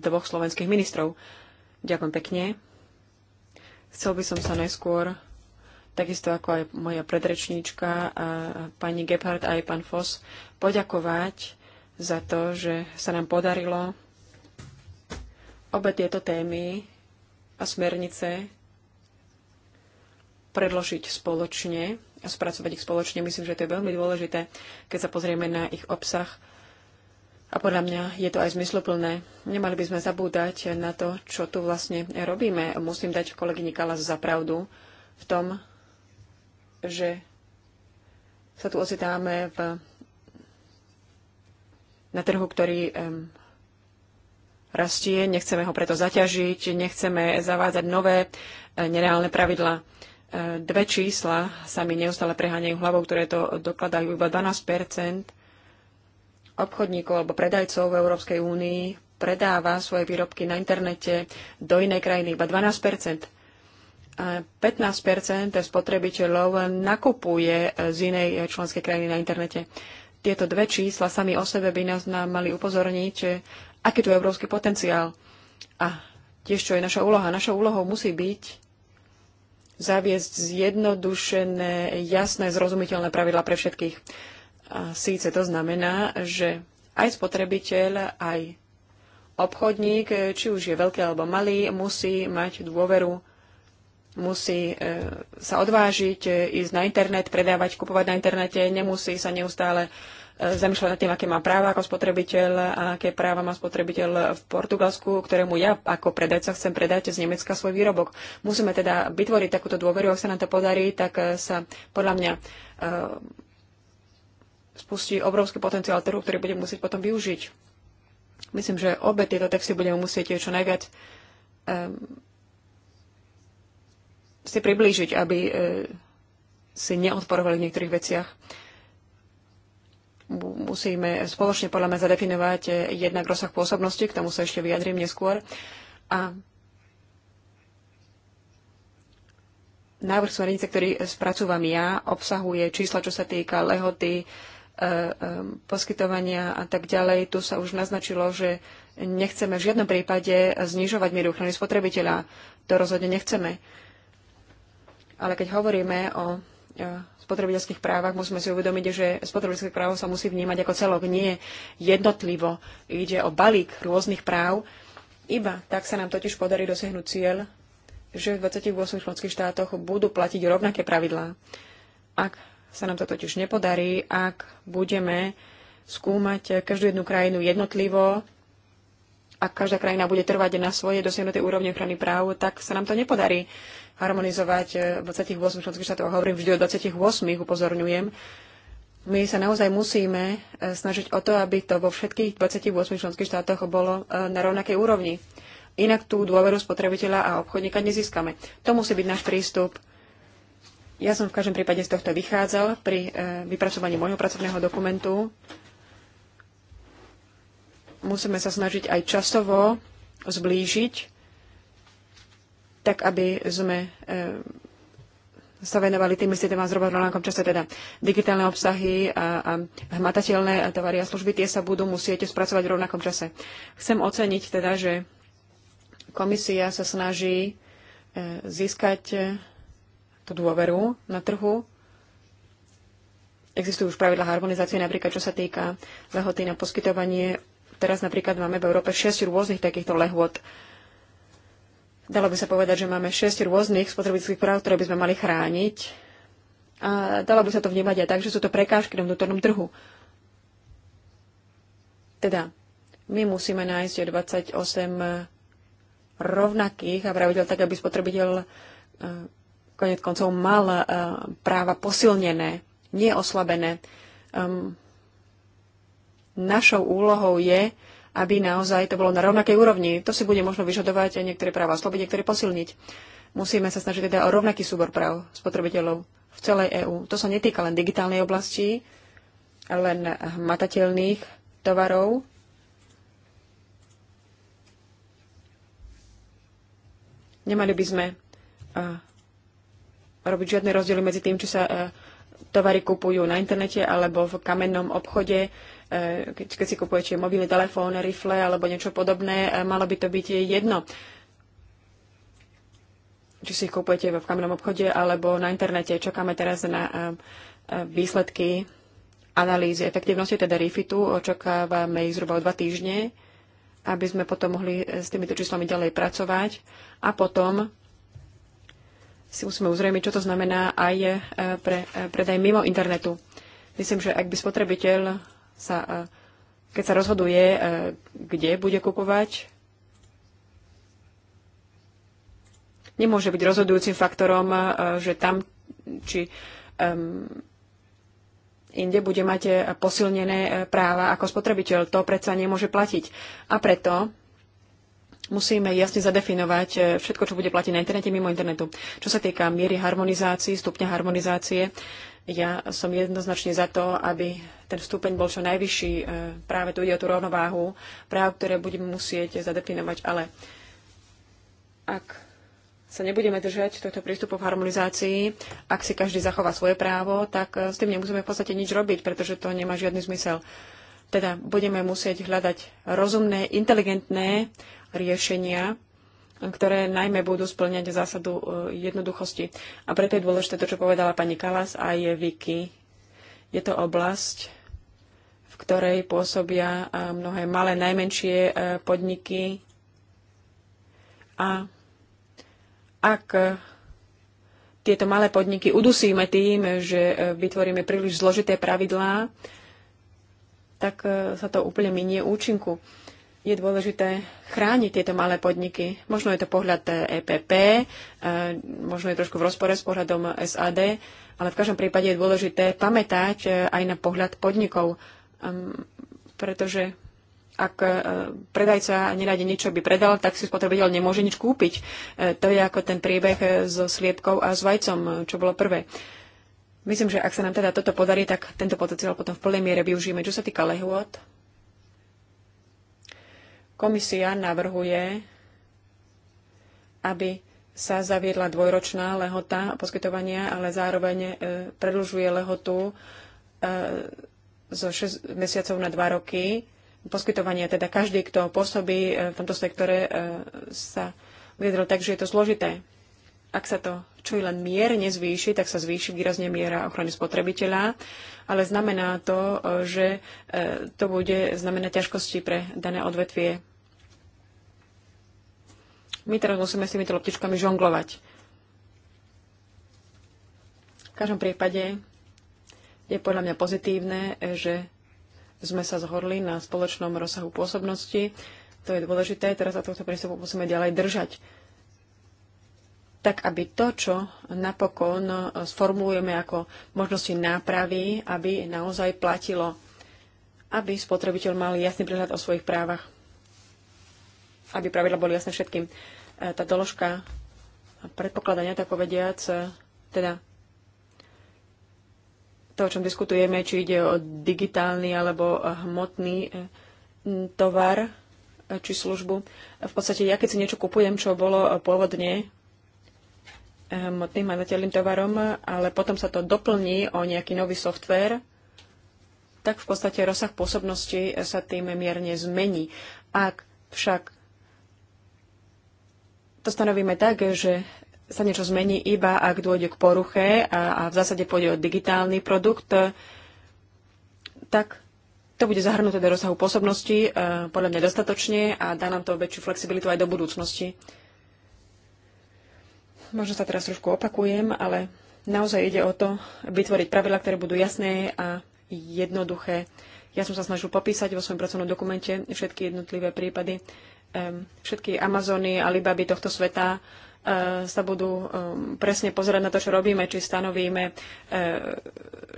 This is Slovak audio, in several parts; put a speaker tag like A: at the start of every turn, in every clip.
A: dvoch slovenských ministrov. Ďakujem pekne. Chcel by som sa najskôr, takisto ako aj moja predrečníčka, a pani Gebhardt a aj pán Foss, poďakovať za to, že sa nám podarilo obe tieto témy a smernice predložiť spoločne a spracovať ich spoločne. Myslím, že to je veľmi dôležité, keď sa pozrieme na ich obsah a podľa mňa je to aj zmysluplné. Nemali by sme zabúdať na to, čo tu vlastne robíme. Musím dať kolegyni Kalas za pravdu v tom, že sa tu ocitáme v, na trhu, ktorý um, rastie. Nechceme ho preto zaťažiť, nechceme zavádzať nové eh, nereálne pravidlá. Eh, dve čísla sa mi neustále preháňajú hlavou, ktoré to dokladajú iba 12 obchodníkov alebo predajcov v Európskej únii predáva svoje výrobky na internete do inej krajiny, iba 12 15 spotrebiteľov nakupuje e, z inej e, členskej krajiny na internete. Tieto dve čísla sami o sebe by nás nám mali upozorniť, aký tu je európsky potenciál. A tiež, čo je naša úloha. Našou úlohou musí byť zaviesť zjednodušené, jasné, zrozumiteľné pravidla pre všetkých. A síce to znamená, že aj spotrebiteľ, aj obchodník, či už je veľký alebo malý, musí mať dôveru, musí e, sa odvážiť, e, ísť na internet, predávať, kupovať na internete, nemusí sa neustále e, zamýšľať nad tým, aké má práva ako spotrebiteľ a aké práva má spotrebiteľ v Portugalsku, ktorému ja ako predajca chcem predať z Nemecka svoj výrobok. Musíme teda vytvoriť takúto dôveru, ak sa nám to podarí, tak sa podľa mňa spustí obrovský potenciál trhu, ktorý budeme musieť potom využiť. Myslím, že obe tieto texty budeme musieť čo najviac um, si priblížiť, aby uh, si neodporovali v niektorých veciach. Musíme spoločne podľa mňa zadefinovať e, jednak rozsah pôsobnosti, k tomu sa ešte vyjadrím neskôr. A návrh smernice, ktorý spracúvam ja, obsahuje čísla, čo sa týka lehoty, uh, E, e, poskytovania a tak ďalej. Tu sa už naznačilo, že nechceme v žiadnom prípade znižovať mieru ochrany spotrebiteľa. To rozhodne nechceme. Ale keď hovoríme o e, spotrebiteľských právach, musíme si uvedomiť, že spotrebiteľské právo sa musí vnímať ako celok, nie jednotlivo. Ide o balík rôznych práv. Iba tak sa nám totiž podarí dosiahnuť cieľ, že v 28 členských štátoch budú platiť rovnaké pravidlá. Ak sa nám to totiž nepodarí, ak budeme skúmať každú jednu krajinu jednotlivo a každá krajina bude trvať na svoje dosiahnuté úrovne ochrany práv, tak sa nám to nepodarí harmonizovať v 28 členských štátoch. Hovorím vždy o 28, upozorňujem. My sa naozaj musíme e, snažiť o to, aby to vo všetkých 28 členských štátoch bolo e, na rovnakej úrovni. Inak tú dôveru spotrebiteľa a obchodníka nezískame. To musí byť náš prístup ja som v každom prípade z tohto vychádzal pri e, vypracovaní môjho pracovného dokumentu. Musíme sa snažiť aj časovo zblížiť, tak aby sme e, sa venovali tým istým témam zhruba v rovnakom čase, teda digitálne obsahy a, a hmatateľné tovary a služby, tie sa budú musieť spracovať v rovnakom čase. Chcem oceniť teda, že komisia sa snaží e, získať tú dôveru na trhu. Existujú už pravidla harmonizácie, napríklad čo sa týka lehoty na poskytovanie. Teraz napríklad máme v Európe 6 rôznych takýchto lehôd. Dalo by sa povedať, že máme 6 rôznych spotrebiteľských práv, ktoré by sme mali chrániť. A dalo by sa to vnímať aj tak, že sú to prekážky na vnútornom trhu. Teda, my musíme nájsť 28 rovnakých a pravidel tak, aby spotrebiteľ konec koncov mal eh, práva posilnené, neoslabené. oslabené. Ehm, našou úlohou je, aby naozaj to bolo na rovnakej úrovni. To si bude možno vyžadovať aj niektoré práva oslabiť, niektoré posilniť. Musíme sa snažiť teda o rovnaký súbor práv spotrebiteľov v celej EÚ. To sa netýka len digitálnej oblasti, len hmatateľných tovarov. Nemali by sme eh, robiť žiadne rozdiely medzi tým, či sa e, tovary kupujú na internete alebo v kamennom obchode, e, keď, keď si kupujete mobilný telefón, rifle alebo niečo podobné, e, malo by to byť jedno. Či si ich kupujete v kamennom obchode alebo na internete. Čakáme teraz na výsledky analýzy efektivnosti, teda refitu. Očakávame ich zhruba o dva týždne, aby sme potom mohli s týmito číslami ďalej pracovať a potom si musíme uzrejmiť, čo to znamená aj e, pre e, predaj mimo internetu. Myslím, že ak by spotrebiteľ sa, e, keď sa rozhoduje, kde bude kupovať, nemôže byť rozhodujúcim faktorom, že tam či um, inde bude mať posilnené práva ako spotrebiteľ. To predsa nemôže platiť. A preto musíme jasne zadefinovať e, všetko, čo bude platiť na internete, mimo internetu. Čo sa týka miery harmonizácií, stupňa harmonizácie, ja som jednoznačne za to, aby ten stupeň bol čo najvyšší. E, práve tu ide o tú rovnováhu práv, ktoré budeme musieť zadefinovať, ale ak sa nebudeme držať tohto prístupu v harmonizácii, ak si každý zachová svoje právo, tak e, s tým nemusíme v podstate nič robiť, pretože to nemá žiadny zmysel. Teda budeme musieť hľadať rozumné, inteligentné riešenia, ktoré najmä budú splňať zásadu e, jednoduchosti. A preto je dôležité to, čo povedala pani Kalas a je Viki. Je to oblasť, v ktorej pôsobia e, mnohé malé, najmenšie e, podniky. A ak tieto malé podniky udusíme tým, že vytvoríme príliš zložité pravidlá, tak sa to úplne minie účinku je dôležité chrániť tieto malé podniky. Možno je to pohľad EPP, e, možno je trošku v rozpore s pohľadom SAD, ale v každom prípade je dôležité pamätať e, aj na pohľad podnikov, pretože ak e, predajca nenájde niečo, by predal, tak si spotrebiteľ nemôže nič kúpiť. To je ako ten príbeh so sliepkou a s vajcom, čo bolo prvé. Myslím, že ak sa nám teda toto podarí, tak tento potenciál potom v plnej miere využijeme. Čo sa týka lehôd, Komisia navrhuje, aby sa zaviedla dvojročná lehota poskytovania, ale zároveň predĺžuje predlžuje lehotu e, zo 6 mesiacov na 2 roky poskytovania. Teda každý, kto pôsobí e, v tomto sektore, e, sa vyjadril tak, že je to zložité. Ak sa to čo i len mierne zvýši, tak sa zvýši výrazne miera ochrany spotrebiteľa, ale znamená to, že to bude znamenať ťažkosti pre dané odvetvie. My teraz musíme s týmito loptičkami žonglovať. V každom prípade je podľa mňa pozitívne, že sme sa zhodli na spoločnom rozsahu pôsobnosti. To je dôležité. Teraz za tohto prístupu musíme ďalej držať. Tak, aby to, čo napokon e, sformulujeme ako možnosti nápravy, aby naozaj platilo, aby spotrebiteľ mal jasný prehľad o svojich právach aby pravidla boli jasné všetkým. E, tá doložka predpokladania, tak povediac, e, teda to, o čom diskutujeme, či ide o digitálny alebo hmotný e, tovar či službu. V podstate ja, keď si niečo kupujem, čo bolo pôvodne hmotným hmatateľným tovarom, ale potom sa to doplní o nejaký nový software, tak v podstate rozsah pôsobnosti sa tým mierne zmení. Ak však to stanovíme tak, že sa niečo zmení iba, ak dôjde k poruche a, a v zásade pôjde o digitálny produkt, tak to bude zahrnuté do rozsahu pôsobnosti, e, podľa mňa dostatočne a dá nám to väčšiu flexibilitu aj do budúcnosti. Možno sa teraz trošku opakujem, ale naozaj ide o to vytvoriť pravidla, ktoré budú jasné a jednoduché. Ja som sa snažil popísať vo svojom pracovnom dokumente všetky jednotlivé prípady všetky Amazony, Alibaby tohto sveta eh, sa budú presne pozerať na to, čo robíme, či stanovíme uh, eh,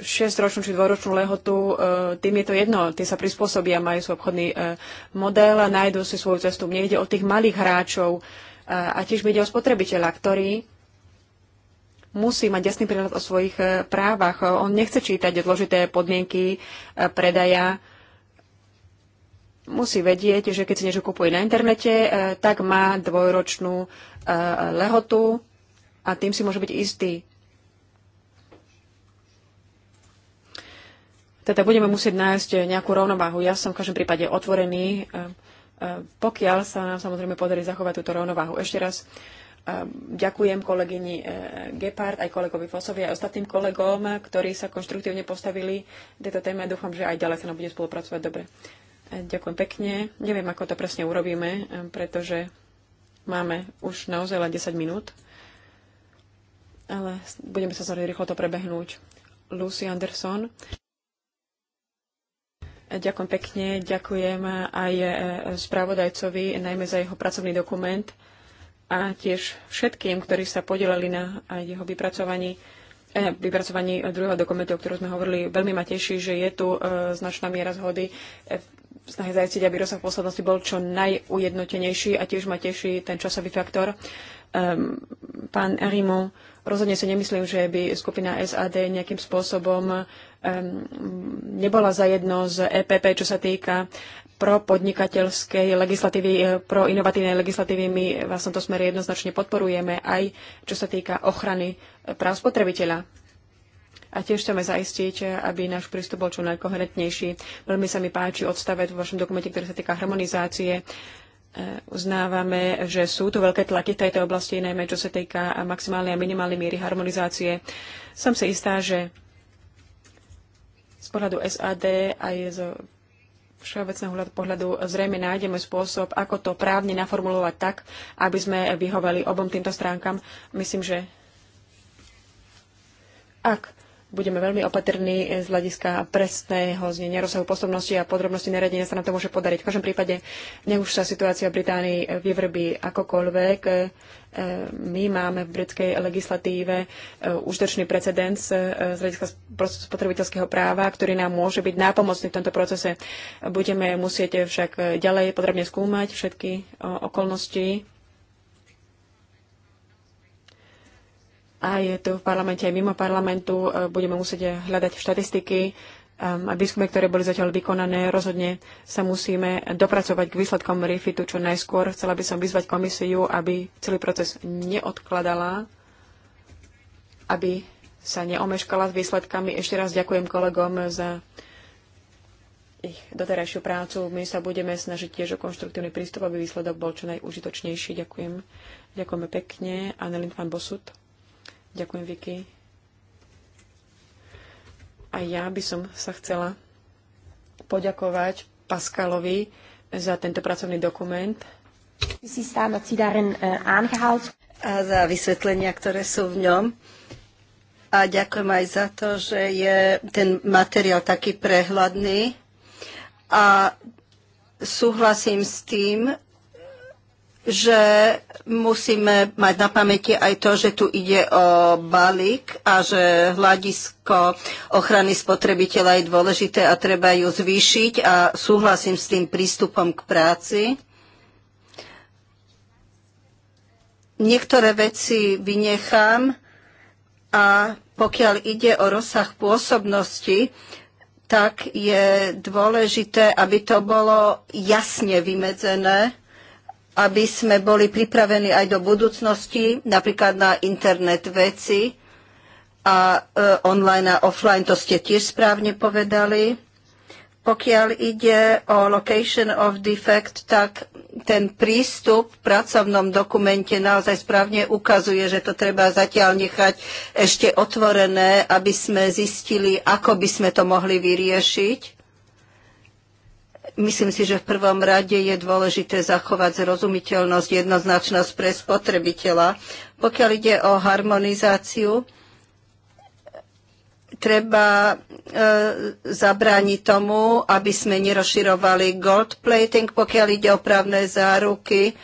A: šestročnú či dvoročnú lehotu. lehotu, tým je to jedno, tie sa prispôsobia, majú svoj obchodný eh, model a nájdú si svoju cestu. Mne ide o tých malých hráčov a tiež mi ide o spotrebiteľa, ktorý musí mať jasný prehľad o svojich právach. On nechce čítať dôležité podmienky predaja musí vedieť, že keď si niečo kupuje na internete, eh, tak má dvojročnú eh, lehotu a tým si môže byť istý. Teda budeme musieť nájsť nejakú rovnováhu. Ja som v každom prípade otvorený, eh, pokiaľ sa nám samozrejme podarí zachovať túto rovnováhu. Ešte raz ďakujem kolegyni Gepard, aj kolegovi Fosovi, aj ostatným kolegom, ktorí sa konštruktívne postavili tejto téme dúfam, že aj ďalej sa nám bude spolupracovať dobre. Ďakujem pekne. Neviem, ako to presne urobíme, eh, pretože máme už naozaj len 10 minút, ale budeme sa snažiť rýchlo to prebehnúť. Lucy Anderson. Eh, ďakujem pekne, ďakujem aj eh, spravodajcovi, najmä za jeho pracovný dokument a tiež všetkým, ktorí sa podielali na jeho vypracovaní vypracovaní druhého dokumentu, o ktorom sme hovorili, veľmi ma teší, že je tu značná miera zhody v snahe zajistiť, aby rozsah pôsobnosti bol čo najujednotenejší a tiež ma teší ten časový faktor. Um, pán Arimo, rozhodne si nemyslím, že by skupina SAD nejakým spôsobom um, nebola zajedno z EPP, čo sa týka pro podnikateľskej legislatívy, e, pro inovatívnej legislatívy. My vás v tomto smere jednoznačne podporujeme aj čo sa týka ochrany e, práv spotrebiteľa a tiež chceme zaistiť, aby náš prístup bol čo najkoherentnejší. Veľmi sa mi páči odstavec v vašom dokumente, ktorý sa týka harmonizácie. E, uznávame, že sú tu veľké tlaky v tejto oblasti, najmä čo sa týka maximálnej a minimálnej miery harmonizácie. Som si istá, že z pohľadu SAD aj z všeobecného pohľadu zrejme nájdeme spôsob, ako to právne naformulovať tak, aby sme vyhovali obom týmto stránkam. Myslím, že ak budeme veľmi opatrní z hľadiska presného znenia rozsahu posobnosti a podrobnosti nariadenia sa nám to môže podariť. V každom prípade, nech už sa situácia v Británii vyvrbí akokoľvek, e, my máme v britskej legislatíve e, užitočný precedens e, z hľadiska spotrebiteľského práva, ktorý nám môže byť nápomocný v tomto procese. Budeme musieť však ďalej podrobne skúmať všetky okolnosti aj tu v parlamente, aj mimo parlamentu. E, budeme musieť hľadať štatistiky ehm, a výskumy, ktoré boli zatiaľ vykonané. Rozhodne sa musíme dopracovať k výsledkom REFITu čo najskôr. Chcela by som vyzvať komisiu, aby celý proces neodkladala, aby sa neomeškala s výsledkami. Ešte raz ďakujem kolegom za ich doterajšiu prácu. My sa budeme snažiť tiež o konštruktívny prístup, aby výsledok bol čo najúžitočnejší. Ďakujem. Ďakujeme pekne. Anelin van Bosut. Ďakujem, Vicky. A ja by som sa chcela poďakovať Paskalovi za tento pracovný dokument.
B: A za vysvetlenia, ktoré sú v ňom. A ďakujem aj za to, že je ten materiál taký prehľadný. A súhlasím s tým, že musíme mať na pamäti aj to, že tu ide o balík a že hľadisko ochrany spotrebiteľa je dôležité a treba ju zvýšiť a súhlasím s tým prístupom k práci. Niektoré veci vynechám a pokiaľ ide o rozsah pôsobnosti, tak je dôležité, aby to bolo jasne vymedzené aby sme boli pripravení aj do budúcnosti, napríklad na internet veci a e, online a offline, to ste tiež správne povedali. Pokiaľ ide o location of defect, tak ten prístup v pracovnom dokumente naozaj správne ukazuje, že to treba zatiaľ nechať ešte otvorené, aby sme zistili, ako by sme to mohli vyriešiť. Myslím si, že v prvom rade je dôležité zachovať zrozumiteľnosť, jednoznačnosť pre spotrebiteľa. Pokiaľ ide o harmonizáciu, treba e, zabrániť tomu, aby sme nerozširovali gold plating, pokiaľ ide o právne záruky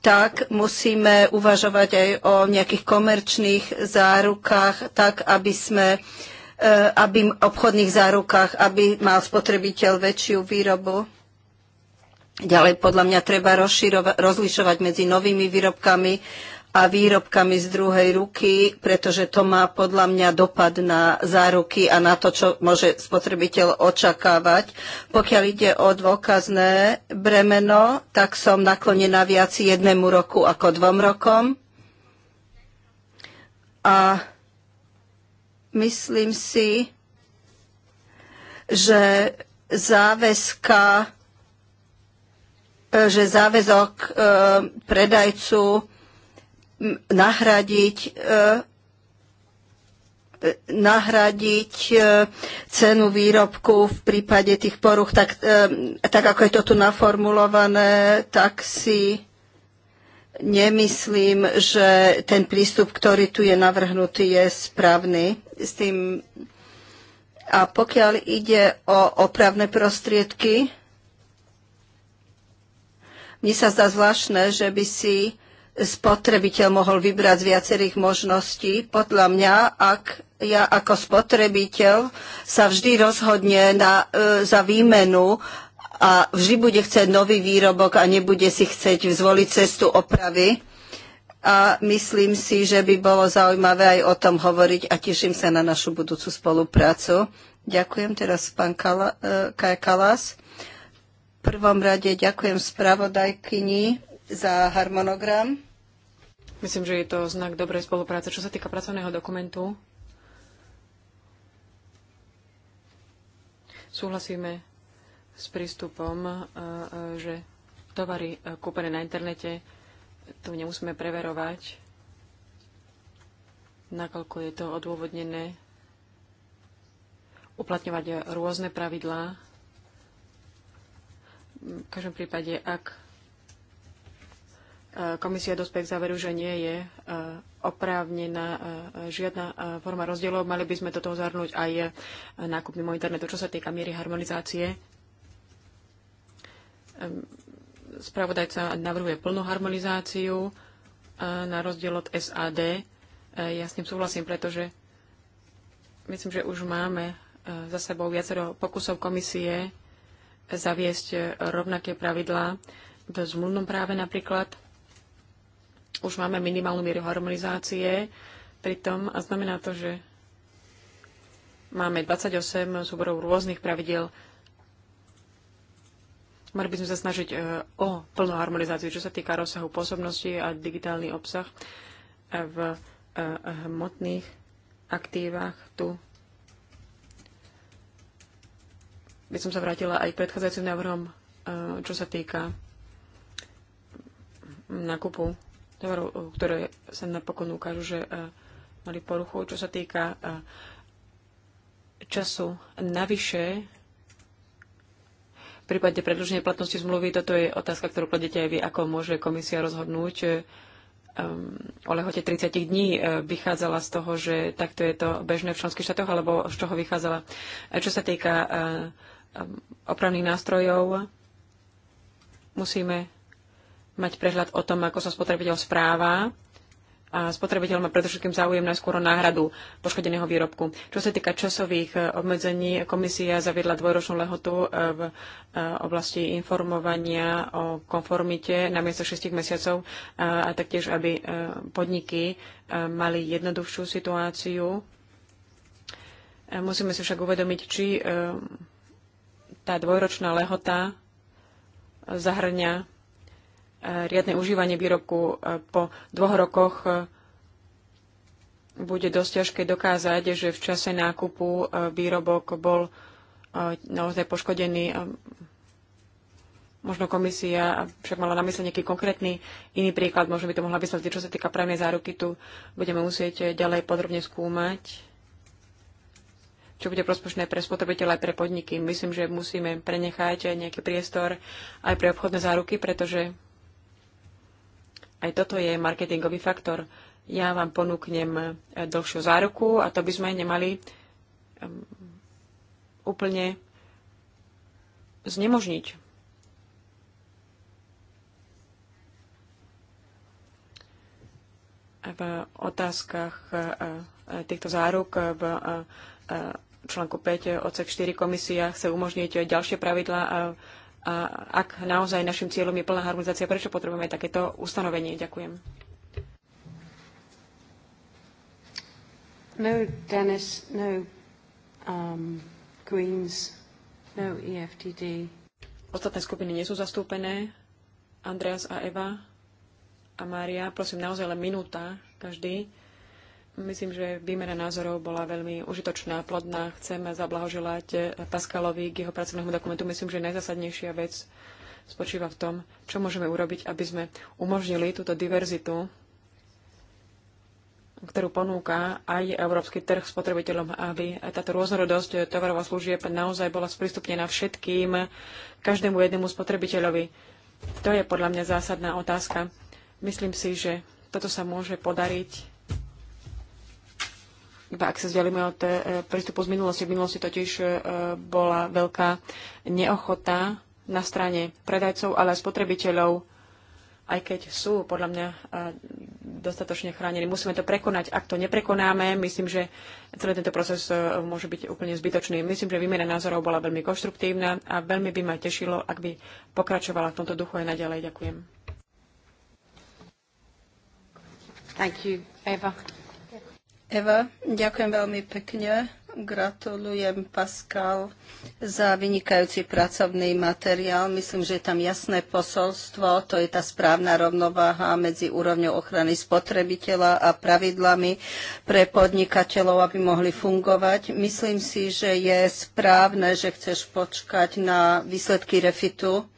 B: tak musíme uvažovať aj o nejakých komerčných zárukách, tak aby sme Eh, aby obchodných zárukách, aby mal spotrebiteľ väčšiu výrobu. Ďalej podľa mňa treba rozlišovať medzi novými výrobkami a výrobkami z druhej ruky, pretože to má podľa mňa dopad na záruky a na to, čo môže spotrebiteľ očakávať. Pokiaľ ide o dôkazné bremeno, tak som naklonená viac jednému roku ako dvom rokom. A Myslím si, že záväzka, e, že záväzok e, predajcu nahradiť e, nahradiť cenu výrobku v prípade tých poruch, tak, tak ako je to tu naformulované, tak si nemyslím, že ten prístup, ktorý tu je navrhnutý, je správny. S tým a pokiaľ ide o opravné prostriedky, mne sa zdá zvláštne, že by si spotrebiteľ mohol vybrať z viacerých možností. Podľa mňa, ak ja ako spotrebiteľ sa vždy rozhodne na, e, za výmenu a vždy bude chcieť nový výrobok a nebude si chcieť zvoliť cestu opravy. A myslím si, že by bolo zaujímavé aj o tom hovoriť a teším sa na našu budúcu spoluprácu. Ďakujem teraz pán Kala, e, Kaj Kalas. V prvom rade ďakujem spravodajkyni za harmonogram.
A: Myslím, že je to znak dobrej spolupráce. Čo sa týka pracovného dokumentu, súhlasíme s prístupom, e, e, že tovary e, kúpené na internete tu nemusíme preverovať, nakoľko je to odôvodnené uplatňovať rôzne pravidlá. V každom prípade, ak komisia dospech záveru, že nie je oprávnená žiadna forma rozdielov. Mali by sme do toho zahrnúť aj nákup mimo internetu, čo sa týka miery harmonizácie. Spravodajca navrhuje plnú harmonizáciu e, na rozdiel od SAD. E, ja s tým súhlasím, pretože myslím, že už máme e, za sebou viacero pokusov komisie zaviesť rovnaké pravidlá v zmluvnom práve napríklad. Už máme minimálnu mieru harmonizácie pritom a znamená to, že máme 28 súborov rôznych pravidel Mali by sme sa snažiť e, o plnú harmonizáciu, čo sa týka rozsahu pôsobnosti a digitálny obsah v e, hmotných aktívach tu by som sa vrátila aj k predchádzajúcim návrhom, e, čo sa týka nákupu tovarov, ktoré sa napokon ukážu, že mali poruchu, čo sa týka času navyše prípadne predĺženie platnosti zmluvy, toto je otázka, ktorú kladete aj vy, ako môže komisia rozhodnúť um, o lehote 30 dní. Eh, vychádzala z toho, že takto je to bežné v členských štátoch, alebo z čoho vychádzala? Čo sa týka eh, um, opravných nástrojov, musíme mať prehľad o tom, ako sa spotrebiteľ správa a spotrebiteľ má predovšetkým záujem najskôr o náhradu poškodeného výrobku. Čo sa týka časových obmedzení, komisia zaviedla dvojročnú lehotu e, v e, oblasti informovania o konformite na miesto 6 mesiacov e, a taktiež, aby podniky mali jednoduchšiu situáciu. Musíme si však uvedomiť, či tá dvojročná lehota zahrňa riadne užívanie výroku e, po dvoch rokoch e, bude dosť ťažké dokázať, že v čase nákupu e, výrobok bol naozaj poškodený. Možno komisia však mala na mysle nejaký konkrétny iný príklad, možno by to mohla vysvetliť, čo sa týka právnej záruky, tu budeme musieť ďalej podrobne skúmať, čo bude prospešné pre spotrebiteľa aj pre podniky. Myslím, že musíme prenechať nejaký priestor aj pre obchodné záruky, pretože aj toto je marketingový faktor. Ja vám ponúknem eh, dlhšiu záruku a to by sme nemali úplne znemožniť. V otázkach eh, eh, týchto záruk v článku 5 odsek 4 komisia chce umožniť ďalšie pravidlá a ak naozaj našim cieľom je plná harmonizácia, prečo potrebujeme takéto ustanovenie? Ďakujem. No, Dennis, no, um, Greens, no, EFTD. Ostatné skupiny nie sú zastúpené. Andreas a Eva a Mária, prosím, naozaj len minúta každý. Myslím, že výmena názorov bola veľmi užitočná, plodná. Chcem zablahoželať eh, Paskalovi k jeho pracovnému dokumentu. Myslím, že najzásadnejšia vec spočíva v tom, čo môžeme urobiť, aby sme umožnili túto diverzitu, ktorú ponúka aj európsky trh spotrebiteľom, aby táto rôznorodosť tovarov a služieb naozaj bola sprístupnená všetkým, každému jednému spotrebiteľovi. To je podľa mňa zásadná otázka. Myslím si, že toto sa môže podariť iba ak sa vzdialíme od eh, prístupu z minulosti. V minulosti totiž eh, bola veľká neochota na strane predajcov, ale aj spotrebiteľov, aj keď sú podľa mňa eh, dostatočne chránení. Musíme to prekonať. Ak to neprekonáme, myslím, že celý tento proces môže byť úplne zbytočný. Myslím, že výmena názorov bola veľmi konštruktívna a veľmi by ma tešilo, ak by pokračovala v tomto duchu aj naďalej. Ďakujem.
B: Thank you, Eva. Eva, ďakujem veľmi pekne. Gratulujem Pascal za vynikajúci pracovný materiál. Myslím, že je tam jasné posolstvo. To je tá správna rovnováha medzi úrovňou ochrany spotrebiteľa a pravidlami pre podnikateľov, aby mohli fungovať. Myslím si, že je správne, že chceš počkať na výsledky refitu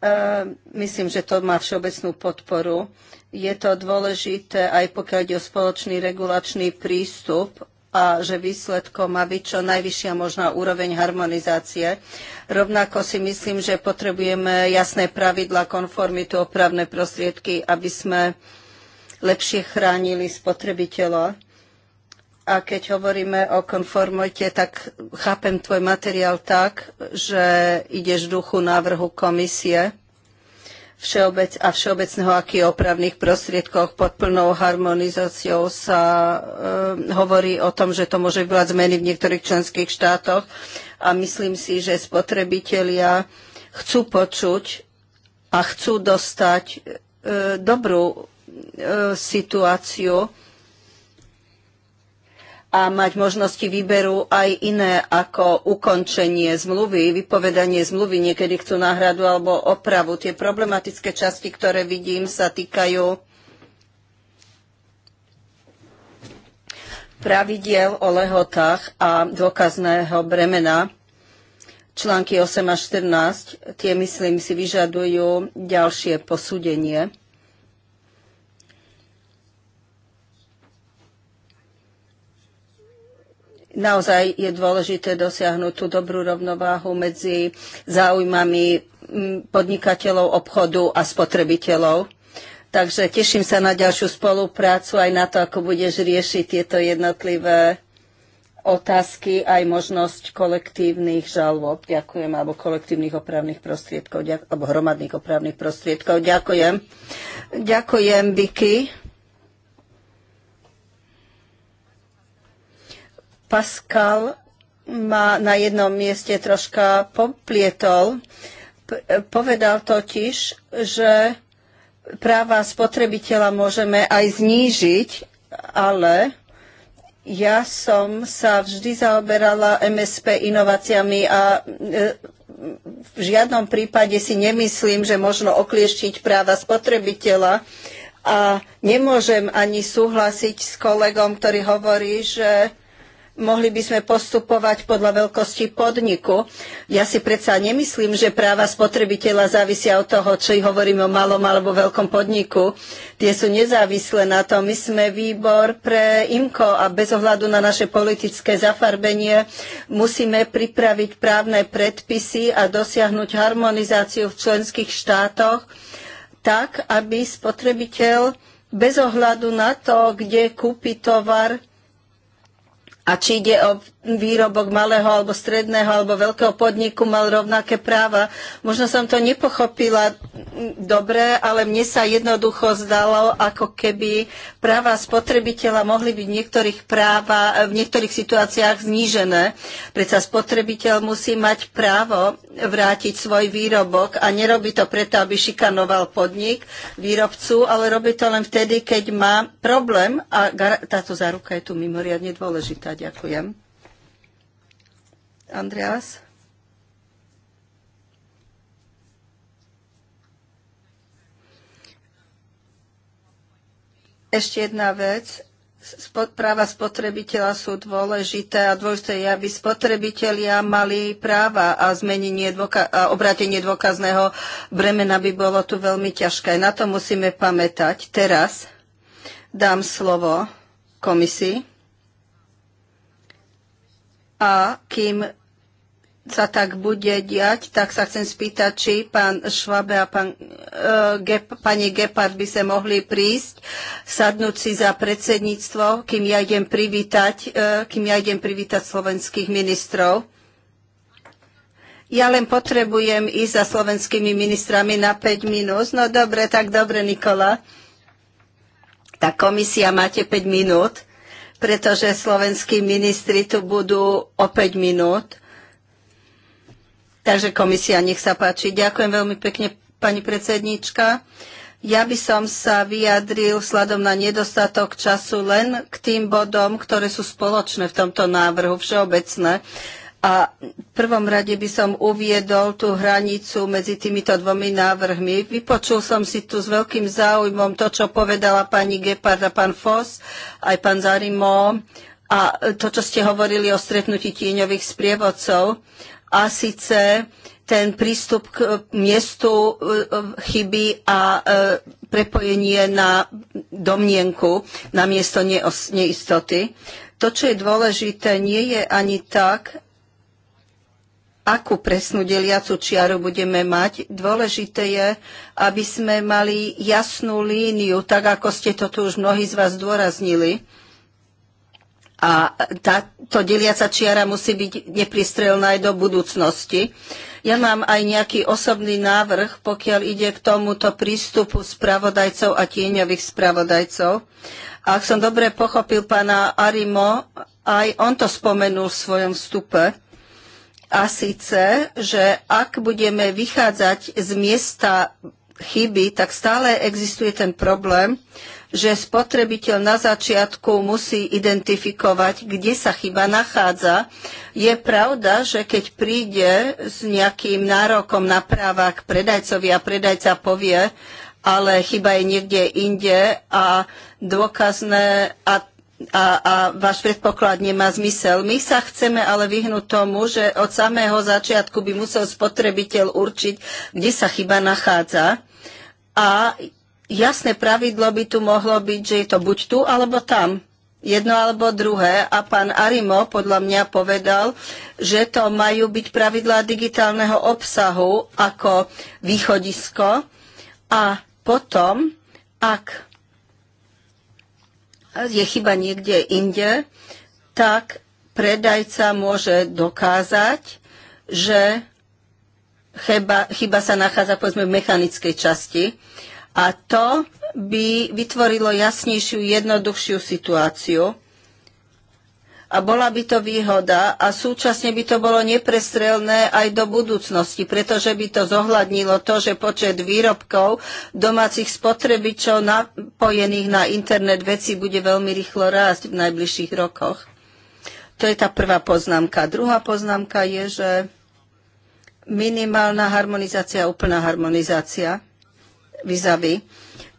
B: Ehm, myslím, že to má všeobecnú podporu. Je to dôležité aj pokiaľ ide o spoločný regulačný prístup a že výsledkom má byť čo najvyššia možná úroveň harmonizácie. Rovnako si myslím, že potrebujeme jasné pravidla, konformitu, opravné prostriedky, aby sme lepšie chránili spotrebiteľa a keď hovoríme o konformite, tak chápem tvoj materiál tak, že ideš v duchu návrhu komisie všeobec, a všeobecného, aký o opravných prostriedkoch pod plnou harmonizáciou sa um, hovorí o tom, že to môže byť zmeny v niektorých členských štátoch a myslím si, že spotrebitelia chcú počuť a chcú dostať e, dobrú e, situáciu, a mať možnosti výberu aj iné ako ukončenie zmluvy, vypovedanie zmluvy, niekedy chcú náhradu alebo opravu. Tie problematické časti, ktoré vidím, sa týkajú pravidiel o lehotách a dôkazného bremena. Články 8 až 14, tie myslím si vyžadujú ďalšie posúdenie. naozaj je dôležité dosiahnuť tú dobrú rovnováhu medzi záujmami mm, podnikateľov obchodu a spotrebiteľov. Takže teším sa na ďalšiu spoluprácu aj na to, ako budeš riešiť tieto jednotlivé otázky, aj možnosť kolektívnych žalob. Ďakujem, alebo kolektívnych opravných prostriedkov, alebo hromadných opravných prostriedkov. Ďakujem. Ďakujem, Vicky. Pascal ma na jednom mieste troška poplietol. Povedal totiž, že práva spotrebiteľa môžeme aj znížiť, ale ja som sa vždy zaoberala MSP inováciami a e, v žiadnom prípade si nemyslím, že možno oklieštiť práva spotrebiteľa a nemôžem ani súhlasiť s kolegom, ktorý hovorí, že mohli by sme postupovať podľa veľkosti podniku. Ja si predsa nemyslím, že práva spotrebiteľa závisia od toho, či hovoríme o malom alebo veľkom podniku. Tie sú nezávislé na to. My sme výbor pre IMKO a bez ohľadu na naše politické zafarbenie musíme pripraviť právne predpisy a dosiahnuť harmonizáciu v členských štátoch tak, aby spotrebiteľ bez ohľadu na to, kde kúpi tovar, a či ide o výrobok malého alebo stredného alebo veľkého podniku mal rovnaké práva. Možno som to nepochopila dobre, ale mne sa jednoducho zdalo, ako keby práva spotrebiteľa mohli byť v niektorých, práva, v niektorých situáciách znížené. Preto spotrebiteľ musí mať právo vrátiť svoj výrobok a nerobí to preto, aby šikanoval podnik výrobcu, ale robí to len vtedy, keď má problém a táto záruka je tu mimoriadne dôležitá. Ďakujem. Andreas? Ešte jedna vec. Práva spotrebiteľa sú dôležité a dôležité je, aby spotrebitelia mali práva a, zmenenie dôka- a obratenie dôkazného bremena by bolo tu veľmi ťažké. Na to musíme pamätať. Teraz dám slovo komisii. A kým sa tak bude diať, tak sa chcem spýtať, či pán Švabe a pán, e, Gep, pani Gepard by sa mohli prísť, sadnúť si za predsedníctvo, kým ja idem privítať, e, kým ja idem privítať slovenských ministrov. Ja len potrebujem ísť za slovenskými ministrami na 5 minút. No dobre, tak dobre, Nikola. Tak komisia máte 5 minút, pretože slovenskí ministri tu budú o 5 minút. Takže komisia, nech sa páči. Ďakujem veľmi pekne, pani predsednička. Ja by som sa vyjadril sladom na nedostatok času len k tým bodom, ktoré sú spoločné v tomto návrhu, všeobecné. A v prvom rade by som uviedol tú hranicu medzi týmito dvomi návrhmi. Vypočul som si tu s veľkým záujmom to, čo povedala pani Gepard a pán Foss, aj pán Zarimo a to, čo ste hovorili o stretnutí tieňových sprievodcov a síce ten prístup k e, miestu e, e, chyby a prepojenie na domnienku, na miesto neistoty. To, čo je dôležité, nie je ani tak, akú presnú deliacu čiaru budeme mať. Dôležité je, aby sme mali jasnú líniu, tak ako ste to tu už mnohí z vás zdôraznili a táto deliaca čiara musí byť nepristrelná aj do budúcnosti. Ja mám aj nejaký osobný návrh, pokiaľ ide k tomuto prístupu spravodajcov a tieňových spravodajcov. Ak som dobre pochopil pána Arimo, aj on to spomenul v svojom vstupe. A síce, že ak budeme vychádzať z miesta chyby, tak stále existuje ten problém, že spotrebiteľ na začiatku musí identifikovať, kde sa chyba nachádza. Je pravda, že keď príde s nejakým nárokom na práva k predajcovi a predajca povie, ale chyba je niekde inde a dôkazné a a, a váš predpoklad nemá zmysel. My sa chceme ale vyhnúť tomu, že od samého začiatku by musel spotrebiteľ určiť, kde sa chyba nachádza. A jasné pravidlo by tu mohlo byť, že je to buď tu alebo tam. Jedno alebo druhé. A pán Arimo podľa mňa povedal, že to majú byť pravidlá digitálneho obsahu ako východisko. A potom, ak je chyba niekde inde, tak predajca môže dokázať, že chyba, chyba sa nachádza povedzme v mechanickej časti a to by vytvorilo jasnejšiu, jednoduchšiu situáciu. A bola by to výhoda a súčasne by to bolo neprestrelné aj do budúcnosti, pretože by to zohľadnilo to, že počet výrobkov domácich spotrebičov napojených na internet veci bude veľmi rýchlo rásť v najbližších rokoch. To je tá prvá poznámka. Druhá poznámka je, že minimálna harmonizácia, úplná harmonizácia vizavy.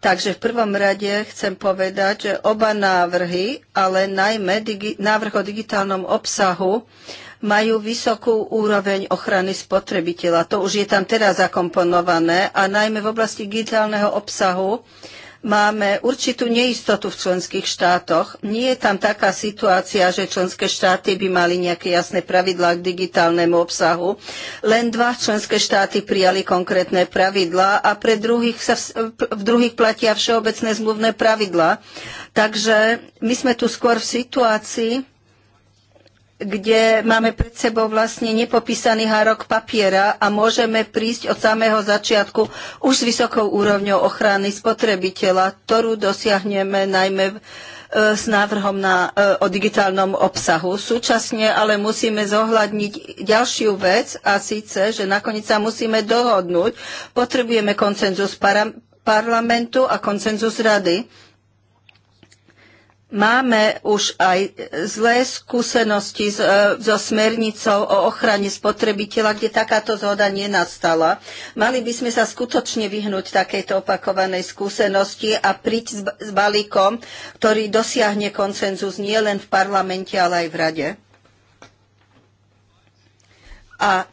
B: Takže v prvom rade chcem povedať, že oba návrhy, ale najmä návrh o digitálnom obsahu, majú vysokú úroveň ochrany spotrebiteľa. To už je tam teraz zakomponované a najmä v oblasti digitálneho obsahu máme určitú neistotu v členských štátoch. Nie je tam taká situácia, že členské štáty by mali nejaké jasné pravidlá k digitálnemu obsahu. Len dva členské štáty prijali konkrétne pravidlá a pre druhých sa v, v druhých platia všeobecné zmluvné pravidlá. Takže my sme tu skôr v situácii, kde máme pred sebou vlastne nepopísaný hárok papiera a môžeme prísť od samého začiatku už s vysokou úrovňou ochrany spotrebiteľa, ktorú dosiahneme najmä e, s návrhom na, e, o digitálnom obsahu. Súčasne ale musíme zohľadniť ďalšiu vec a síce, že nakoniec sa musíme dohodnúť. Potrebujeme koncenzus para, parlamentu a koncenzus rady Máme už aj zlé skúsenosti e, so smernicou o ochrane spotrebiteľa, kde takáto zhoda nenastala. Mali by sme sa skutočne vyhnúť takejto opakovanej skúsenosti a priť s balíkom, ktorý dosiahne koncenzus nielen v parlamente, ale aj v rade. A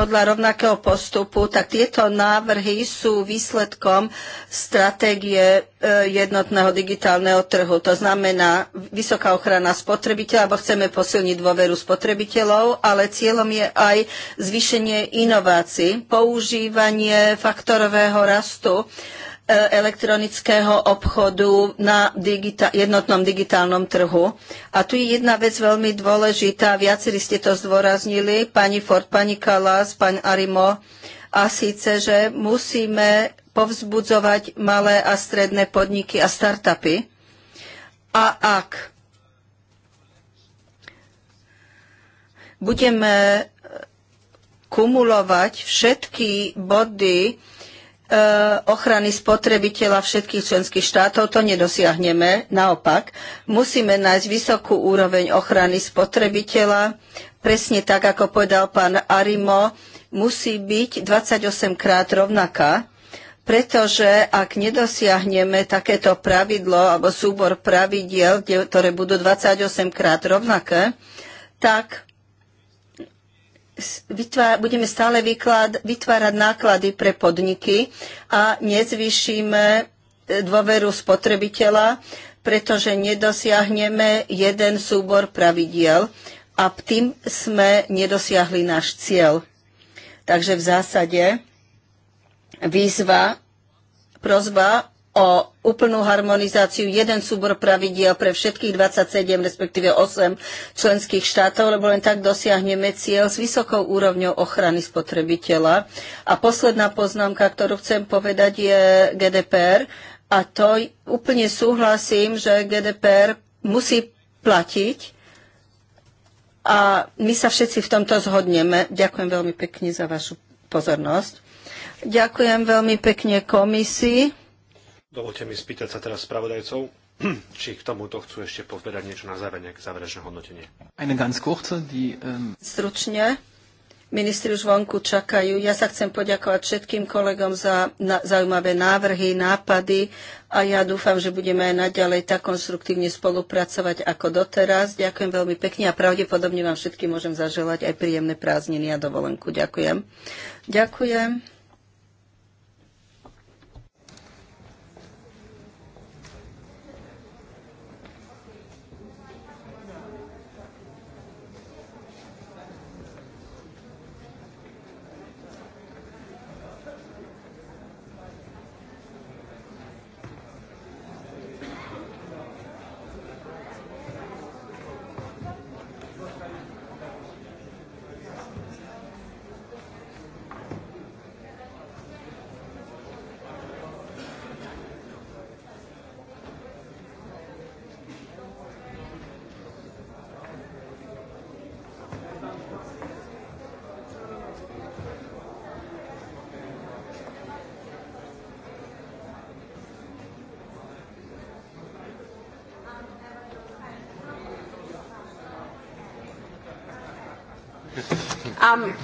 B: podľa rovnakého postupu, tak tieto návrhy sú výsledkom stratégie e, jednotného digitálneho trhu. To znamená vysoká ochrana spotrebiteľa, alebo chceme posilniť dôveru spotrebiteľov, ale cieľom je aj zvýšenie inovácií, používanie faktorového rastu, E, elektronického obchodu na digita- jednotnom digitálnom trhu. A tu je jedna vec veľmi dôležitá, viacerí ste to zdôraznili, pani Ford, pani Kalas, pán Arimo, a síce, že musíme povzbudzovať malé a stredné podniky a startupy. A ak budeme kumulovať všetky body, Eh, ochrany spotrebiteľa všetkých členských štátov, to nedosiahneme. Naopak, musíme nájsť vysokú úroveň ochrany spotrebiteľa. Presne tak, ako povedal pán Arimo, musí byť 28 krát rovnaká, pretože ak nedosiahneme takéto pravidlo alebo súbor pravidiel, ktoré budú 28 krát rovnaké, tak budeme stále vyklad, vytvárať náklady pre podniky a nezvýšime e, dôveru spotrebiteľa, pretože nedosiahneme jeden súbor pravidiel a tým sme nedosiahli náš cieľ. Takže v zásade výzva, prozba o úplnú harmonizáciu jeden súbor pravidiel pre všetkých 27, respektíve 8 členských štátov, lebo len tak dosiahneme cieľ s vysokou úrovňou ochrany spotrebiteľa. A posledná poznámka, ktorú chcem povedať, je GDPR. A to úplne súhlasím, že GDPR musí platiť a my sa všetci v tomto zhodneme. Ďakujem veľmi pekne za vašu pozornosť. Ďakujem veľmi pekne komisii.
C: Dovolte mi spýtať sa teraz spravodajcov, či k tomuto chcú ešte povedať niečo na záver, nejaké záverečné hodnotenie.
B: Ähm, Stručne. Ministri už vonku čakajú. Ja sa chcem poďakovať všetkým kolegom za na, zaujímavé návrhy, nápady a ja dúfam, že budeme aj naďalej tak konstruktívne spolupracovať ako doteraz. Ďakujem veľmi pekne a pravdepodobne vám všetkým môžem zaželať aj príjemné prázdniny a dovolenku. Ďakujem. Ďakujem. Um,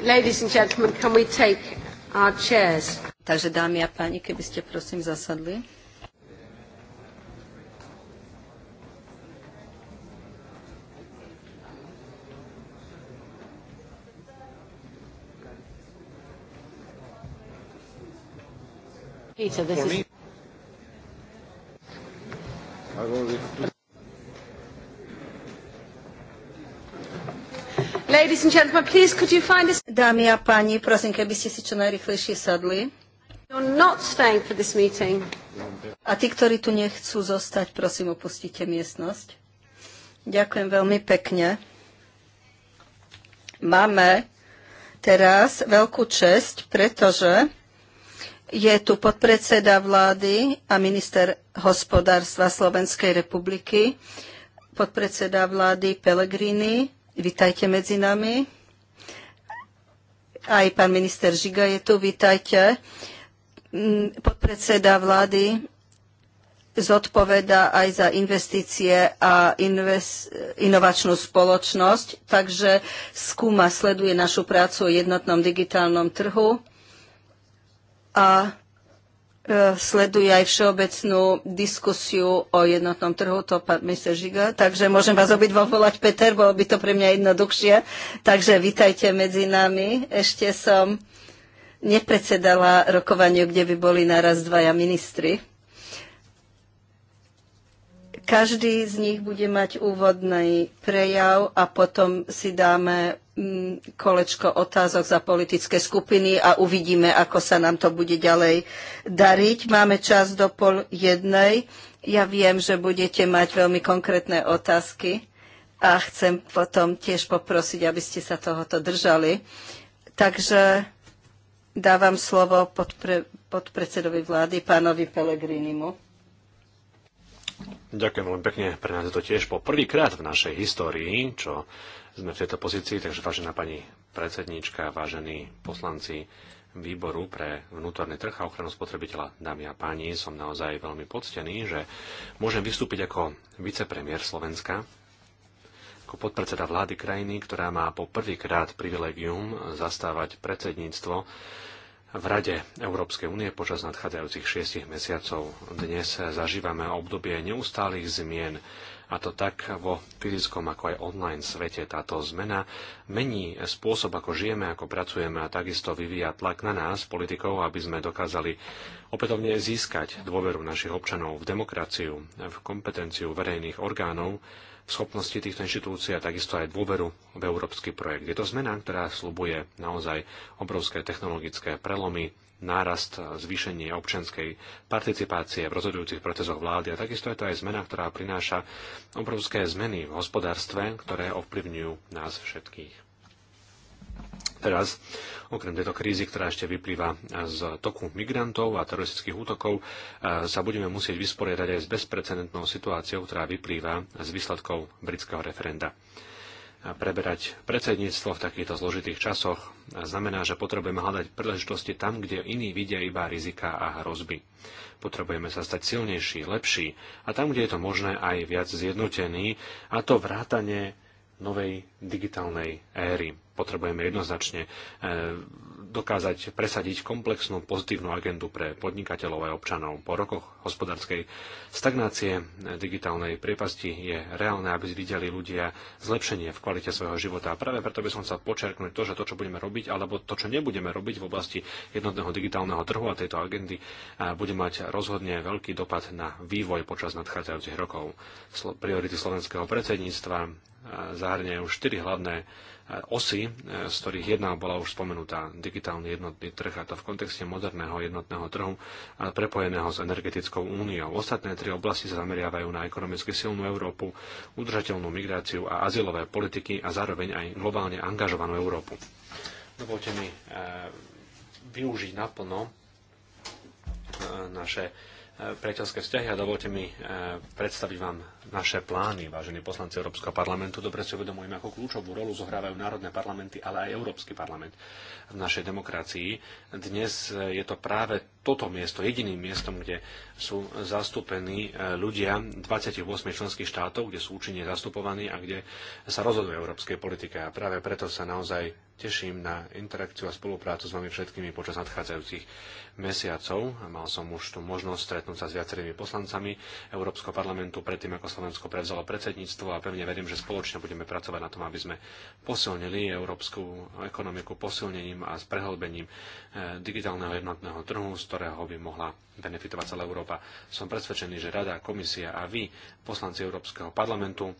B: ladies and gentlemen, can we take our chairs? Takže dámy a páni, keby ste prosím zasadli. Peter, this is... Ladies and gentlemen, please could you find us... Dámy a páni, prosím, keby ste si čo najrychlejšie sadli. You're not staying for this meeting. A tí, ktorí tu nechcú zostať, prosím, opustite miestnosť. Ďakujem veľmi pekne. Máme teraz veľkú česť, pretože je tu podpredseda vlády a minister hospodárstva Slovenskej republiky, podpredseda vlády Pelegrini, Vítajte medzi nami. Aj pán minister Žiga je tu, vítajte. Mm, podpredseda vlády zodpoveda aj za investície a invest, inovačnú spoločnosť, takže skúma, sleduje našu prácu o jednotnom digitálnom trhu a sleduje aj všeobecnú diskusiu o jednotnom trhu, to pán minister Žiga, takže môžem vás obidva volať Peter, bolo by to pre mňa jednoduchšie. Takže vítajte medzi nami. Ešte som nepredsedala rokovaniu, kde by boli naraz dvaja ministri. Každý z nich bude mať úvodný prejav a potom si dáme mm, kolečko otázok za politické skupiny a uvidíme, ako sa nám to bude ďalej dariť. Máme čas do pol jednej. Ja viem, že budete mať veľmi konkrétne otázky a chcem potom tiež poprosiť, aby ste sa tohoto držali. Takže dávam slovo podpre, podpredsedovi vlády, pánovi Pelegrinimu.
C: Ďakujem veľmi pekne. Pre nás je to tiež po prvýkrát v našej histórii, čo sme v tejto pozícii, takže vážená pani predsedníčka, vážení poslanci výboru pre vnútorný trh a ochranu spotrebiteľa, dámy a páni, som naozaj veľmi poctený, že môžem vystúpiť ako vicepremier Slovenska, ako podpredseda vlády krajiny, ktorá má po prvýkrát privilegium zastávať predsedníctvo v Rade Európskej únie počas nadchádzajúcich šiestich mesiacov. Dnes zažívame obdobie neustálých zmien, a to tak vo fyzickom ako aj online svete. Táto zmena mení spôsob, ako žijeme, ako pracujeme a takisto vyvíja tlak na nás, politikov, aby sme dokázali opätovne získať dôveru našich občanov v demokraciu, v kompetenciu verejných orgánov schopnosti týchto inštitúcií a takisto aj dôveru v európsky projekt. Je to zmena, ktorá slubuje naozaj obrovské technologické prelomy, nárast, zvýšenie občianskej participácie v rozhodujúcich procesoch vlády a takisto je to aj zmena, ktorá prináša obrovské zmeny v hospodárstve, ktoré ovplyvňujú nás všetkých. Teraz, okrem tejto krízy, ktorá ešte vyplýva z toku migrantov a teroristických útokov, e, sa budeme musieť vysporiadať aj s bezprecedentnou situáciou, ktorá vyplýva z výsledkov britského referenda. Preberať predsedníctvo v takýchto zložitých časoch znamená, že potrebujeme hľadať príležitosti tam, kde iní vidia iba rizika a hrozby. Potrebujeme sa stať silnejší, lepší a tam, kde je to možné, aj viac zjednotení, a to vrátane novej digitálnej éry potrebujeme jednoznačne e, dokázať presadiť komplexnú pozitívnu agendu pre podnikateľov a občanov. Po rokoch hospodárskej stagnácie e, digitálnej priepasti je reálne, aby videli ľudia zlepšenie v kvalite svojho života. A práve preto by som sa počerknúť to, že to, čo budeme robiť, alebo to, čo nebudeme robiť v oblasti jednotného digitálneho trhu a tejto agendy, e, bude mať rozhodne veľký dopad na vývoj počas nadchádzajúcich rokov. Priority slovenského predsedníctva zahrňajú štyri hlavné osy, e, z ktorých jedna bola už spomenutá, digitálny jednotný trh, a to v kontexte moderného jednotného trhu a prepojeného s energetickou úniou. Ostatné tri oblasti sa zameriavajú na ekonomicky silnú Európu, udržateľnú migráciu a azylové politiky a zároveň aj globálne angažovanú Európu. Dovolte mi e, využiť naplno e, naše Eh, priateľské vzťahy a dovolte mi eh, predstaviť vám naše plány, vážení poslanci Európskeho parlamentu. Dobre si uvedomujem, akú kľúčovú rolu zohrávajú národné parlamenty, ale aj Európsky parlament v našej demokracii. Dnes eh, je to práve toto miesto, jediným miestom, kde sú zastúpení ľudia 28 členských štátov, kde sú účinne zastupovaní a kde sa rozhoduje o európskej politike. A práve preto sa naozaj teším na interakciu a spoluprácu s vami všetkými počas nadchádzajúcich mesiacov. Mal som už tú možnosť stretnúť sa s viacerými poslancami Európskeho parlamentu predtým, ako Slovensko prevzalo predsedníctvo a pevne verím, že spoločne budeme pracovať na tom, aby sme posilnili európsku ekonomiku posilnením a s prehlbením eh, digitálneho jednotného trhu, z ktorého by mohla benefitovať celá Európa. Som presvedčený, že Rada, Komisia a vy, poslanci Európskeho parlamentu,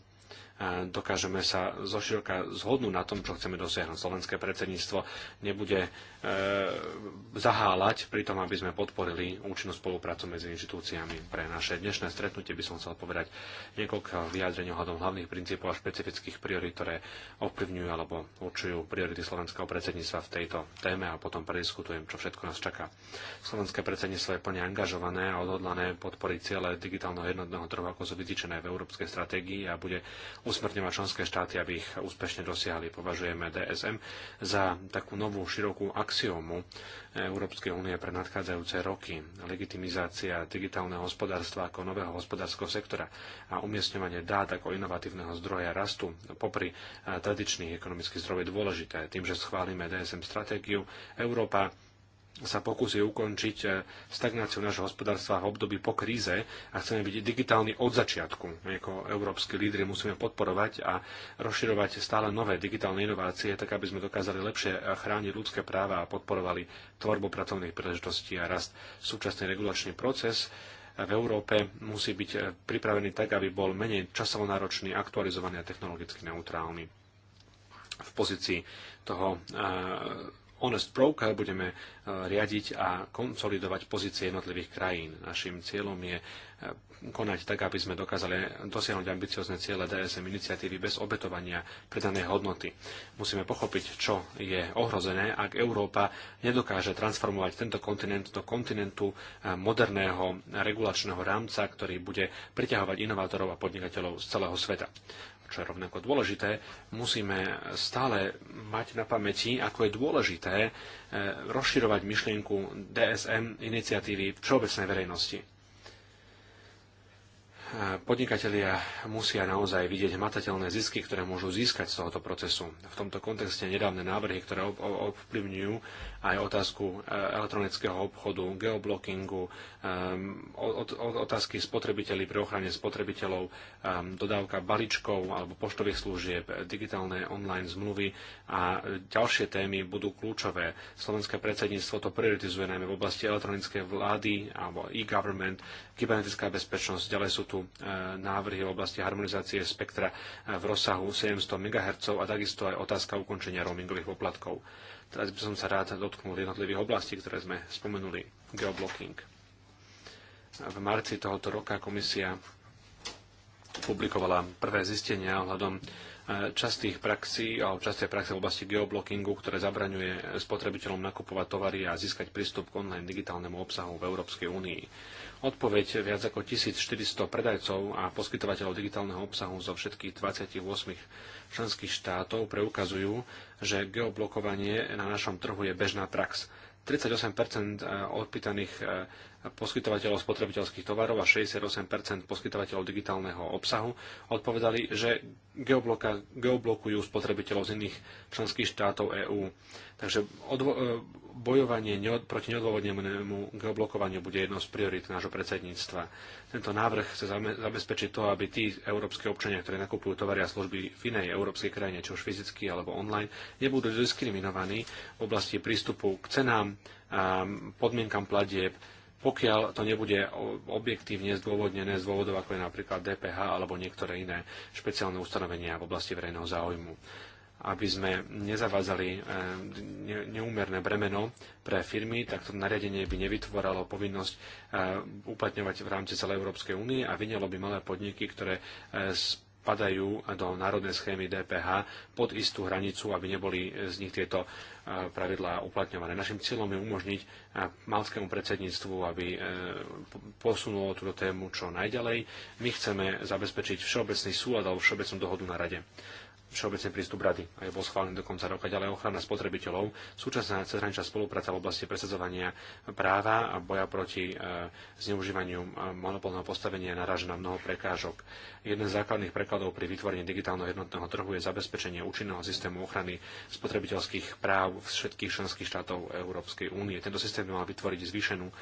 C: dokážeme sa zoširoka zhodnúť na tom, čo chceme dosiahnuť. Slovenské predsedníctvo nebude e, zahálať pri tom, aby sme podporili účinnú spoluprácu medzi inštitúciami. Pre naše dnešné stretnutie by som chcel povedať niekoľko vyjadrení ohľadom hlavných princípov a špecifických priorít, ktoré ovplyvňujú alebo určujú priority slovenského predsedníctva v tejto téme a potom prediskutujem, čo všetko nás čaká. Slovenské predsedníctvo je plne angažované a odhodlané podporiť ciele digitálneho jednotného trhu, ako sú vytýčené v európskej stratégii a bude usmerňovať členské štáty, aby ich úspešne dosiahli. Považujeme DSM za takú novú širokú axiomu Európskej únie pre nadchádzajúce roky. Legitimizácia digitálneho hospodárstva ako nového hospodárskeho sektora a umiestňovanie dát ako inovatívneho zdroja rastu popri eh, tradičných ekonomických zdrojov je dôležité. Tým, že schválime DSM stratégiu, Európa sa pokusí ukončiť e, stagnáciu nášho hospodárstva v období po kríze a chceme byť digitálni od začiatku. My Ako európsky lídry musíme podporovať a rozširovať stále nové digitálne inovácie, tak aby sme dokázali lepšie chrániť ľudské práva a podporovali tvorbu pracovných príležitostí a rast. Súčasný regulačný proces e, v Európe musí byť e, pripravený tak, aby bol menej časovo náročný, aktualizovaný a technologicky neutrálny. V pozícii toho Honest Broker budeme e, riadiť a konsolidovať pozície jednotlivých krajín. Našim cieľom je e, konať tak, aby sme dokázali dosiahnuť ambiciozne ciele DSM iniciatívy bez obetovania predanej hodnoty. Musíme pochopiť, čo je ohrozené, ak Európa nedokáže transformovať tento kontinent do kontinentu e, moderného regulačného rámca, ktorý bude priťahovať inovátorov a podnikateľov z celého sveta čo je rovnako dôležité, musíme stále mať na pamäti, ako je dôležité e, rozširovať myšlienku DSM iniciatívy všeobecnej verejnosti. E, podnikatelia musia naozaj vidieť matateľné zisky, ktoré môžu získať z tohoto procesu. V tomto kontexte nedávne návrhy, ktoré ovplyvňujú aj otázku e, elektronického obchodu, geoblockingu, e, otázky spotrebiteľi pri ochrane spotrebiteľov, e, dodávka balíčkov alebo poštových služieb, digitálne online zmluvy a ďalšie témy budú kľúčové. Slovenské predsedníctvo to prioritizuje najmä v oblasti elektronickej vlády alebo e-government, kybernetická bezpečnosť. Ďalej sú tu návrhy v oblasti harmonizácie spektra v rozsahu 700 MHz a takisto aj otázka ukončenia roamingových poplatkov. Teraz by som sa rád dotknul jednotlivých oblastí, ktoré sme spomenuli. Geoblocking. V marci tohoto roka komisia publikovala prvé zistenia ohľadom Eh, častých praxí alebo časté praxe v oblasti geoblockingu, ktoré zabraňuje spotrebiteľom nakupovať tovary a získať prístup k online digitálnemu obsahu v Európskej únii. Odpoveď viac ako 1400 predajcov a poskytovateľov digitálneho obsahu zo všetkých 28 členských štátov preukazujú, že geoblokovanie na našom trhu je bežná prax 38 eh, odpýtaných eh, poskytovateľov spotrebiteľských tovarov a 68 poskytovateľov digitálneho obsahu odpovedali, že geoblokujú spotrebiteľov z iných členských štátov EÚ. Takže odvo- e, bojovanie neod- proti neodôvodnenému geoblokovaniu bude jednou z priorit nášho predsedníctva. Tento návrh chce zabezpečiť to, aby tí európske občania, ktorí nakupujú tovary a služby v inej európskej krajine, či už fyzicky alebo online, nebudú diskriminovaní v oblasti prístupu k cenám, a podmienkam platieb, pokiaľ to nebude objektívne zdôvodnené z dôvodov ako je napríklad DPH alebo niektoré iné špeciálne ustanovenia v oblasti verejného záujmu aby sme nezavádzali eh, neúmerné bremeno pre firmy, tak to nariadenie by nevytvoralo povinnosť eh, uplatňovať v rámci celej Európskej únie a vynelo by malé podniky, ktoré eh, spadajú do národnej schémy DPH pod istú hranicu, aby neboli z nich tieto pravidlá uplatňované. Našim cieľom je umožniť malskému predsedníctvu, aby posunulo túto tému čo najďalej. My chceme zabezpečiť všeobecný súlad alebo všeobecnú dohodu na rade všeobecný prístup rady a je bol schválený do konca roka. Ďalej ochrana spotrebiteľov, súčasná cezhraničná spolupráca v oblasti presadzovania práva a boja proti e, zneužívaniu e, monopolného postavenia naráža na mnoho prekážok. Jeden z základných prekladov pri vytvorení digitálneho jednotného trhu je zabezpečenie účinného systému ochrany spotrebiteľských práv všetkých členských štátov Európskej únie. Tento systém by mal vytvoriť zvýšenú e,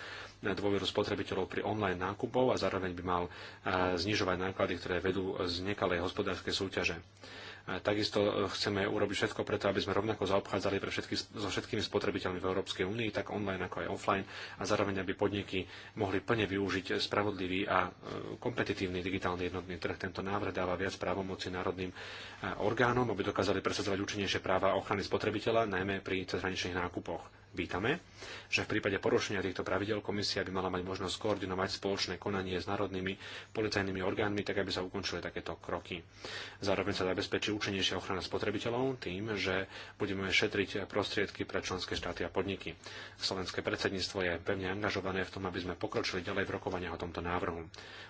C: dôveru spotrebiteľov pri online nákupov a zároveň by mal znižovať náklady, ktoré vedú z nekalej hospodárskej súťaže. Takisto chceme urobiť všetko preto, aby sme rovnako zaobchádzali pre všetky, so všetkými spotrebiteľmi v Európskej únii, tak online ako aj offline, a zároveň, aby podniky mohli plne využiť spravodlivý a e, kompetitívny digitálny jednotný trh. Tento návrh dáva viac právomoci národným e, orgánom, aby dokázali presadzovať účinnejšie práva ochrany spotrebiteľa, najmä pri cezhraničných nákupoch. Vítame, že v prípade porušenia týchto pravidel komisia by mala mať možnosť koordinovať spoločné konanie s národnými policajnými orgánmi, tak aby sa ukončili takéto kroky. Zároveň sa zabezpečí účinnejšia ochrana spotrebiteľov tým, že budeme šetriť prostriedky pre členské štáty a podniky. Slovenské predsedníctvo je pevne angažované v tom, aby sme pokročili ďalej v rokovaniach o tomto návrhu.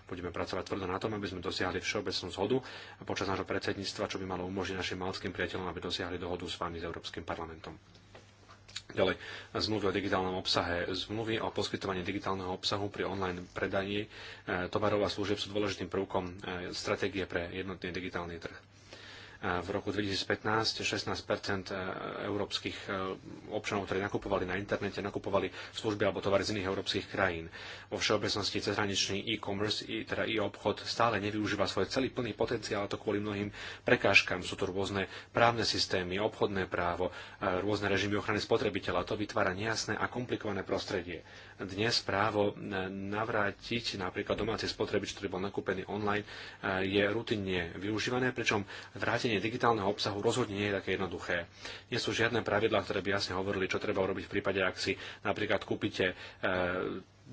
C: Budeme pracovať tvrdo na tom, aby sme dosiahli všeobecnú zhodu počas nášho predsedníctva, čo by malo umožniť našim malským priateľom, aby dosiahli dohodu s vami, s Európskym parlamentom. Ďalej, zmluvy o digitálnom obsahe. Zmluvy o poskytovaní digitálneho obsahu pri online predaní e, tovarov a služieb sú dôležitým prvkom e, stratégie pre jednotný digitálny trh v roku 2015 16 e, európskych e, občanov, ktorí nakupovali na internete, nakupovali služby alebo tovary z iných európskych krajín. Vo všeobecnosti cezhraničný e-commerce, teda e-obchod, stále nevyužíva svoj celý plný potenciál, a to kvôli mnohým prekážkam. Sú to rôzne právne systémy, obchodné právo, e, rôzne režimy ochrany spotrebiteľa. To vytvára nejasné a komplikované prostredie. Dnes právo navrátiť napríklad domáci spotrebič, ktorý bol nakúpený online, je rutinne využívané, pričom vrátiť platenie digitálneho obsahu rozhodne nie je také jednoduché. Nie sú žiadne pravidlá, ktoré by jasne hovorili, čo treba urobiť v prípade, ak si napríklad kúpite e,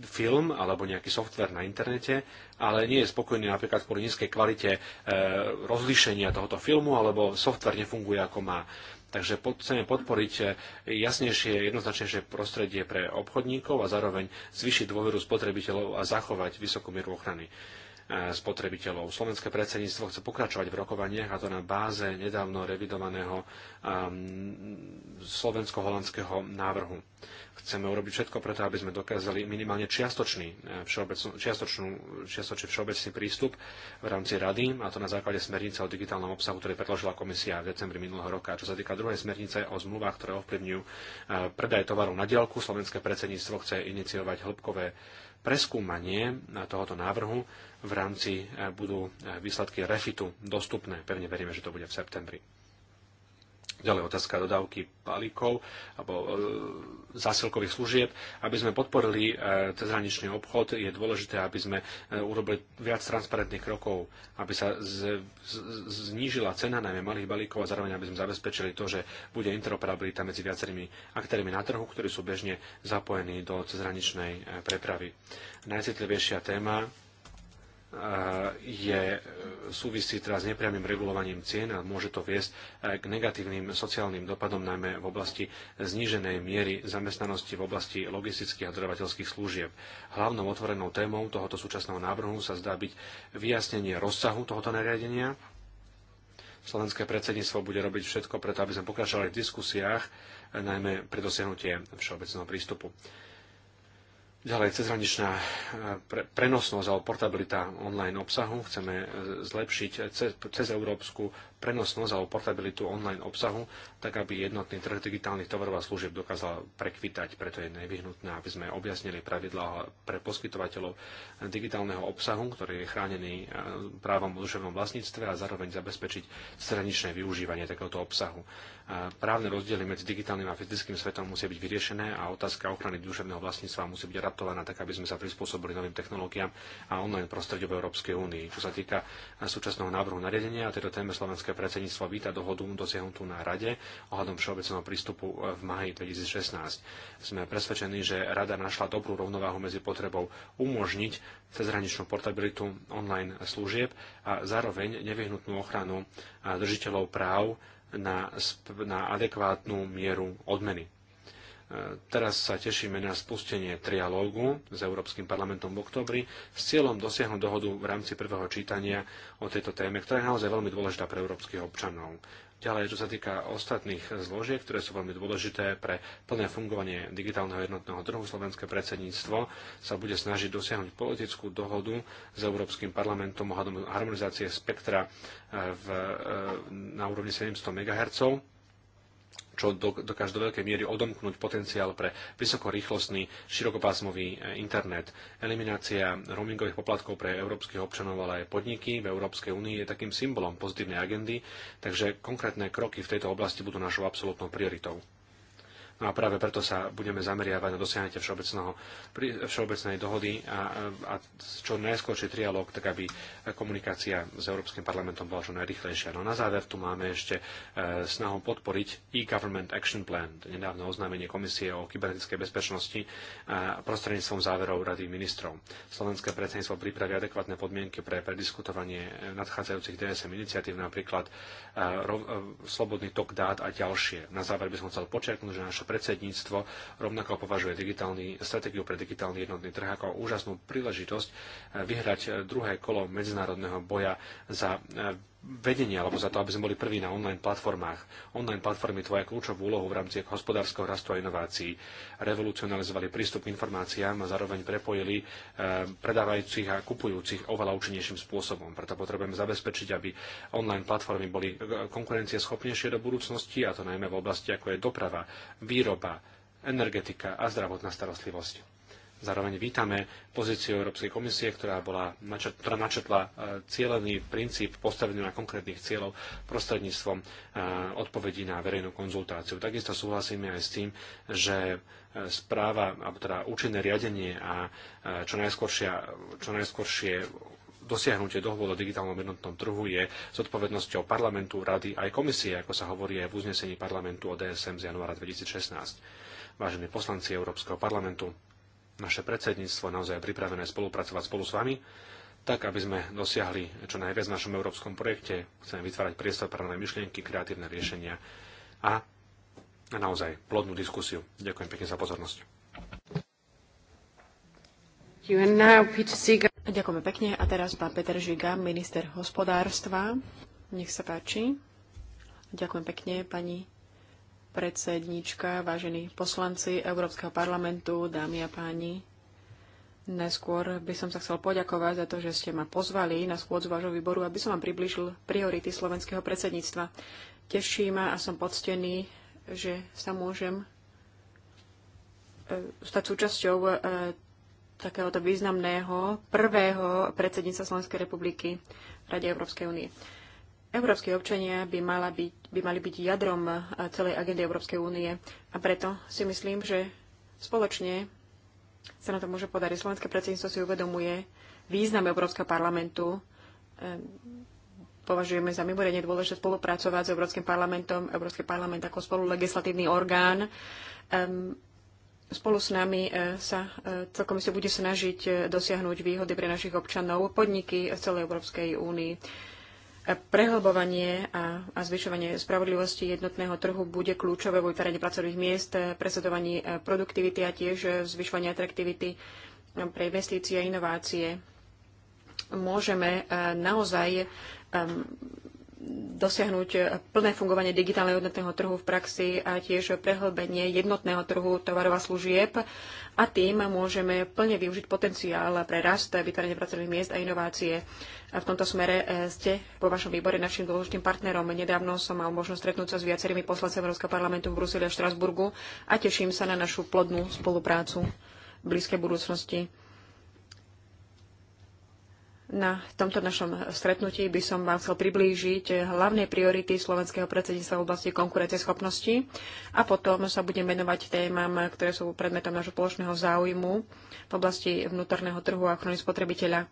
C: film alebo nejaký software na internete, ale nie je spokojný napríklad kvôli nízkej kvalite e, rozlíšenia tohoto filmu alebo software nefunguje ako má. Takže chceme podporiť e, jasnejšie, jednoznačnejšie prostredie pre obchodníkov a zároveň zvýšiť dôveru spotrebiteľov a zachovať vysokú mieru ochrany. E, spotrebiteľov. Slovenské predsedníctvo chce pokračovať v rokovaniach a to na báze nedávno revidovaného um, slovensko-holandského návrhu. Chceme urobiť všetko preto, aby sme dokázali minimálne čiastočný, e, čiastočnú, čiastočný všeobecný prístup v rámci rady a to na základe smernice o digitálnom obsahu, ktorý predložila komisia v decembri minulého roka. Čo sa týka druhej smernice o zmluvách, ktoré ovplyvňujú e, predaj tovaru na diaľku, slovenské predsedníctvo chce iniciovať hĺbkové preskúmanie tohoto návrhu v rámci e, budú e, výsledky refitu dostupné. Pevne veríme, že to bude v septembri. Ďalej otázka dodávky palíkov alebo e, zásilkových služieb. Aby sme podporili e, cezhraničný obchod, je dôležité, aby sme e, urobili viac transparentných krokov, aby sa z, z, znížila cena najmä malých balíkov a zároveň aby sme zabezpečili to, že bude interoperabilita medzi viacerými aktérmi na trhu, ktorí sú bežne zapojení do cezhraničnej e, prepravy. Najcitlivejšia téma je, súvisí teraz s nepriamým regulovaním cien a môže to viesť e, k negatívnym sociálnym dopadom najmä v oblasti zníženej miery zamestnanosti v oblasti logistických a dodavateľských služieb. Hlavnou otvorenou témou tohoto súčasného návrhu sa zdá byť vyjasnenie rozsahu tohoto nariadenia. Slovenské predsedníctvo bude robiť všetko preto, aby sme pokračovali v diskusiách, e, najmä pre dosiahnutie všeobecného prístupu. Ďalej, cezhraničná eh, prenosnosť alebo portabilita online obsahu. Chceme eh, zlepšiť eh, cez, cez európsku prenosnosť alebo portabilitu online obsahu, tak aby jednotný trh digitálnych tovarov a služieb dokázal prekvitať. Preto je nevyhnutné, aby sme objasnili pravidlá pre poskytovateľov digitálneho obsahu, ktorý je chránený právom o duševnom vlastníctve a zároveň zabezpečiť cezhraničné využívanie takéhoto obsahu. Právne rozdiely medzi digitálnym a fyzickým svetom musia byť vyriešené a otázka ochrany duševného vlastníctva musí byť ratovaná tak, aby sme sa prispôsobili novým technológiám a online prostrediu v Európskej únii. Čo sa týka súčasného návrhu nariadenia, a tejto téme slovenské predsedníctvo víta dohodu dosiahnutú na Rade ohľadom všeobecného prístupu v maji 2016. Sme presvedčení, že Rada našla dobrú rovnováhu medzi potrebou umožniť cezhraničnú portabilitu online služieb a zároveň nevyhnutnú ochranu držiteľov práv na, na adekvátnu mieru odmeny. E, teraz sa tešíme na spustenie trialógu s Európskym parlamentom v oktobri s cieľom dosiahnuť dohodu v rámci prvého čítania o tejto téme, ktorá je naozaj veľmi dôležitá pre európskych občanov. Ďalej, čo sa týka ostatných zložiek, ktoré sú veľmi dôležité pre plné fungovanie digitálneho jednotného trhu, slovenské predsedníctvo sa bude snažiť dosiahnuť politickú dohodu s Európskym parlamentom o harmonizácie spektra eh, v, eh, na úrovni 700 MHz čo dokáže do veľkej miery odomknúť potenciál pre vysokorýchlostný širokopásmový e, internet. Eliminácia roamingových poplatkov pre európskych občanov, ale aj podniky v Európskej únii je takým symbolom pozitívnej agendy, takže konkrétne kroky v tejto oblasti budú našou absolútnou prioritou. No a práve preto sa budeme zameriavať na dosiahnutie všeobecnej dohody a, a čo najskôrší trialóg, tak aby komunikácia s Európskym parlamentom bola čo najrychlejšia. No na záver tu máme ešte e, snahu podporiť e-Government Action Plan, nedávne oznámenie komisie o kybernetickej bezpečnosti a e, prostredníctvom záverov Rady ministrov. Slovenské predsedníctvo pripraví adekvátne podmienky pre prediskutovanie nadchádzajúcich DSM iniciatív, napríklad e, slobodný tok dát a ďalšie. Na záver by som chcel počiarknúť, že naše predsedníctvo rovnako považuje digitálny, stratégiu pre digitálny jednotný trh ako úžasnú príležitosť eh, vyhrať eh, druhé kolo medzinárodného boja za eh, vedenie alebo za to, aby sme boli prví na online platformách. Online platformy tvoja kľúčovú úlohu v rámci hospodárskeho rastu a inovácií. Revolucionalizovali prístup k informáciám a zároveň prepojili eh, predávajúcich a kupujúcich oveľa účinnejším spôsobom. Preto potrebujeme zabezpečiť, aby online platformy boli eh, konkurencieschopnejšie do budúcnosti a to najmä v oblasti ako je doprava, výroba, energetika a zdravotná starostlivosť. Zároveň vítame pozíciu Európskej komisie, ktorá, bola, ktorá načetla e, cieľený princíp postavenia na konkrétnych cieľov prostredníctvom e, odpovedí na verejnú konzultáciu. Takisto súhlasíme aj s tým, že e, správa, alebo teda účinné riadenie a čo, čo najskôršie dosiahnutie dohovor o digitálnom jednotnom trhu je s odpovednosťou parlamentu, rady aj komisie, ako sa hovorí aj v uznesení parlamentu o DSM z januára 2016. Vážení poslanci Európskeho parlamentu, naše predsedníctvo naozaj pripravené spolupracovať spolu s vami, tak aby sme dosiahli čo najviac v našom európskom projekte. Chceme vytvárať priestor pre nové myšlienky, kreatívne riešenia a naozaj plodnú diskusiu. Ďakujem pekne za pozornosť.
A: Ďakujeme pekne. A teraz pán Peter Žiga, minister hospodárstva. Nech sa páči. Ďakujem pekne, pani predsednička, vážení poslanci Európskeho parlamentu, dámy a páni. Neskôr by som sa chcel poďakovať za to, že ste ma pozvali na schôdzu vášho výboru, aby som vám približil priority slovenského predsedníctva. Teší ma a som poctený, že sa môžem e, stať súčasťou e, takéhoto významného prvého predsedníctva Slovenskej republiky v Rade Európskej únie. Európske občania by, mala byť, by mali byť jadrom eh, celej agendy Európskej únie a preto si myslím, že spoločne sa na to môže podariť. Slovenské predsedníctvo si uvedomuje význam Európskeho parlamentu. Eh, považujeme za mimoriadne dôležité spolupracovať s Európskym parlamentom, Európsky parlament ako spolulegislatívny orgán. Ehm, spolu s nami eh, sa celkom si bude snažiť dosiahnuť výhody pre našich občanov, podniky z celej Európskej únii prehlbovanie a, a zvyšovanie spravodlivosti jednotného trhu bude kľúčové vo vytváraní pracovných miest, presadovaní e, produktivity a tiež zvyšovanie atraktivity e, pre investície a inovácie. Môžeme e, naozaj dosiahnuť plné fungovanie digitálneho jednotného trhu v praxi a tiež prehlbenie jednotného trhu tovarov a služieb a tým môžeme plne využiť potenciál pre rast, vytváranie pracovných miest a inovácie. A v tomto smere eh, ste vo vašom výbore našim dôležitým partnerom. Nedávno som mal možnosť stretnúť sa s viacerými poslancami Európskeho parlamentu v Bruseli a Štrasburgu a teším sa na našu plodnú spoluprácu v blízkej budúcnosti. Na tomto našom stretnutí by som vám chcel priblížiť hlavné priority slovenského predsedníctva v oblasti konkurencieschopnosti a potom sa budem venovať témam, ktoré sú predmetom nášho spoločného záujmu v oblasti vnútorného trhu a ochrany spotrebiteľa.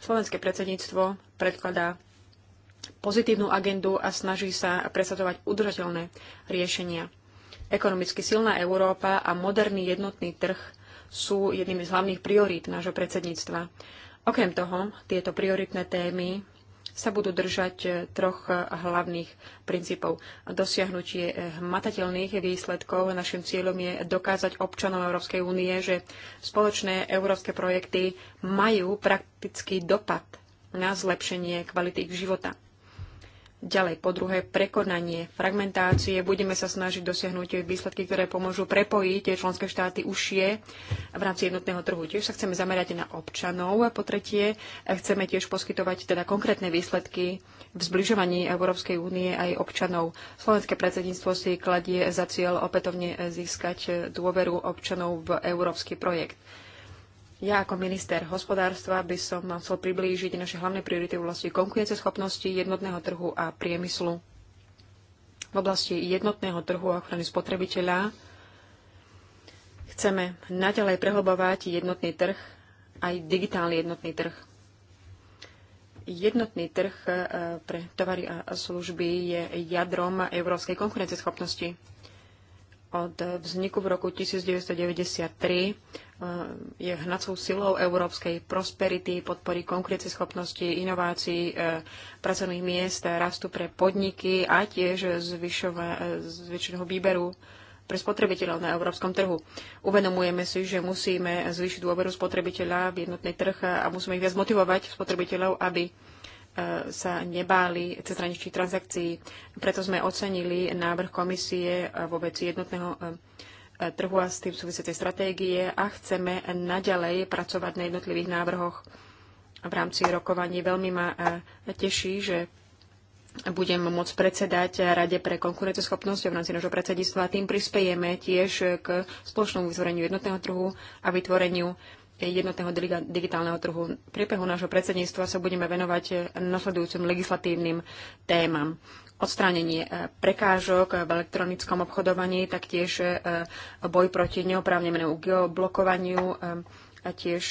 A: Slovenské predsedníctvo predkladá pozitívnu agendu a snaží sa presadzovať udržateľné riešenia. Ekonomicky silná Európa a moderný jednotný trh sú jednými z hlavných priorít nášho predsedníctva. Okrem toho, tieto prioritné témy sa budú držať eh, troch eh, hlavných princípov. Dosiahnutie eh, hmatateľných výsledkov. Našim cieľom je dokázať občanom Európskej únie, že spoločné európske projekty majú praktický dopad na zlepšenie kvality ich života. Ďalej, po druhé, prekonanie fragmentácie. Budeme sa snažiť dosiahnuť výsledky, ktoré pomôžu prepojiť členské štáty užšie v rámci jednotného trhu. Tiež sa chceme zamerať na občanov. A Po tretie, chceme tiež poskytovať teda konkrétne výsledky v zbližovaní Európskej únie aj občanov. Slovenské predsedníctvo si kladie za cieľ opätovne získať dôveru občanov v európsky projekt. Ja ako minister hospodárstva by som chcel priblížiť naše hlavné priority v oblasti konkurenceschopnosti jednotného trhu a priemyslu. V oblasti jednotného trhu a ochrany spotrebiteľa chceme naďalej prehlbovať jednotný trh, aj digitálny jednotný trh. Jednotný trh eh, pre tovary a služby je jadrom európskej konkurenceschopnosti od vzniku v roku 1993 eh, je hnacou silou európskej prosperity, podpory konkurencieschopnosti, inovácií, eh, pracovných miest, rastu pre podniky a tiež zvyšeného výberu pre spotrebiteľov na európskom trhu. Uvedomujeme si, že musíme zvýšiť dôveru spotrebiteľa v jednotný trh a musíme ich viac motivovať spotrebiteľov, aby E, sa nebáli cezhraničných transakcií. Preto sme ocenili návrh komisie vo e, veci jednotného e, trhu a s tým súvisiacej stratégie a chceme naďalej pracovať na jednotlivých návrhoch v rámci rokovaní. Veľmi ma teší, že budem môcť predsedať Rade pre konkurenceschopnosť v rámci nášho predsedníctva. Tým prispejeme tiež k spoločnému vytvoreniu jednotného trhu a vytvoreniu jednotného digitálneho trhu. V priebehu nášho predsedníctva sa budeme venovať eh, nasledujúcim legislatívnym témam. Odstránenie eh, prekážok v elektronickom obchodovaní, taktiež eh, boj proti neoprávnenému geoblokovaniu a tiež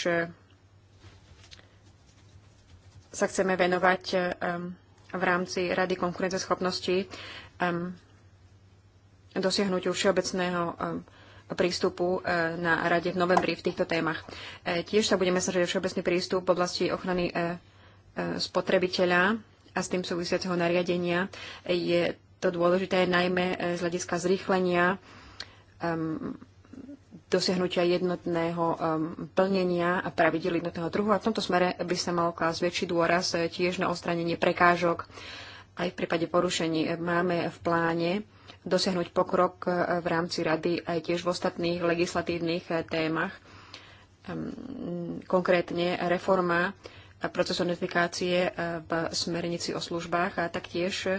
A: sa chceme venovať v rámci Rady konkurenceschopnosti dosiahnutiu všeobecného prístupu e, na rade v novembri v týchto témach. E, tiež sa budeme snažiť o všeobecný prístup v oblasti ochrany e, spotrebiteľa a s tým súvisiaceho nariadenia. Je to dôležité najmä z hľadiska zrýchlenia dosiahnutia jednotného plnenia a pravidel jednotného trhu. A v tomto smere by sa mal klásť väčší dôraz tiež na odstranenie prekážok aj v prípade porušení máme v pláne dosiahnuť pokrok e, v rámci rady aj tiež v ostatných legislatívnych e, témach. Ehm, konkrétne reforma e, procesu notifikácie v smernici o službách a taktiež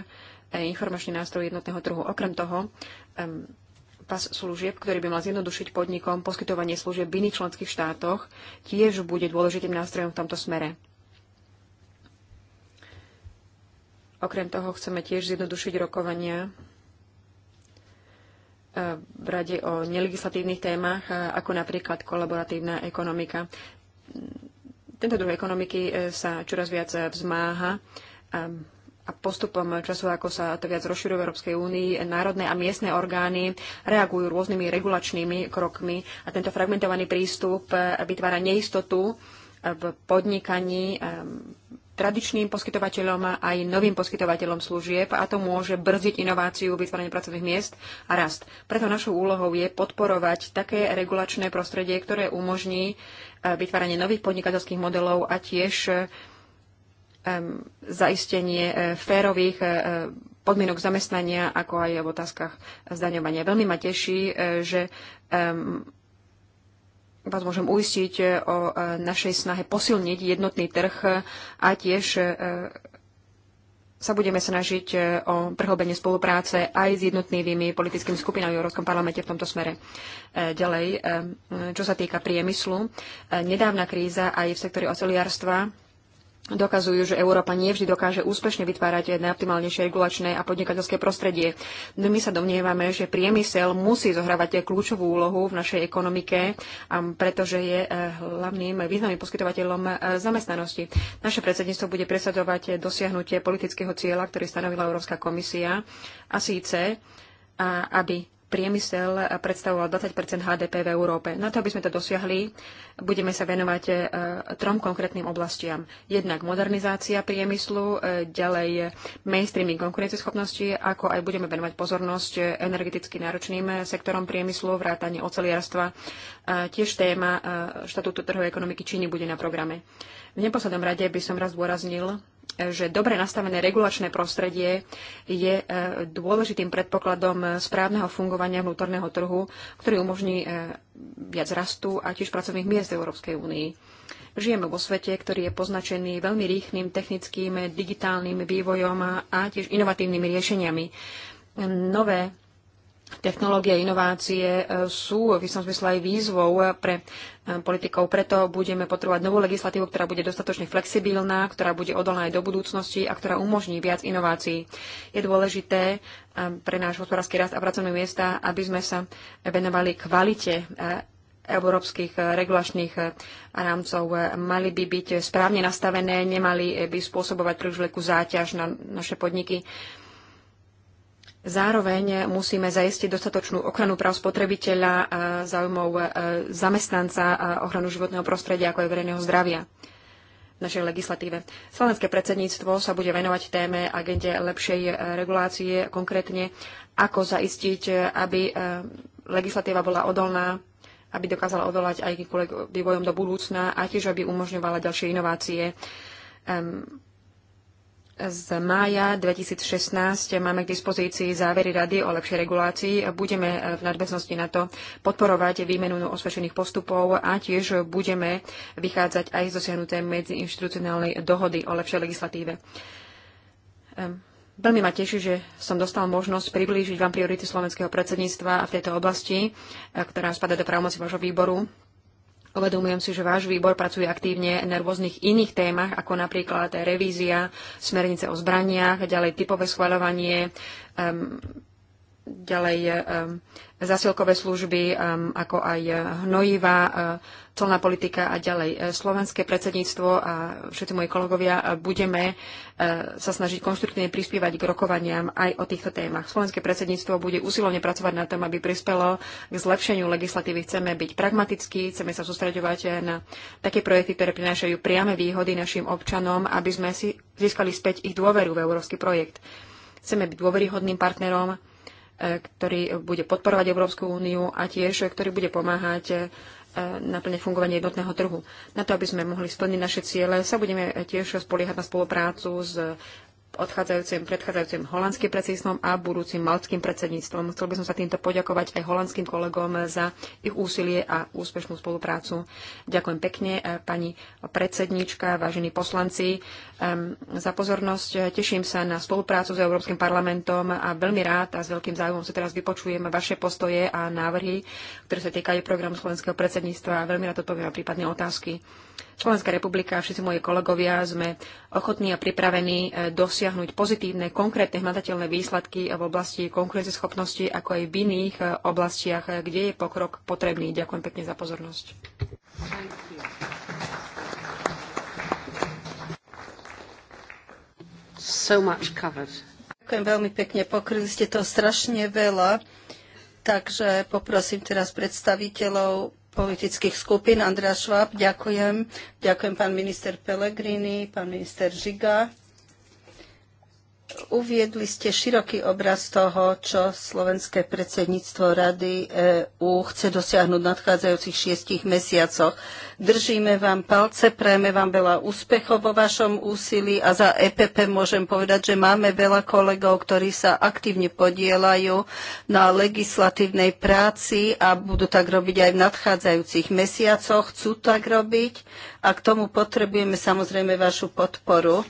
A: informačný nástroj jednotného trhu. Okrem toho, ehm, pas služieb, ktorý by mal zjednodušiť podnikom poskytovanie služieb v iných členských štátoch, tiež bude dôležitým nástrojom v tomto smere. Okrem toho chceme tiež zjednodušiť rokovania e, v rade o nelegislatívnych témach, e, ako napríklad kolaboratívna ekonomika. Tento druh ekonomiky e, sa čoraz viac vzmáha a postupom času, ako sa to viac rozširuje v Európskej únii, národné a miestne orgány reagujú rôznymi regulačnými krokmi a tento fragmentovaný prístup vytvára neistotu v podnikaní tradičným poskytovateľom aj novým poskytovateľom služieb a to môže brzdiť inováciu, vytvorenie pracovných miest a rast. Preto našou úlohou je podporovať také regulačné prostredie, ktoré umožní eh, vytváranie nových podnikateľských modelov a tiež eh, zaistenie eh, férových podmienok zamestnania, ako aj v otázkach zdaňovania. Veľmi ma teší, že vás môžem uistiť e, o e, našej snahe posilniť jednotný trh e, a tiež sa budeme snažiť o prehlbenie spolupráce aj s jednotnými politickými skupinami v Európskom parlamente v tomto smere. Ďalej, čo sa týka priemyslu, nedávna kríza aj v sektore oceliarstva dokazujú, že Európa nie vždy dokáže úspešne vytvárať najoptimálnejšie regulačné a podnikateľské prostredie. No my sa domnievame, že priemysel musí zohrávať kľúčovú úlohu v našej ekonomike, pretože je eh, hlavným významným poskytovateľom eh, zamestnanosti. Naše predsedníctvo bude presadovať dosiahnutie politického cieľa, ktorý stanovila Európska komisia, a síce aby priemysel predstavoval 20 HDP v Európe. Na to, aby sme to dosiahli, budeme sa venovať e, trom konkrétnym oblastiam. Jednak modernizácia priemyslu, e, ďalej mainstreaming konkurencieschopnosti, ako aj budeme venovať pozornosť energeticky náročným e, sektorom priemyslu, vrátanie oceliarstva. Tiež téma štatútu trhovej ekonomiky Číny bude na programe. V neposlednom rade by som raz dôraznil že dobre nastavené regulačné prostredie je e, dôležitým predpokladom správneho fungovania vnútorného trhu, ktorý umožní e, viac rastu a tiež pracovných miest v Európskej únii. Žijeme vo svete, ktorý je poznačený veľmi rýchlým technickým, digitálnym vývojom a tiež inovatívnymi riešeniami. Nové Technológie a inovácie e, sú v istom zmysle aj výzvou e, pre e, politikov. Preto budeme potrebovať novú legislatívu, ktorá bude dostatočne flexibilná, ktorá bude odolná aj do budúcnosti a ktorá umožní viac inovácií. Je dôležité pre náš hospodársky rast a pracovné miesta, aby sme sa venovali kvalite európskych regulačných rámcov mali by byť správne nastavené, nemali by spôsobovať príliš veľkú záťaž na naše podniky. Zároveň musíme zaistiť dostatočnú ochranu práv spotrebiteľa, a záujmov e, zamestnanca a ochranu životného prostredia ako aj verejného zdravia v našej legislatíve. Slovenské predsedníctvo sa bude venovať téme agende lepšej e, regulácie, konkrétne ako zaistiť, e, aby legislatíva bola odolná, aby dokázala odolať aj vývojom do budúcna a tiež, aby umožňovala ďalšie inovácie z mája 2016 máme k dispozícii závery Rady o lepšej regulácii. Budeme v nadväznosti na to podporovať výmenu osvedčených postupov a tiež budeme vychádzať aj z dosiahnuté medziinstitucionálnej dohody o lepšej legislatíve. Ehm, veľmi ma teší, že som dostal možnosť priblížiť vám priority slovenského predsedníctva v tejto oblasti, eh, ktorá spada do právomoci vášho výboru Uvedomujem si, že váš výbor pracuje aktívne na rôznych iných témach, ako napríklad revízia, smernice o zbraniach, ďalej typové schvaľovanie, um, ďalej um, zasilkové služby, um, ako aj uh, hnojivá, uh, colná politika a ďalej. Uh, slovenské predsedníctvo a všetci moji kolegovia budeme sa snažiť konštruktívne prispievať k rokovaniam aj o týchto témach. Slovenské predsedníctvo bude usilovne pracovať na tom, aby prispelo k zlepšeniu legislatívy. Chceme byť pragmatickí, chceme sa sústredovať na také projekty, ktoré prinášajú priame výhody našim občanom, aby sme si získali späť ich dôveru v európsky projekt. Chceme byť dôveryhodným partnerom, ktorý bude podporovať Európsku úniu a tiež, ktorý bude pomáhať e, naplne fungovanie jednotného trhu. Na to, aby sme mohli splniť naše ciele, sa budeme tiež spoliehať na spoluprácu s odchádzajúcim, predchádzajúcim holandským predsedníctvom a budúcim maltským predsedníctvom. Chcel by som sa týmto poďakovať aj holandským kolegom za ich úsilie a úspešnú spoluprácu. Ďakujem pekne, e, pani predsedníčka, vážení poslanci, e, za pozornosť. Teším sa na spoluprácu s Európskym parlamentom a veľmi rád a s veľkým záujmom sa teraz vypočujem vaše postoje a návrhy, ktoré sa týkajú programu slovenského predsedníctva a veľmi rád odpoviem na prípadne otázky. Slovenská republika a všetci moji kolegovia sme ochotní a pripravení e, dosiahnuť pozitívne, konkrétne, hmatateľné výsledky v oblasti konkurenceschopnosti, ako aj v iných e, oblastiach, e, kde je pokrok potrebný. Ďakujem pekne za pozornosť. So
B: Ďakujem veľmi pekne, pokryli ste to strašne veľa, takže poprosím teraz predstaviteľov politických skupín. Andrea Schwab, ďakujem. Ďakujem pán minister Pellegrini, pán minister Žiga. Uviedli ste široký obraz toho, čo slovenské predsedníctvo Rady EÚ chce dosiahnuť v nadchádzajúcich šiestich mesiacoch. Držíme vám palce, prajeme vám veľa úspechov vo vašom úsilí a za EPP môžem povedať, že máme veľa kolegov, ktorí sa aktívne podielajú na legislatívnej práci a budú tak robiť aj v nadchádzajúcich mesiacoch, chcú tak robiť a k tomu potrebujeme samozrejme vašu podporu.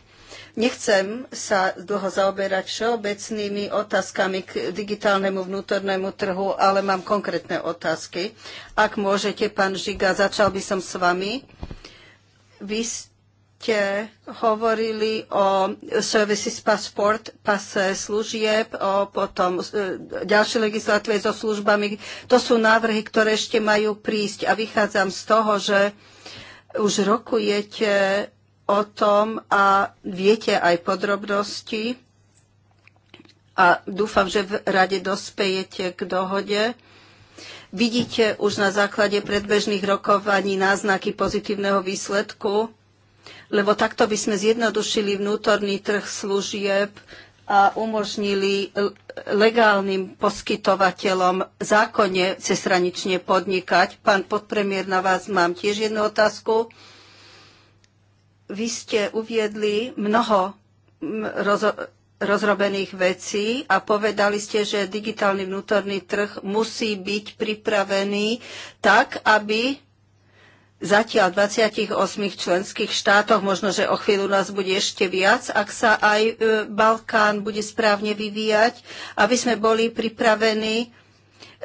B: Nechcem sa dlho zaoberať všeobecnými otázkami k digitálnemu vnútornému trhu, ale mám konkrétne otázky. Ak môžete, pán Žiga, začal by som s vami. Vy ste hovorili o services passport, pase služieb, o potom e, ďalšie legislatíve so službami. To sú návrhy, ktoré ešte majú prísť a vychádzam z toho, že už rokujete o tom a viete aj podrobnosti a dúfam, že v rade dospejete k dohode. Vidíte už na základe predbežných rokovaní náznaky pozitívneho výsledku, lebo takto by sme zjednodušili vnútorný trh služieb a umožnili legálnym poskytovateľom zákonne cezhranične podnikať. Pán podpremier, na vás mám tiež jednu otázku. Vy ste uviedli mnoho rozo- rozrobených vecí a povedali ste, že digitálny vnútorný trh musí byť pripravený tak, aby zatiaľ v 28 členských štátoch, možno, že o chvíľu nás bude ešte viac, ak sa aj e, Balkán bude správne vyvíjať, aby sme boli pripravení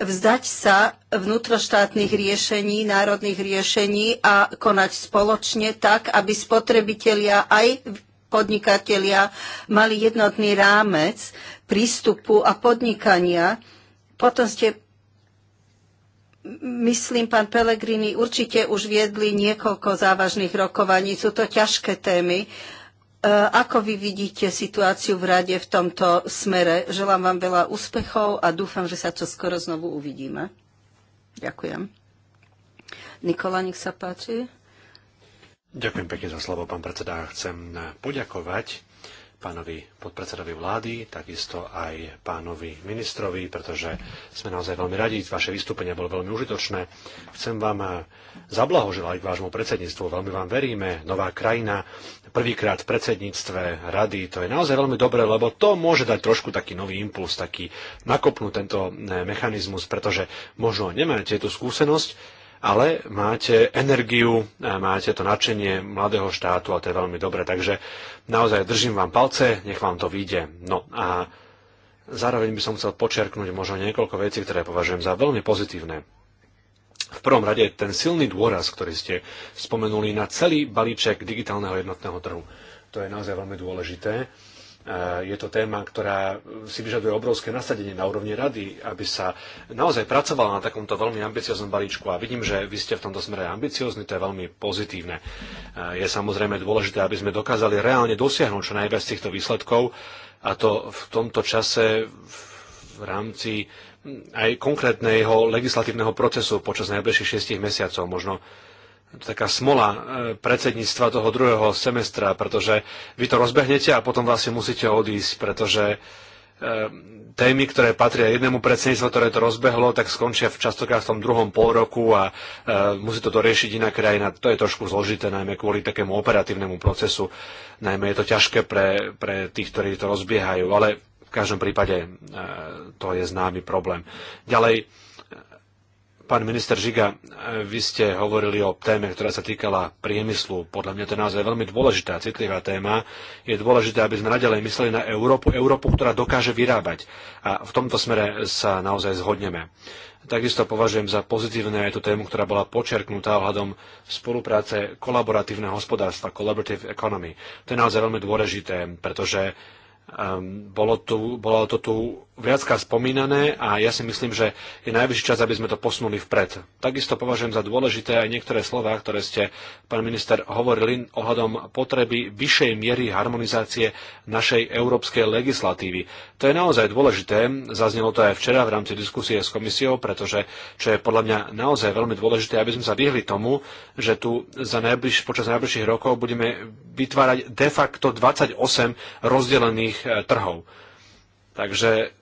B: vzdať sa vnútroštátnych riešení, národných riešení a konať spoločne tak, aby spotrebitelia aj podnikatelia mali jednotný rámec prístupu a podnikania. Potom ste, myslím, pán Pelegrini, určite už viedli niekoľko závažných rokovaní. Sú to ťažké témy E, ako vy vidíte situáciu v rade v tomto smere? Želám vám veľa úspechov a dúfam, že sa to skoro znovu uvidíme. Ďakujem. Nikola, nech sa páči.
C: Ďakujem pekne za slovo, pán predseda. Chcem poďakovať pánovi podpredsedovi vlády, takisto aj pánovi ministrovi, pretože sme naozaj veľmi radi. Vaše vystúpenie bolo veľmi užitočné. Chcem vám zablahoželať k vášmu predsedníctvu. Veľmi vám veríme. Nová krajina, prvýkrát v predsedníctve rady. To je naozaj veľmi dobré, lebo to môže dať trošku taký nový impuls, taký nakopnú tento e, mechanizmus, pretože možno nemáte tú skúsenosť, ale máte energiu, e, máte to nadšenie mladého štátu a to je veľmi dobré. Takže naozaj držím vám palce, nech vám to vyjde. No a zároveň by som chcel počerknúť možno niekoľko vecí, ktoré považujem za veľmi pozitívne. V prvom rade ten silný dôraz, ktorý ste spomenuli na celý balíček digitálneho jednotného trhu. To je naozaj veľmi dôležité. E, je to téma, ktorá si vyžaduje obrovské nasadenie na úrovni rady, aby sa naozaj pracovala na takomto veľmi ambicioznom balíčku. A vidím, že vy ste v tomto smere ambiciozni, to je veľmi pozitívne. E, je samozrejme dôležité, aby sme dokázali reálne dosiahnuť čo najviac týchto výsledkov, a to v tomto čase v rámci aj konkrétneho legislatívneho procesu počas najbližších šiestich mesiacov. Možno taká smola e, predsedníctva toho druhého semestra, pretože vy to rozbehnete a potom vlastne musíte odísť, pretože e, témy, ktoré patria jednému predsedníctvu, ktoré to rozbehlo, tak skončia v častokrát v tom druhom pol roku a e, musí to doriešiť iná krajina. To je trošku zložité, najmä kvôli takému operatívnemu procesu. Najmä je to ťažké pre, pre tých, ktorí to rozbiehajú. Ale každom prípade e, to je známy problém. Ďalej, e, pán minister Žiga, e, vy ste hovorili o téme, ktorá sa týkala priemyslu. Podľa mňa to je naozaj veľmi dôležitá, citlivá téma. Je dôležité, aby sme nadalej mysleli na Európu, Európu, ktorá dokáže vyrábať. A v tomto smere sa naozaj zhodneme. Takisto považujem za pozitívne aj tú tému, ktorá bola počerknutá ohľadom spolupráce kolaboratívneho hospodárstva, collaborative economy. To je naozaj veľmi dôležité, pretože Um, Bolo, tu, bolo to tu Viacka spomínané a ja si myslím, že je najvyšší čas, aby sme to posunuli vpred. Takisto považujem za dôležité aj niektoré slova, ktoré ste, pán minister, hovorili ohľadom potreby vyššej miery harmonizácie našej európskej legislatívy. To je naozaj dôležité, zaznelo to aj včera v rámci diskusie s komisiou, pretože čo je podľa mňa naozaj veľmi dôležité, aby sme sa vyhli tomu, že tu za najbliž, počas najbližších rokov budeme vytvárať de facto 28 rozdelených e, trhov. Takže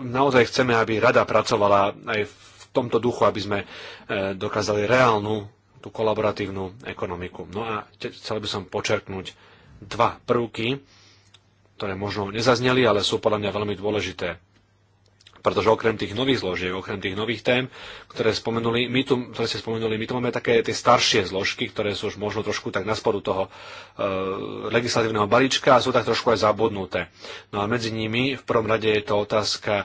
C: naozaj chceme, aby rada pracovala aj v tomto duchu, aby sme e, dokázali reálnu tú kolaboratívnu ekonomiku. No a chcel by som počerknúť dva prvky, ktoré možno nezazneli, ale sú podľa mňa veľmi dôležité pretože okrem tých nových zložiek, okrem tých nových tém, ktoré, spomenuli, my tu, ktoré ste spomenuli, my tu máme také tie staršie zložky, ktoré sú už možno trošku tak na spodu toho e, legislatívneho balíčka a sú tak trošku aj zabudnuté. No a medzi nimi v prvom rade je to otázka e,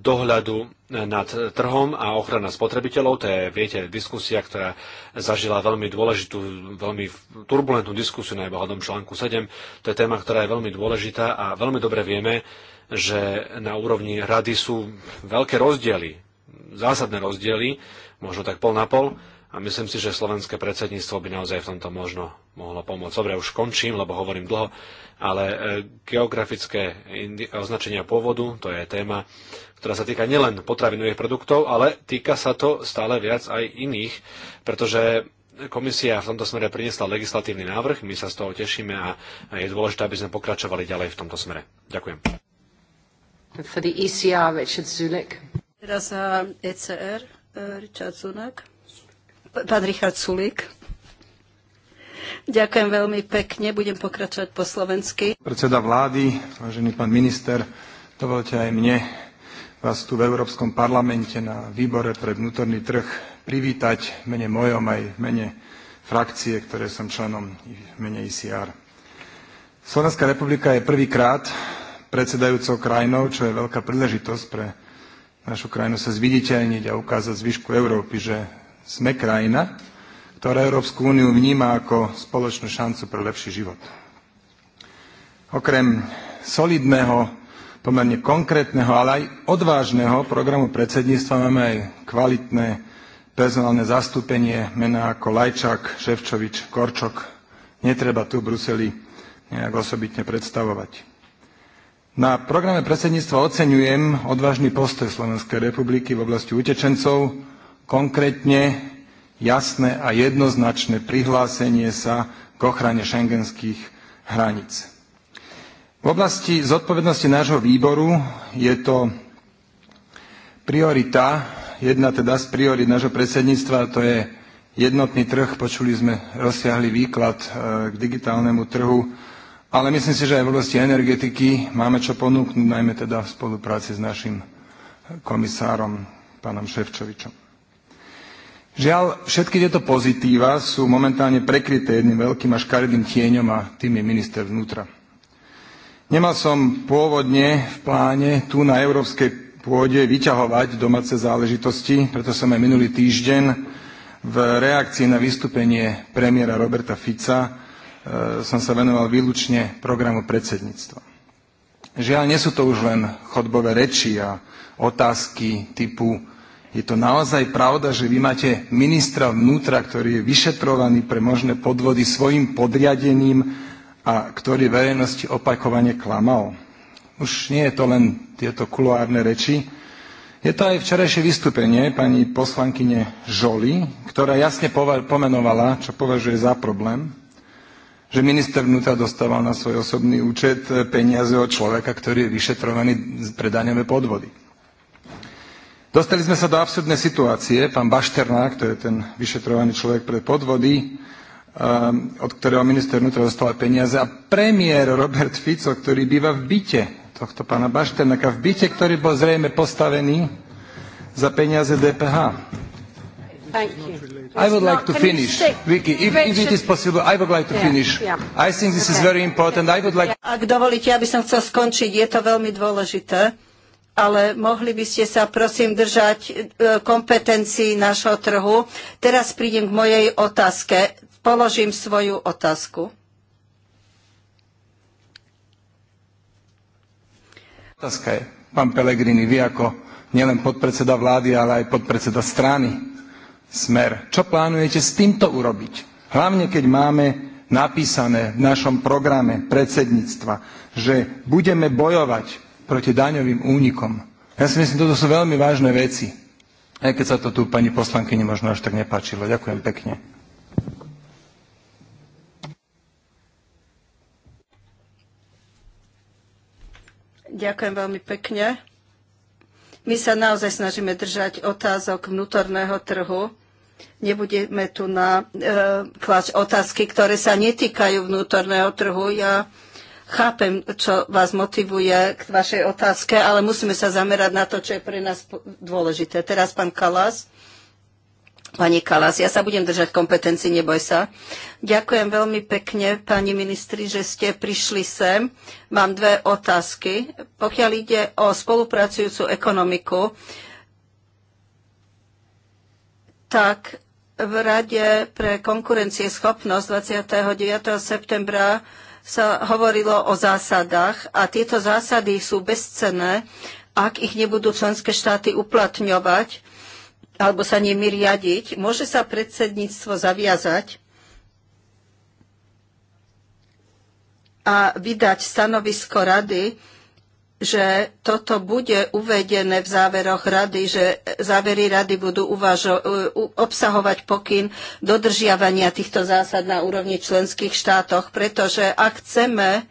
C: dohľadu nad trhom a ochrana spotrebiteľov. To je, viete, diskusia, ktorá zažila veľmi dôležitú, veľmi turbulentnú diskusiu na článku 7. To je téma, ktorá je veľmi dôležitá a veľmi dobre vieme, že na úrovni rady sú veľké rozdiely, zásadné rozdiely, možno tak pol na pol, a myslím si, že slovenské predsedníctvo by naozaj v tomto možno mohlo pomôcť. Dobre, už končím, lebo hovorím dlho, ale e, geografické označenia pôvodu, to je téma, ktorá sa týka nielen potravinových produktov, ale týka sa to stále viac aj iných, pretože komisia v tomto smere priniesla legislatívny návrh, my sa z toho tešíme a je dôležité, aby sme pokračovali ďalej v tomto smere. Ďakujem.
B: For the ECR, Richard Zulik. Teraz za eh, ECR, eh, Richard Zulik. Pán Richard Ďakujem veľmi pekne, budem pokračovať po slovensky.
D: Predseda vlády, vážený pán minister, dovolte aj mne vás tu v Európskom parlamente na výbore pre vnútorný trh privítať v mene mojom aj v mene frakcie, ktoré som členom v mene ICR. E Slovenská republika je prvýkrát predsedajúcou krajinou, čo je veľká príležitosť pre našu krajinu sa zviditeľniť a ukázať zvyšku Európy, že sme krajina, ktorá Európsku úniu vníma ako spoločnú šancu pre lepší život. Okrem solidného, pomerne konkrétneho, ale aj odvážneho programu predsedníctva máme aj kvalitné personálne zastúpenie mená ako Lajčák, Ševčovič, Korčok. Netreba tu v Bruseli nejak osobitne predstavovať. Na programe predsedníctva oceňujem odvážny postoj Slovenskej republiky v oblasti utečencov, konkrétne jasné a jednoznačné prihlásenie sa k ochrane šengenských hraníc. V oblasti zodpovednosti nášho výboru je to priorita, jedna teda z priorit nášho predsedníctva, to je jednotný trh. Počuli sme rozsiahly výklad e, k digitálnemu trhu ale myslím si, že aj v oblasti energetiky máme čo ponúknuť, najmä teda v spolupráci s našim komisárom, pánom Ševčovičom. Žiaľ, všetky tieto pozitíva sú momentálne prekryté jedným veľkým a škaredým tieňom a tým je minister vnútra. Nemal som pôvodne v pláne tu na európskej pôde vyťahovať domáce záležitosti, preto som aj minulý týždeň v reakcii na vystúpenie premiéra Roberta Fica E, som sa venoval výlučne programu predsedníctva. Žiaľ, nie sú to už len chodbové reči a otázky typu je to naozaj pravda, že vy máte ministra vnútra, ktorý je vyšetrovaný pre možné podvody svojim podriadením a ktorý verejnosti opakovane klamal? Už nie je to len tieto kuloárne reči. Je to aj včerajšie vystúpenie pani poslankyne Žoli, ktorá jasne pomenovala, čo považuje za problém, že minister vnútra dostával na svoj osobný účet e, peniaze od človeka, ktorý je vyšetrovaný pre daňové podvody. Dostali sme sa do absurdnej situácie. Pán Bašternák, to je ten vyšetrovaný človek pre podvody, e, od ktorého minister vnútra dostal peniaze. A premiér Robert Fico, ktorý býva v byte tohto pána Bašternáka, v byte, ktorý bol zrejme postavený za peniaze DPH.
B: Thank you. I would like to finish. Vicky, if, if it is
D: possible, I would like to finish. I think this is very important. I would like...
B: Ak dovolíte, aby som chcel skončiť, je to veľmi dôležité, ale mohli by ste sa prosím držať e, kompetencií našho trhu. Teraz prídem k mojej otázke. Položím svoju otázku.
D: Otázka je, pán Pelegrini, vy ako nielen podpredseda vlády, ale aj podpredseda strany smer. Čo plánujete s týmto urobiť? Hlavne, keď máme napísané v našom programe predsedníctva, že budeme bojovať proti daňovým únikom. Ja si myslím, toto sú veľmi vážne veci. Aj keď sa to tu pani poslankyni možno až tak nepáčilo. Ďakujem pekne.
B: Ďakujem veľmi pekne. My sa naozaj snažíme držať otázok vnútorného trhu. Nebudeme tu na e, otázky, ktoré sa netýkajú vnútorného trhu. Ja chápem, čo vás motivuje k vašej otázke, ale musíme sa zamerať na to, čo je pre nás dôležité. Teraz pán Kalas. Pani Kalas, ja sa budem držať kompetencií, neboj sa. Ďakujem veľmi pekne, pani ministri, že ste prišli sem. Mám dve otázky. Pokiaľ ide o spolupracujúcu ekonomiku, tak v Rade pre schopnosť 29. septembra sa hovorilo o zásadách a tieto zásady sú bezcenné, ak ich nebudú členské štáty uplatňovať alebo sa nimi riadiť. Môže sa predsedníctvo zaviazať a vydať stanovisko rady, že toto bude uvedené v záveroch rady, že závery rady budú uvažo- obsahovať pokyn dodržiavania týchto zásad na úrovni členských štátoch, pretože ak chceme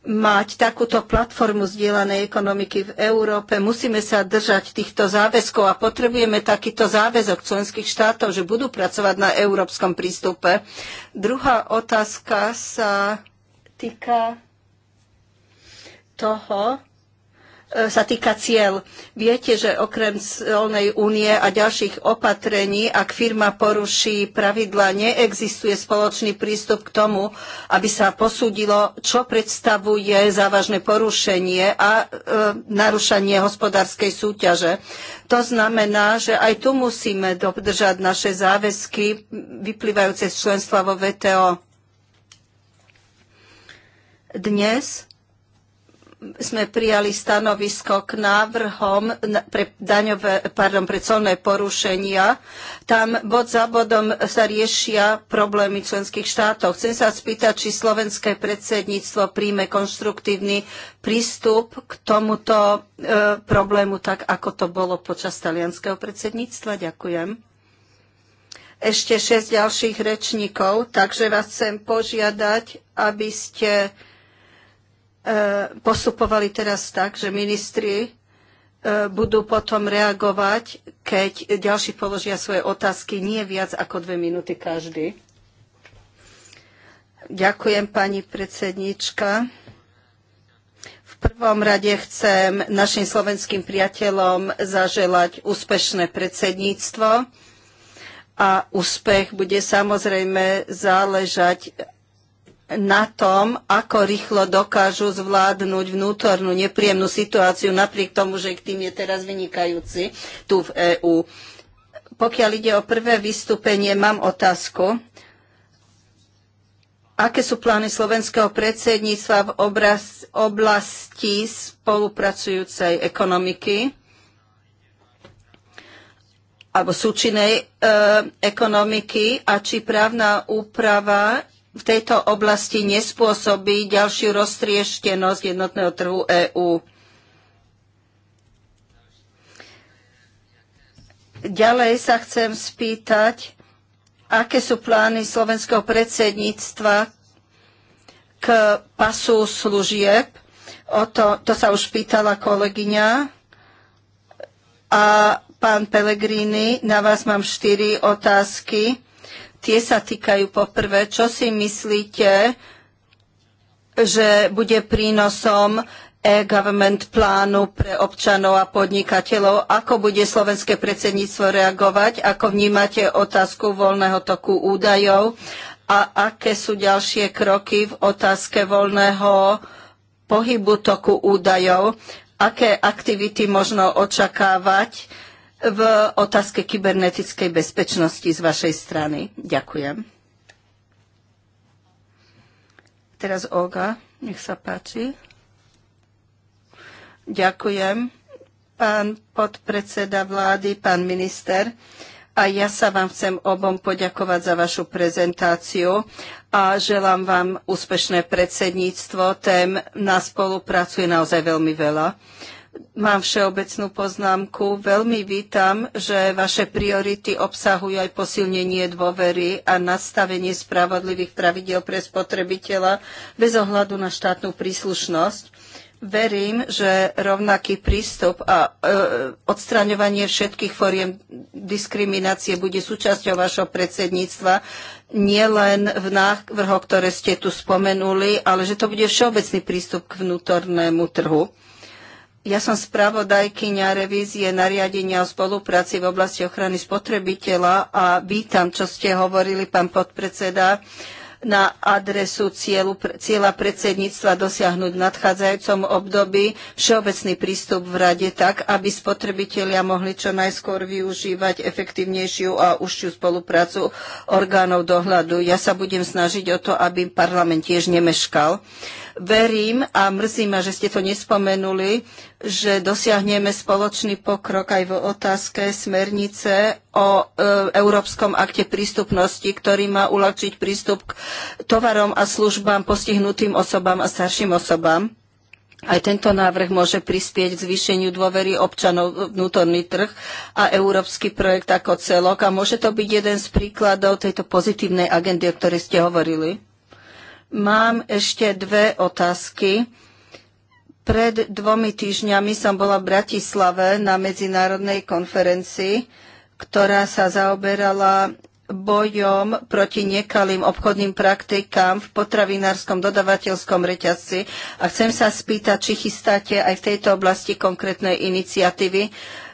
B: mať takúto platformu zdieľanej ekonomiky v Európe. Musíme sa držať týchto záväzkov a potrebujeme takýto záväzok členských štátov, že budú pracovať na európskom prístupe. Druhá otázka sa týka toho, E, sa týka cieľ. Viete, že okrem colnej únie a ďalších opatrení, ak firma poruší pravidla, neexistuje spoločný prístup k tomu, aby sa posúdilo, čo predstavuje závažné porušenie a e, narušanie hospodárskej súťaže. To znamená, že aj tu musíme dodržať naše záväzky vyplývajúce z členstva vo VTO. Dnes sme prijali stanovisko k návrhom pre, daňové, pardon, pre colné porušenia. Tam bod za bodom sa riešia problémy členských štátov. Chcem sa spýtať, či slovenské predsedníctvo príjme konštruktívny prístup k tomuto e, problému, tak ako to bolo počas talianského predsedníctva. Ďakujem ešte šesť ďalších rečníkov, takže vás chcem požiadať, aby ste E, postupovali teraz tak, že ministri e, budú potom reagovať, keď ďalší položia svoje otázky nie viac ako dve minúty každý. Ďakujem, pani predsednička. V prvom rade chcem našim slovenským priateľom zaželať úspešné predsedníctvo a úspech bude samozrejme záležať na tom, ako rýchlo dokážu zvládnuť vnútornú nepríjemnú situáciu, napriek tomu, že k tým je teraz vynikajúci tu v EÚ. Pokiaľ ide o prvé vystúpenie, mám otázku. Aké sú plány slovenského predsedníctva v oblasti spolupracujúcej ekonomiky alebo súčinnej e, ekonomiky a či právna úprava v tejto oblasti nespôsobí ďalšiu roztrieštenosť jednotného trhu EÚ. Ďalej sa chcem spýtať, aké sú plány slovenského predsedníctva k pasu služieb. O to, to sa už pýtala kolegyňa. A pán Pellegrini, na vás mám štyri otázky. Tie sa týkajú poprvé, čo si myslíte, že bude prínosom e-government plánu pre občanov a podnikateľov. Ako bude slovenské predsedníctvo reagovať? Ako vnímate otázku voľného toku údajov? A aké sú ďalšie kroky v otázke voľného pohybu toku údajov? Aké aktivity možno očakávať? v otázke kybernetickej bezpečnosti z vašej strany. Ďakujem. Teraz Olga, nech sa páči. Ďakujem, pán podpredseda vlády, pán minister. A ja sa vám chcem obom poďakovať za vašu prezentáciu a želám vám úspešné predsedníctvo. Tém na spoluprácu je naozaj veľmi veľa. Mám všeobecnú poznámku. Veľmi vítam, že vaše priority obsahujú aj posilnenie dôvery a nastavenie spravodlivých pravidel pre spotrebiteľa bez ohľadu na štátnu príslušnosť. Verím, že rovnaký prístup a e, odstraňovanie všetkých foriem diskriminácie bude súčasťou vašho predsedníctva nielen v návrhoch, ktoré ste tu spomenuli, ale že to bude všeobecný prístup k vnútornému trhu. Ja som spravodajkyňa revízie nariadenia o spolupráci v oblasti ochrany spotrebiteľa a vítam, čo ste hovorili, pán podpredseda, na adresu cieľu, cieľa predsedníctva dosiahnuť v nadchádzajúcom období všeobecný prístup v rade tak, aby spotrebitelia mohli čo najskôr využívať efektívnejšiu a užšiu spoluprácu orgánov dohľadu. Ja sa budem snažiť o to, aby parlament tiež nemeškal verím a mrzí ma, že ste to nespomenuli, že dosiahneme spoločný pokrok aj v otázke smernice o e, Európskom akte prístupnosti, ktorý má uľahčiť prístup k tovarom a službám postihnutým osobám a starším osobám. Aj tento návrh môže prispieť k zvýšeniu dôvery občanov vnútorný trh a európsky projekt ako celok a môže to byť jeden z príkladov tejto pozitívnej agendy, o ktorej ste hovorili. Mám ešte dve otázky. Pred dvomi týždňami som bola v Bratislave na medzinárodnej konferencii, ktorá sa zaoberala bojom proti nekalým obchodným praktikám v potravinárskom dodavateľskom reťazci a chcem sa spýtať, či chystáte aj v tejto oblasti konkrétne iniciatívy,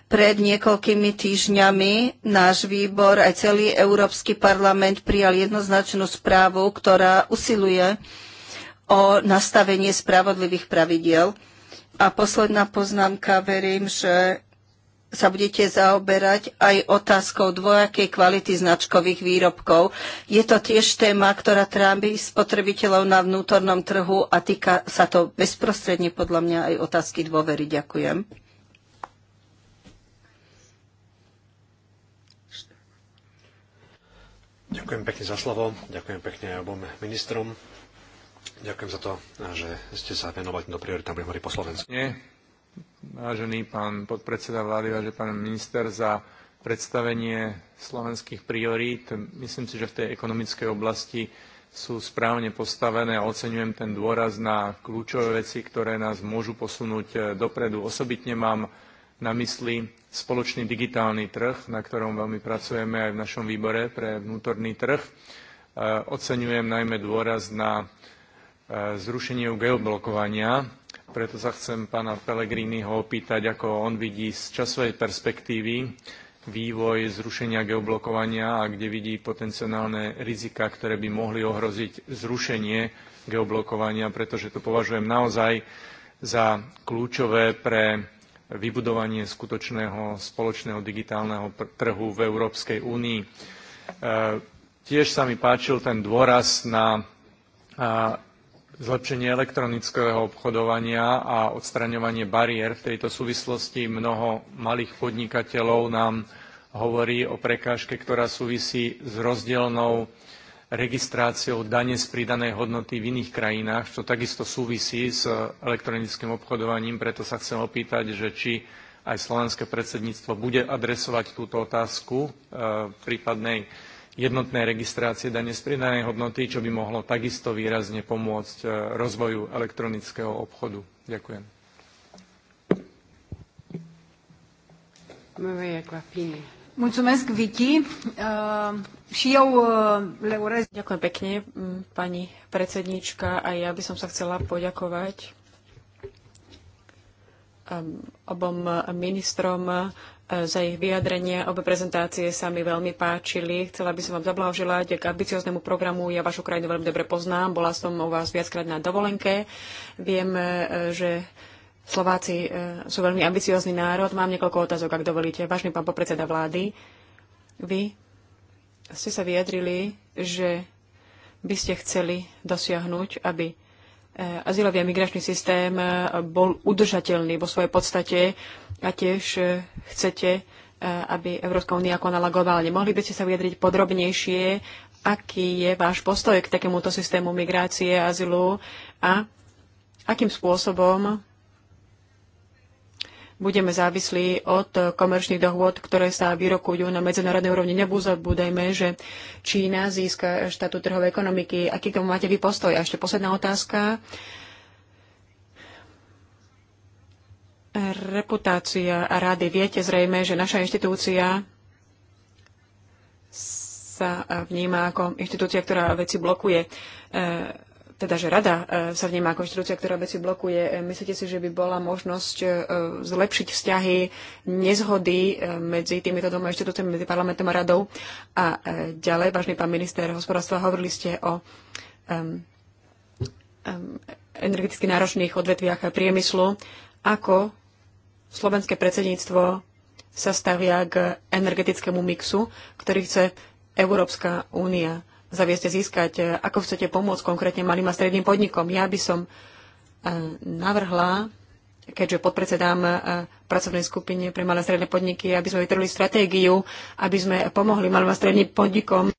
B: pred niekoľkými týždňami náš výbor aj celý Európsky parlament prijal jednoznačnú správu, ktorá usiluje o nastavenie spravodlivých pravidiel. A posledná poznámka, verím, že sa budete zaoberať aj otázkou dvojakej kvality značkových výrobkov. Je to tiež téma, ktorá trápi spotrebiteľov na vnútornom trhu a týka sa to bezprostredne podľa mňa aj otázky dôvery. Ďakujem.
C: Ďakujem pekne za slovo, ďakujem pekne aj obom ministrom. Ďakujem za to, že ste sa venovali do prioritám priemory po Slovensku. Nie. Vážený
E: pán podpredseda vlády, vážený pán minister, za predstavenie slovenských priorít. Myslím si, že v tej ekonomickej oblasti sú správne postavené a oceňujem ten dôraz na kľúčové veci, ktoré nás môžu posunúť eh, dopredu. Osobitne mám na mysli spoločný digitálny trh, na ktorom veľmi pracujeme aj v našom výbore pre vnútorný trh. E, oceňujem najmä dôraz na e, zrušenie geoblokovania, preto sa chcem pána Pellegriniho opýtať, ako on vidí z časovej perspektívy vývoj zrušenia geoblokovania a kde vidí potenciálne rizika, ktoré by mohli ohroziť zrušenie geoblokovania, pretože to považujem naozaj za kľúčové pre vybudovanie skutočného spoločného digitálneho trhu v Európskej únii. E, tiež sa mi páčil ten dôraz na e, zlepšenie elektronického obchodovania a odstraňovanie bariér. V tejto súvislosti mnoho malých podnikateľov nám hovorí o prekážke, ktorá súvisí s rozdielnou registráciou dane z pridanej hodnoty v iných krajinách, čo takisto súvisí s e, elektronickým obchodovaním. Preto sa chcem opýtať, že či aj slovenské predsedníctvo bude adresovať túto otázku e, prípadnej jednotnej registrácie dane z pridanej hodnoty, čo by mohlo takisto výrazne pomôcť e, rozvoju elektronického obchodu. Ďakujem.
A: Mulțumesc, Vicky. Uh, și eu uh, le urez... Ďakujem pekne, pani predsednička, A ja by som sa chcela poďakovať um, obom ministrom uh, za ich vyjadrenie. Obe prezentácie sa mi veľmi páčili. Chcela by som vám zablahoželať k ambicioznému programu. Ja vašu krajinu veľmi dobre poznám. Bola som u vás viackrát na dovolenke. Viem, že Slováci e, sú veľmi ambiciózny národ. Mám niekoľko otázok, ak dovolíte. Vážny pán popredseda vlády, vy ste sa vyjadrili, že by ste chceli dosiahnuť, aby e, azylový a migračný systém e, bol udržateľný vo svojej podstate a tiež chcete, aby Európska únia konala globálne. Mohli by ste sa vyjadriť podrobnejšie, aký je váš postoj k takémuto systému migrácie a azylu a akým spôsobom budeme závislí od komerčných dohôd, ktoré sa vyrokujú na medzinárodnej úrovni. Nebudeme že Čína získa štátu trhovej ekonomiky. Aký k tomu máte vy postoj? A ešte posledná otázka. Reputácia a rady. Viete zrejme, že naša inštitúcia sa vníma ako inštitúcia, ktorá veci blokuje. E, teda, že rada e, sa vníma ako inštitúcia, ktorá veci blokuje. E, myslíte si, že by bola možnosť e, zlepšiť vzťahy, nezhody medzi týmito dvoma inštitúciami, medzi parlamentom a radou? A ďalej, vážny pán minister hospodárstva, hovorili ste o um, um, energeticky náročných odvetviach a priemyslu. Ako slovenské predsedníctvo sa stavia k energetickému mixu, ktorý chce Európska únia? zavieste získať, e, ako chcete pomôcť konkrétne malým a stredným podnikom. Ja by som e, navrhla, keďže podpredsedám e, pracovnej skupine pre malé a stredné podniky, aby sme vytrhli stratégiu, aby sme pomohli malým a stredným podnikom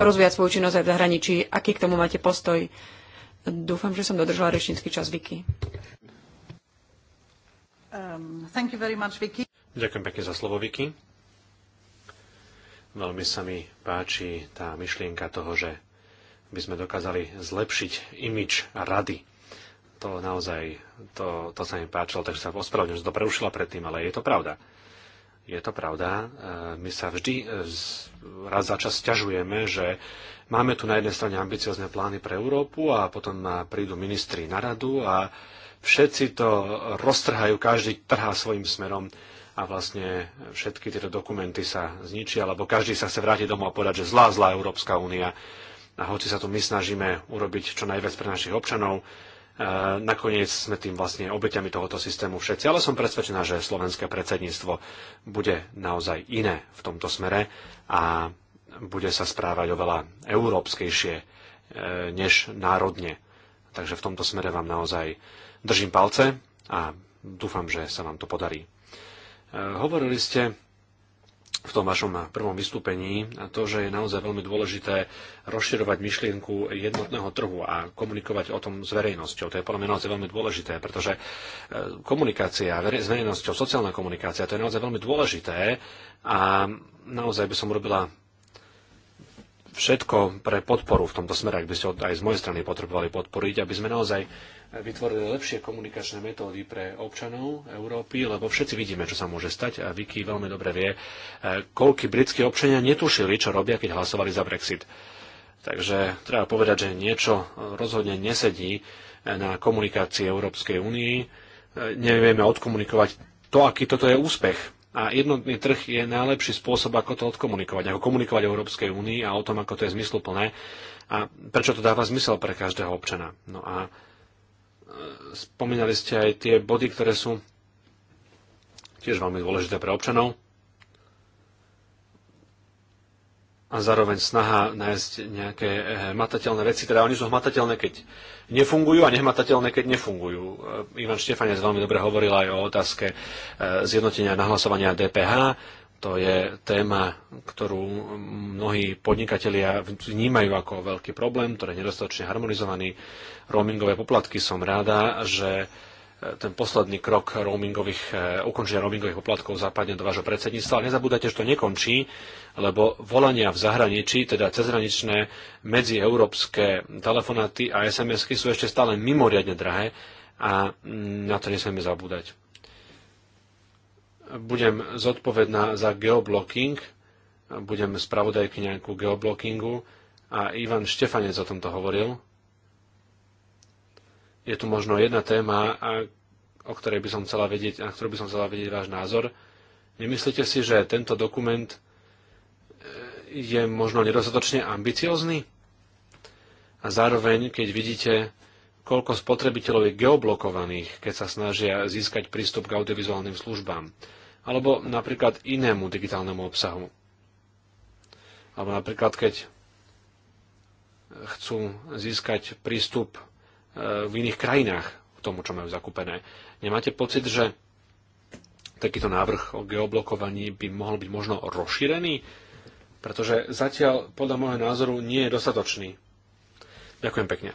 A: rozvíjať svoju činnosť aj v zahraničí. Aký k tomu máte postoj? Dúfam, že som dodržala rečnícky čas, Viki.
B: Um, much, Vicky.
C: Ďakujem pekne za slovo, Vicky. Veľmi sa mi páči tá myšlienka toho, že by sme dokázali zlepšiť imič rady. To naozaj, to, to sa mi páčilo, takže sa ospravedlňujem, že to preušila predtým, ale je to pravda. Je to pravda. E, my sa vždy e, raz za čas ťažujeme, že máme tu na jednej strane ambiciozne plány pre Európu a potom prídu ministri na radu a všetci to roztrhajú, každý trhá svojim smerom a vlastne všetky tieto dokumenty sa zničia, lebo každý sa chce vrátiť domov a povedať, že zlá, zlá Európska únia. A hoci sa tu my snažíme urobiť čo najviac pre našich občanov, e, nakoniec sme tým vlastne obeťami tohoto systému všetci. Ale som presvedčená, že slovenské predsedníctvo bude naozaj iné v tomto smere a bude sa správať oveľa európskejšie e, než národne. Takže v tomto smere vám naozaj držím palce a dúfam, že sa vám to podarí. Hovorili ste v tom vašom prvom vystúpení to, že je naozaj veľmi dôležité rozširovať myšlienku jednotného trhu a komunikovať o tom s verejnosťou. To je podľa mňa naozaj veľmi dôležité, pretože e, komunikácia s verejnosťou, sociálna komunikácia, to je naozaj veľmi dôležité a naozaj by som robila všetko pre podporu v tomto smere, ak by ste aj z mojej strany potrebovali podporiť, aby sme naozaj vytvorili lepšie komunikačné metódy pre občanov Európy, lebo všetci vidíme, čo sa môže stať a Vicky veľmi dobre vie, e, koľky britskí občania netušili, čo robia, keď hlasovali za Brexit. Takže treba povedať, že niečo rozhodne nesedí e, na komunikácii Európskej únii. E, nevieme odkomunikovať to, aký toto je úspech a jednotný trh je najlepší spôsob, ako to odkomunikovať, ako komunikovať o Európskej únii a o tom, ako to je zmysluplné a prečo to dáva zmysel pre každého občana. No a e, spomínali ste aj tie body, ktoré sú tiež veľmi dôležité pre občanov. a zároveň snaha nájsť nejaké eh, hmatateľné veci. Teda oni sú hmatateľné, keď nefungujú a nehmatateľné, keď nefungujú. Eh, Ivan Štefanec veľmi dobre hovoril aj o otázke eh, zjednotenia nahlasovania DPH. To je téma, ktorú mnohí podnikatelia vnímajú ako veľký problém, ktorý je nedostatočne harmonizovaný. Roamingové poplatky som ráda, že ten posledný krok roamingových, e, ukončenia roamingových poplatkov zapadne do vášho predsedníctva. Ale nezabúdajte, že to nekončí, lebo volania v zahraničí, teda cezhraničné medzieurópske telefonáty a SMS-ky sú ešte stále mimoriadne drahé a mm, na to nesmieme zabúdať. Budem zodpovedná za geoblocking, budem spravodajkyňa ku geoblockingu a Ivan Štefanec o tomto hovoril je tu možno jedna téma, a, o ktorej by som chcela vedieť, na ktorú by som chcela vedieť váš názor. Nemyslíte si, že tento dokument e, je možno nedostatočne ambiciozný? A zároveň, keď vidíte, koľko spotrebiteľov je geoblokovaných, keď sa snažia získať prístup k audiovizuálnym službám, alebo napríklad inému digitálnemu obsahu. Alebo napríklad, keď chcú získať prístup v iných krajinách k tomu, čo majú zakúpené. Nemáte pocit, že takýto návrh o geoblokovaní by mohol byť možno rozšírený? Pretože zatiaľ, podľa môjho názoru, nie je dostatočný. Ďakujem pekne.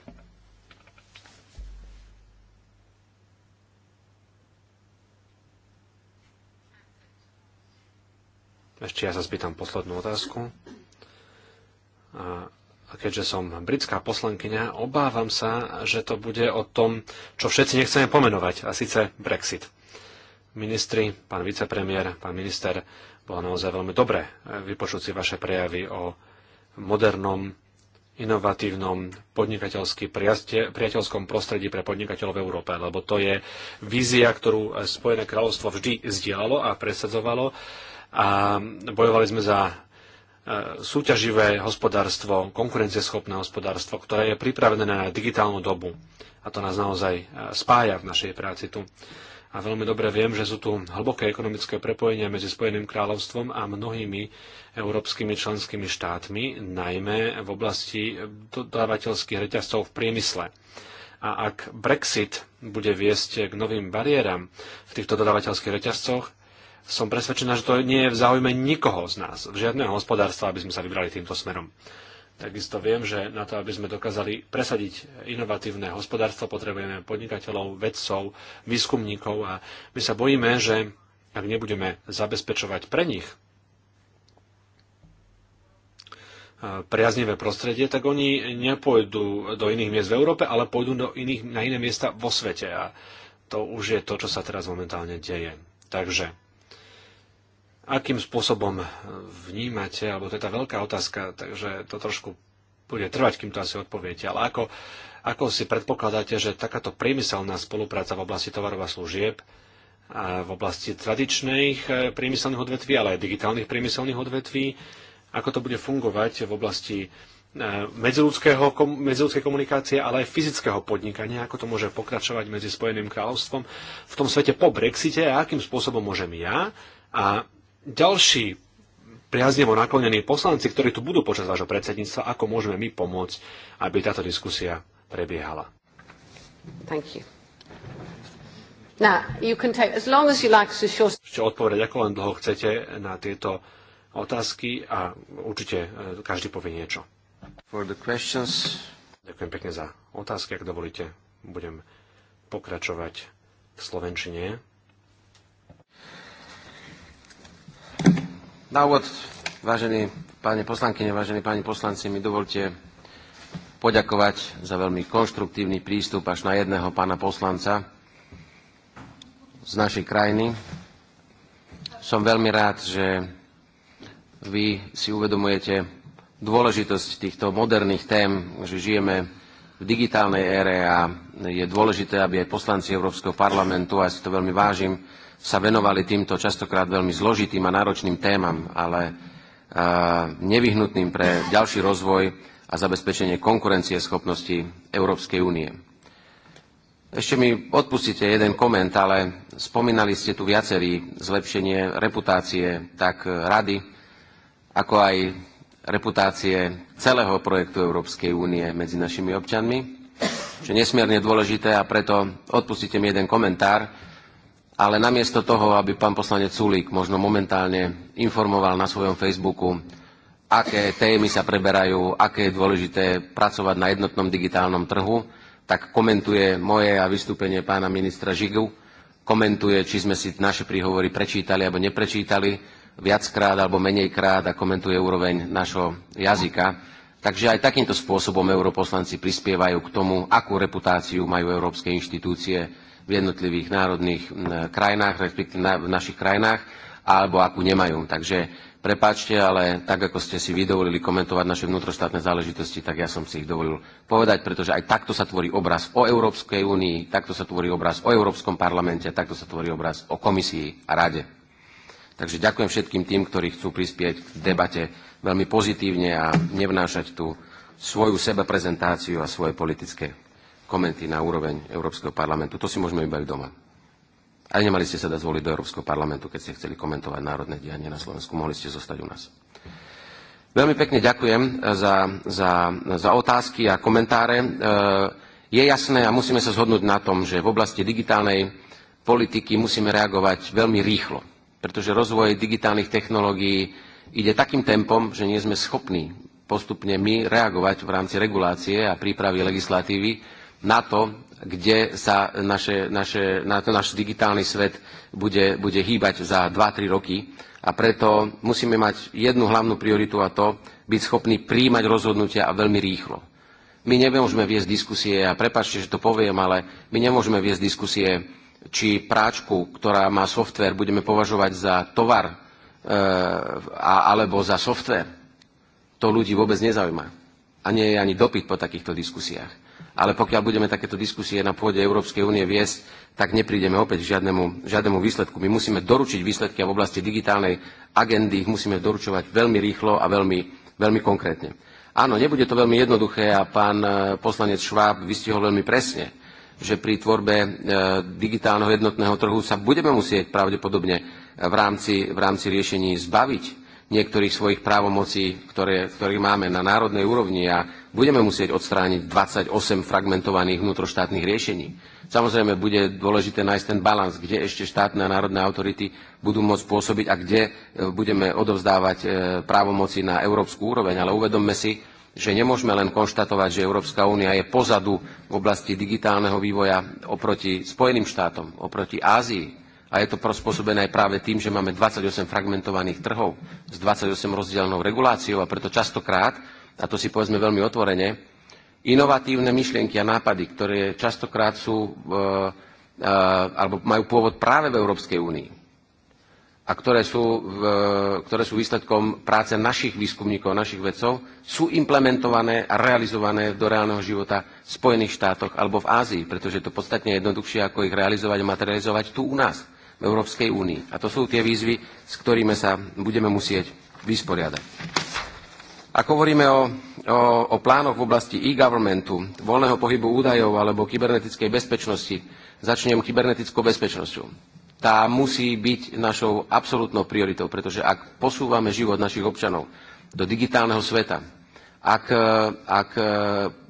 C: Ešte ja sa spýtam poslednú otázku. A keďže som britská poslankyňa, obávam sa, že to bude o tom, čo všetci nechceme pomenovať, a síce Brexit. Ministri, pán vicepremiér, pán minister, bolo naozaj veľmi dobré eh, vypočuť si vaše prejavy o modernom, inovatívnom, podnikateľsky priateľskom prostredí pre podnikateľov v Európe, lebo to je vízia, ktorú eh, Spojené kráľovstvo vždy zdialo a presadzovalo a bojovali sme za E, súťaživé hospodárstvo, konkurencieschopné hospodárstvo, ktoré je pripravené na digitálnu dobu. A to nás naozaj e, spája v našej práci tu. A veľmi dobre viem, že sú tu hlboké ekonomické prepojenia medzi Spojeným kráľovstvom a mnohými európskymi členskými štátmi, najmä v oblasti dodávateľských reťazcov v priemysle. A ak Brexit bude viesť k novým bariéram v týchto dodávateľských reťazcoch, som presvedčená, že to nie je v záujme nikoho z nás, žiadneho hospodárstva, aby sme sa vybrali týmto smerom. Takisto viem, že na to, aby sme dokázali presadiť inovatívne hospodárstvo, potrebujeme podnikateľov, vedcov, výskumníkov a my sa bojíme, že ak nebudeme zabezpečovať pre nich priaznivé prostredie, tak oni nepôjdu do iných miest v Európe, ale pôjdu do iných, na iné miesta vo svete. A to už je to, čo sa teraz momentálne deje. Takže akým spôsobom vnímate, alebo to je tá veľká otázka, takže to trošku bude trvať, kým to asi odpoviete, ale ako, ako si predpokladáte, že takáto priemyselná spolupráca v oblasti tovarov a služieb a v oblasti tradičných e, priemyselných odvetví, ale aj digitálnych priemyselných odvetví, ako to bude fungovať v oblasti e, medziludského, medziludskej komunikácie, ale aj fyzického podnikania, ako to môže pokračovať medzi Spojeným kráľovstvom v tom svete po Brexite a akým spôsobom môžem ja a ďalší priaznevo naklonení poslanci, ktorí tu budú počas vášho predsedníctva, ako môžeme my pomôcť, aby táto diskusia prebiehala. Thank you.
A: Now, you can take as long as you like to show...
C: Ešte odpovedať, ako len dlho chcete na tieto otázky a určite e, každý povie niečo. For the questions. Ďakujem pekne za otázky, ak dovolíte. Budem pokračovať v Slovenčine.
F: Na úvod, vážení páni poslankyne, vážení páni poslanci, mi dovolte poďakovať za veľmi konštruktívny prístup až na jedného pána poslanca z našej krajiny. Som veľmi rád, že vy si uvedomujete dôležitosť týchto moderných tém, že žijeme v digitálnej ére a je dôležité, aby aj poslanci Európskeho parlamentu, a ja si to veľmi vážim, sa venovali týmto častokrát veľmi zložitým a náročným témam, ale e, nevyhnutným pre ďalší rozvoj a zabezpečenie konkurencie schopnosti Európskej únie. Ešte mi odpustite jeden koment, ale spomínali ste tu viacerí zlepšenie reputácie tak rady, ako aj reputácie celého projektu Európskej únie medzi našimi občanmi, čo je nesmierne dôležité a preto odpustite mi jeden komentár, ale namiesto toho, aby pán poslanec Sulík možno momentálne informoval na svojom Facebooku, aké témy sa preberajú, aké je dôležité pracovať na jednotnom digitálnom trhu, tak komentuje moje a vystúpenie pána ministra Žigu, komentuje, či sme si naše príhovory prečítali alebo neprečítali viackrát alebo menejkrát a komentuje úroveň našho jazyka. Takže aj takýmto spôsobom europoslanci prispievajú k tomu, akú reputáciu majú európske inštitúcie v jednotlivých národných krajinách, respektíve v našich krajinách, alebo akú nemajú. Takže prepáčte, ale tak, ako ste si vy dovolili komentovať naše vnútroštátne záležitosti, tak ja som si ich dovolil povedať, pretože aj takto sa tvorí obraz o Európskej únii, takto sa tvorí obraz o Európskom parlamente, takto sa tvorí obraz o komisii a rade. Takže ďakujem všetkým tým, ktorí chcú prispieť k debate veľmi pozitívne a nevnášať tú svoju sebeprezentáciu a svoje politické komenty na úroveň Európskeho parlamentu. To si môžeme vybaviť doma. Aj nemali ste sa dať zvoliť do Európskeho parlamentu, keď ste chceli komentovať národné dianie na Slovensku. Mohli ste zostať u nás. Veľmi pekne ďakujem za, za, za otázky a komentáre. E, je jasné a musíme sa zhodnúť na tom, že v oblasti digitálnej politiky musíme reagovať veľmi rýchlo, pretože rozvoj digitálnych technológií ide takým tempom, že nie sme schopní postupne my reagovať v rámci regulácie a prípravy legislatívy na to, kde sa naše, naše, na to náš digitálny svet bude, bude hýbať za 2-3 roky. A preto musíme mať jednu hlavnú prioritu a to byť schopní príjmať rozhodnutia a veľmi rýchlo. My nemôžeme viesť diskusie, a prepáčte, že to poviem, ale my nemôžeme viesť diskusie, či práčku, ktorá má software, budeme považovať za tovar e, a, alebo za software. To ľudí vôbec nezaujíma. A nie je ani dopyt po takýchto diskusiách ale pokiaľ budeme takéto diskusie na pôde Európskej únie viesť, tak neprídeme opäť k žiadnemu, žiadnemu výsledku. My musíme doručiť výsledky a v oblasti digitálnej agendy ich musíme doručovať veľmi rýchlo a veľmi, veľmi konkrétne. Áno, nebude to veľmi jednoduché a pán e, poslanec Šváb vystihol veľmi presne, že pri tvorbe e, digitálneho jednotného trhu sa budeme musieť pravdepodobne v rámci, v rámci riešení zbaviť niektorých svojich právomocí, ktoré, ktorých máme na národnej úrovni a budeme musieť odstrániť 28 fragmentovaných vnútroštátnych riešení. Samozrejme, bude dôležité nájsť ten balans, kde ešte štátne a národné autority budú môcť pôsobiť a kde e, budeme odovzdávať e, právomoci na európsku úroveň. Ale uvedomme si, že nemôžeme len konštatovať, že Európska únia je pozadu v oblasti digitálneho vývoja oproti Spojeným štátom, oproti Ázii, a je to prospôsobené práve tým, že máme 28 fragmentovaných trhov s 28 rozdielnou reguláciou a preto častokrát, a to si povedzme veľmi otvorene, inovatívne myšlienky a nápady, ktoré častokrát sú e, e, alebo majú pôvod práve v Európskej únii a ktoré sú, ktoré sú výsledkom práce našich výskumníkov, našich vedcov, sú implementované a realizované do reálneho života v Spojených štátoch alebo v Ázii, pretože je to podstatne jednoduchšie, ako ich realizovať a materializovať tu u nás v Európskej únii. A to sú tie výzvy, s ktorými sa budeme musieť vysporiadať. Ak hovoríme o, o, o plánoch v oblasti e-governmentu, voľného pohybu údajov alebo kybernetickej bezpečnosti, začnem kybernetickou bezpečnosťou tá musí byť našou absolútnou prioritou, pretože ak posúvame život našich občanov do digitálneho sveta, ak, e, ak e,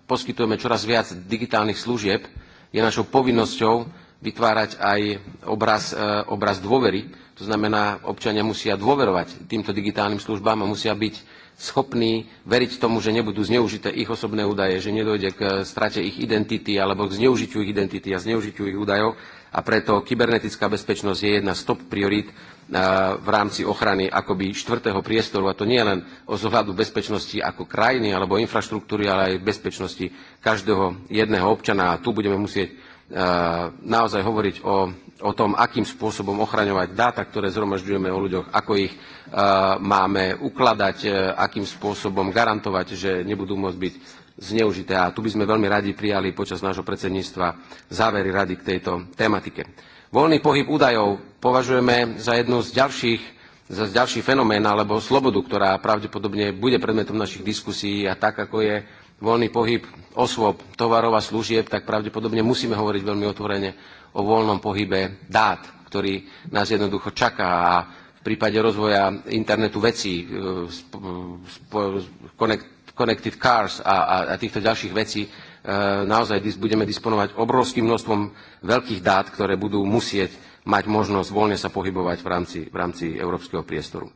F: poskytujeme čoraz viac digitálnych služieb, je našou povinnosťou vytvárať aj obraz, e, obraz dôvery. To znamená, občania musia dôverovať týmto digitálnym službám a musia byť schopní veriť tomu, že nebudú zneužité ich osobné údaje, že nedojde k e, strate ich identity alebo k zneužitiu ich identity a zneužitiu ich údajov. A preto kybernetická bezpečnosť je jedna z top priorít e, v rámci ochrany akoby štvrtého priestoru, a to nie len o zohľadu bezpečnosti ako krajiny alebo infraštruktúry, ale aj bezpečnosti každého jedného občana. A tu budeme musieť Eh, naozaj hovoriť o, o tom, akým spôsobom ochraňovať dáta, ktoré zhromažďujeme o ľuďoch, ako ich eh, máme ukladať, eh, akým spôsobom garantovať, že nebudú môcť byť zneužité. A tu by sme veľmi radi prijali počas nášho predsedníctva závery rady k tejto tematike. Voľný pohyb údajov považujeme za jednu z ďalších za ďalší fenomén alebo slobodu, ktorá pravdepodobne bude predmetom našich diskusí a tak, ako je voľný pohyb osôb, tovarov a služieb, tak pravdepodobne musíme hovoriť veľmi otvorene o voľnom pohybe dát, ktorý nás jednoducho čaká a v prípade rozvoja internetu vecí, e, connected cars a, a, a týchto ďalších vecí, e, naozaj budeme disponovať obrovským množstvom veľkých dát, ktoré budú musieť mať možnosť voľne sa pohybovať v rámci, v rámci európskeho priestoru.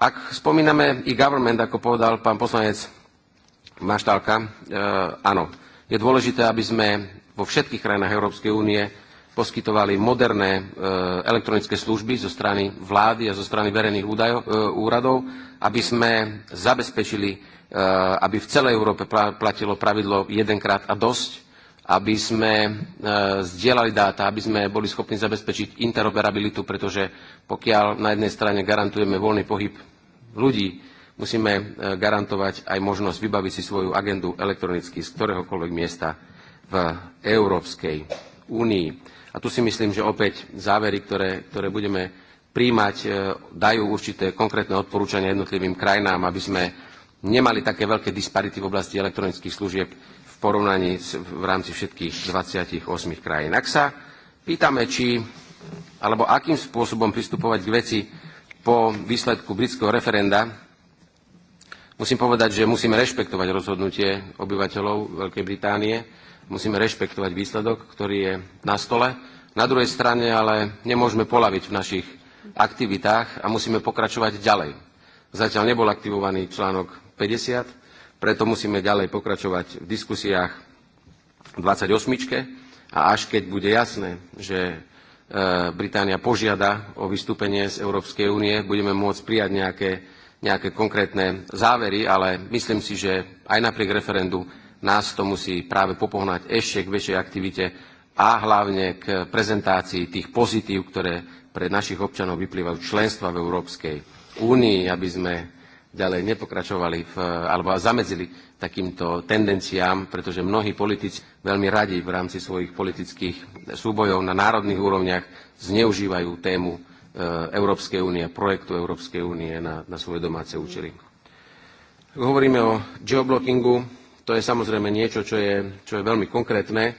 F: Ak spomíname e government, ako povedal pán poslanec Maštálka. E, áno, je dôležité, aby sme vo všetkých krajinách Európskej únie poskytovali moderné e, elektronické služby zo strany vlády a zo strany verejných e, úradov, aby sme zabezpečili, e, aby v celej Európe platilo pravidlo jedenkrát a dosť, aby sme zdieľali dáta, aby sme boli schopní zabezpečiť interoperabilitu, pretože pokiaľ na jednej strane garantujeme voľný pohyb ľudí, musíme e, garantovať aj možnosť vybaviť si svoju agendu elektronicky z ktoréhokoľvek miesta v Európskej únii. A tu si myslím, že opäť závery, ktoré, ktoré budeme príjmať, e, dajú určité konkrétne odporúčania jednotlivým krajinám, aby sme nemali také veľké disparity v oblasti elektronických služieb v porovnaní v rámci všetkých 28 krajín. Ak sa pýtame, či alebo akým spôsobom pristupovať k veci po výsledku britského referenda, Musím povedať, že musíme rešpektovať rozhodnutie obyvateľov Veľkej Británie, musíme rešpektovať výsledok, ktorý je na stole. Na druhej strane ale nemôžeme polaviť v našich aktivitách a musíme pokračovať ďalej. Zatiaľ nebol aktivovaný článok 50, preto musíme ďalej pokračovať v diskusiách 28. A až keď bude jasné, že e, Británia požiada o vystúpenie z Európskej únie, budeme môcť prijať nejaké nejaké konkrétne závery, ale myslím si, že aj napriek referendu nás to musí práve popohnať ešte k väčšej aktivite a hlavne k prezentácii tých pozitív, ktoré pre našich občanov vyplývajú členstva v Európskej únii, aby sme ďalej nepokračovali v, alebo zamedzili takýmto tendenciám, pretože mnohí politici veľmi radi v rámci svojich politických súbojov na národných úrovniach zneužívajú tému E, Európskej únie, projektu Európskej únie na, na svoje domáce účely. Ak hovoríme o geoblockingu, to je samozrejme niečo, čo je, čo je veľmi konkrétne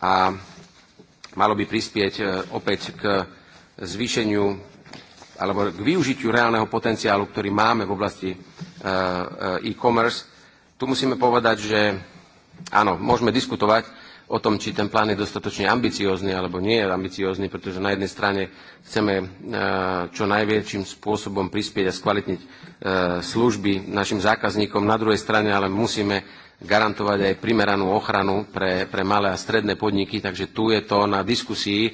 F: a malo by prispieť e, opäť k zvýšeniu alebo k využitiu reálneho potenciálu, ktorý máme v oblasti e, e-commerce. Tu musíme povedať, že áno, môžeme diskutovať, o tom, či ten plán je dostatočne ambiciózny alebo nie je ambiciózny, pretože na jednej strane chceme e, čo najväčším spôsobom prispieť a skvalitniť e, služby našim zákazníkom, na druhej strane ale musíme garantovať aj primeranú ochranu pre, pre malé a stredné podniky, takže tu je to na diskusii.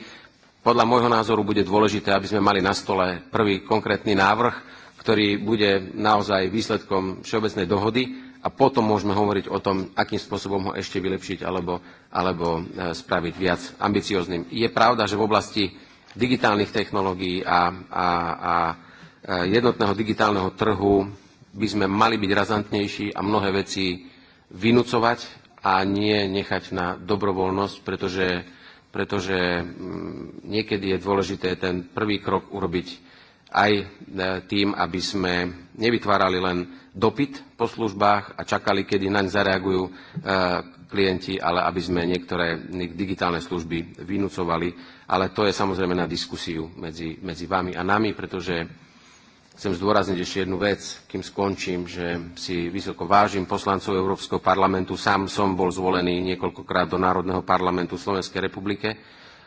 F: Podľa môjho názoru bude dôležité, aby sme mali na stole prvý konkrétny návrh, ktorý bude naozaj výsledkom všeobecnej dohody a potom môžeme hovoriť o tom, akým spôsobom ho ešte vylepšiť alebo, alebo e, spraviť viac ambiciozným. Je pravda, že v oblasti digitálnych technológií a, a, a e, jednotného digitálneho trhu by sme mali byť razantnejší a mnohé veci vynúcovať a nie nechať na dobrovoľnosť, pretože, pretože mm, niekedy je dôležité ten prvý krok urobiť aj e, tým, aby sme nevytvárali len dopyt po službách a čakali, kedy naň zareagujú e, klienti, ale aby sme niektoré digitálne služby vynúcovali. Ale to je samozrejme na diskusiu medzi, medzi vami a nami, pretože chcem zdôrazniť ešte jednu vec, kým skončím, že si vysoko vážim poslancov Európskeho parlamentu. Sám som bol zvolený niekoľkokrát do Národného parlamentu Slovenskej republike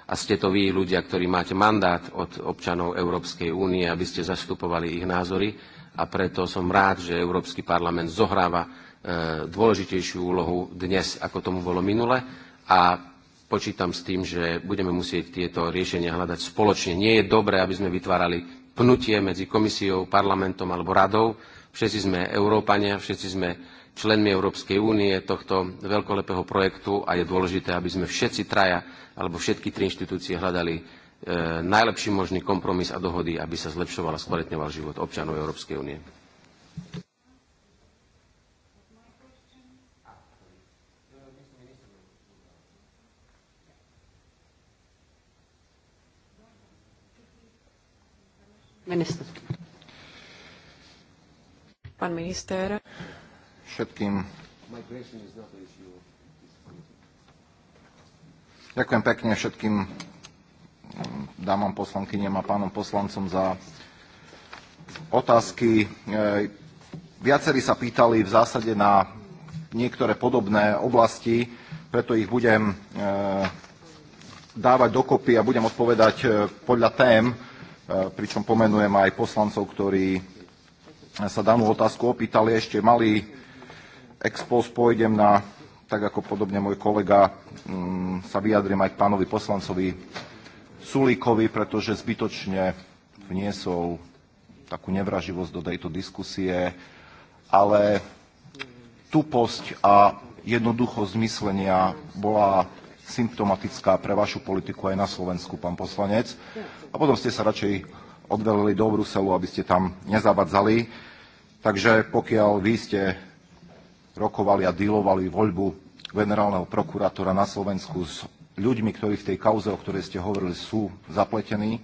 F: a ste to vy ľudia, ktorí máte mandát od občanov Európskej únie, aby ste zastupovali ich názory a preto som rád, že Európsky parlament zohráva e, dôležitejšiu úlohu dnes, ako tomu bolo minule a počítam s tým, že budeme musieť tieto riešenia hľadať spoločne. Nie je dobré, aby sme vytvárali pnutie medzi komisiou, parlamentom alebo radou. Všetci sme Európania, všetci sme členmi Európskej únie tohto veľkolepého projektu a je dôležité, aby sme všetci traja alebo všetky tri inštitúcie hľadali E, najlepší možný kompromis a dohody, aby sa zlepšoval a skvalitňoval život občanov Európskej únie.
A: Minister. Pán minister.
G: Všetkým. Ďakujem pekne všetkým dámam poslankyniam a pánom poslancom za otázky. E, viacerí sa pýtali v zásade na niektoré podobné oblasti, preto ich budem e, dávať dokopy a budem odpovedať e, podľa tém, pričom pomenujem aj poslancov, ktorí sa danú otázku opýtali. Ešte malý expos pôjdem na, tak ako podobne môj kolega, mm, sa vyjadrím aj k pánovi poslancovi Sulíkovi, pretože zbytočne vniesol takú nevraživosť do tejto diskusie, ale tuposť a jednoduchosť myslenia bola symptomatická pre vašu politiku aj na Slovensku, pán poslanec. A potom ste sa radšej odvelili do Bruselu, aby ste tam nezavadzali. Takže pokiaľ vy ste rokovali a dealovali voľbu generálneho prokurátora na Slovensku s ľuďmi, ktorí v tej kauze, o ktorej ste hovorili, sú zapletení,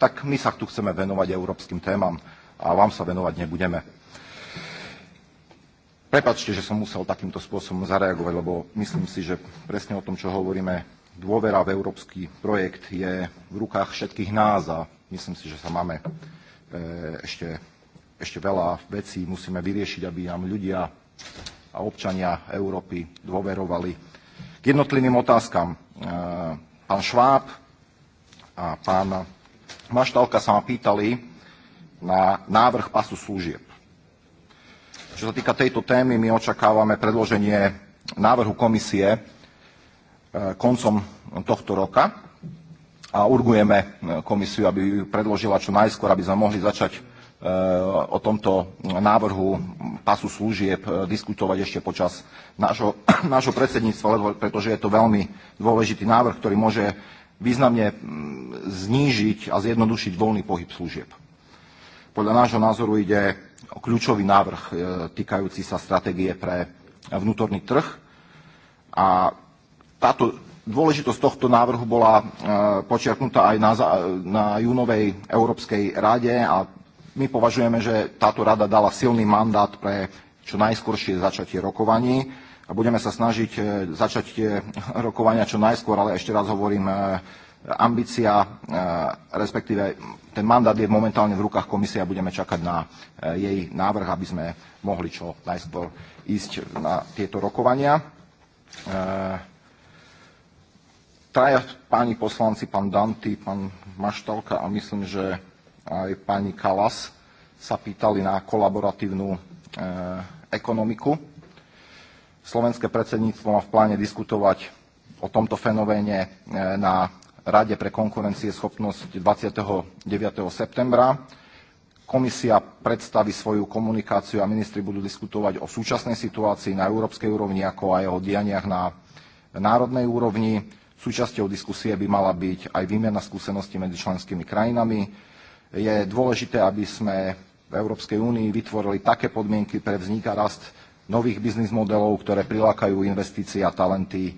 G: tak my sa tu chceme venovať európskym témam a vám sa venovať nebudeme. Prepačte, že som musel takýmto spôsobom zareagovať, lebo myslím si, že presne o tom, čo hovoríme, dôvera v európsky projekt je v rukách všetkých nás a myslím si, že sa máme e, ešte, ešte veľa vecí musíme vyriešiť, aby nám ľudia a občania Európy dôverovali k jednotlivým otázkam. E, pán Šváb a pán Maštalka sa ma pýtali na návrh pasu služieb. Čo sa týka tejto témy, my očakávame predloženie návrhu komisie e, koncom tohto roka a urgujeme e, komisiu, aby ju predložila čo najskôr, aby sme mohli začať o tomto návrhu pasu služieb eh, diskutovať ešte počas nášho, nášho predsedníctva, pretože je to veľmi dôležitý návrh, ktorý môže významne mm, znížiť a zjednodušiť voľný pohyb služieb. Podľa nášho názoru ide o kľúčový návrh eh, týkajúci sa stratégie pre vnútorný trh a táto dôležitosť tohto návrhu bola eh, počiarknutá aj na, na júnovej Európskej rade a my považujeme, že táto rada dala silný mandát pre čo najskôršie začatie rokovaní a budeme sa snažiť e, začať tie rokovania čo najskôr, ale ešte raz hovorím, e, ambícia, e, respektíve ten mandát je momentálne v rukách komisie a budeme čakať na jej návrh, aby sme mohli čo najskôr ísť na tieto rokovania. Traja páni poslanci, pán Danty, pán Maštalka a myslím, že aj pani Kalas sa pýtali na kolaboratívnu e, ekonomiku. Slovenské predsedníctvo má v pláne diskutovať o tomto fenoméne e, na Rade pre konkurencieschopnosť 29. septembra. Komisia predstaví svoju komunikáciu a ministri budú diskutovať o súčasnej situácii na európskej úrovni, ako aj o dianiach na národnej úrovni. Súčasťou diskusie by mala byť aj výmena skúseností medzi členskými krajinami, je dôležité, aby sme v Európskej únii vytvorili také podmienky pre vznik a rast nových biznis modelov, ktoré prilákajú investície a talenty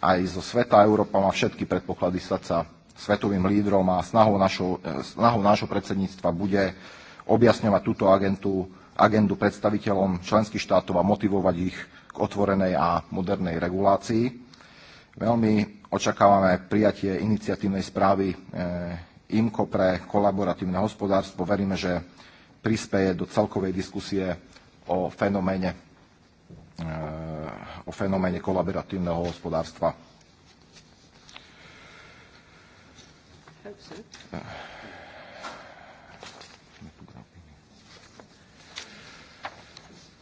G: aj zo sveta. Európa má všetky predpoklady stať sa svetovým lídrom a snahou, našo, eh, snahou nášho predsedníctva bude objasňovať túto agentu, agendu predstaviteľom členských štátov a motivovať ich k otvorenej a modernej regulácii. Veľmi očakávame prijatie iniciatívnej správy eh, IMCO pre kolaboratívne hospodárstvo. Veríme, že prispeje do celkovej diskusie o fenoméne, e, o fenoméne kolaboratívneho hospodárstva.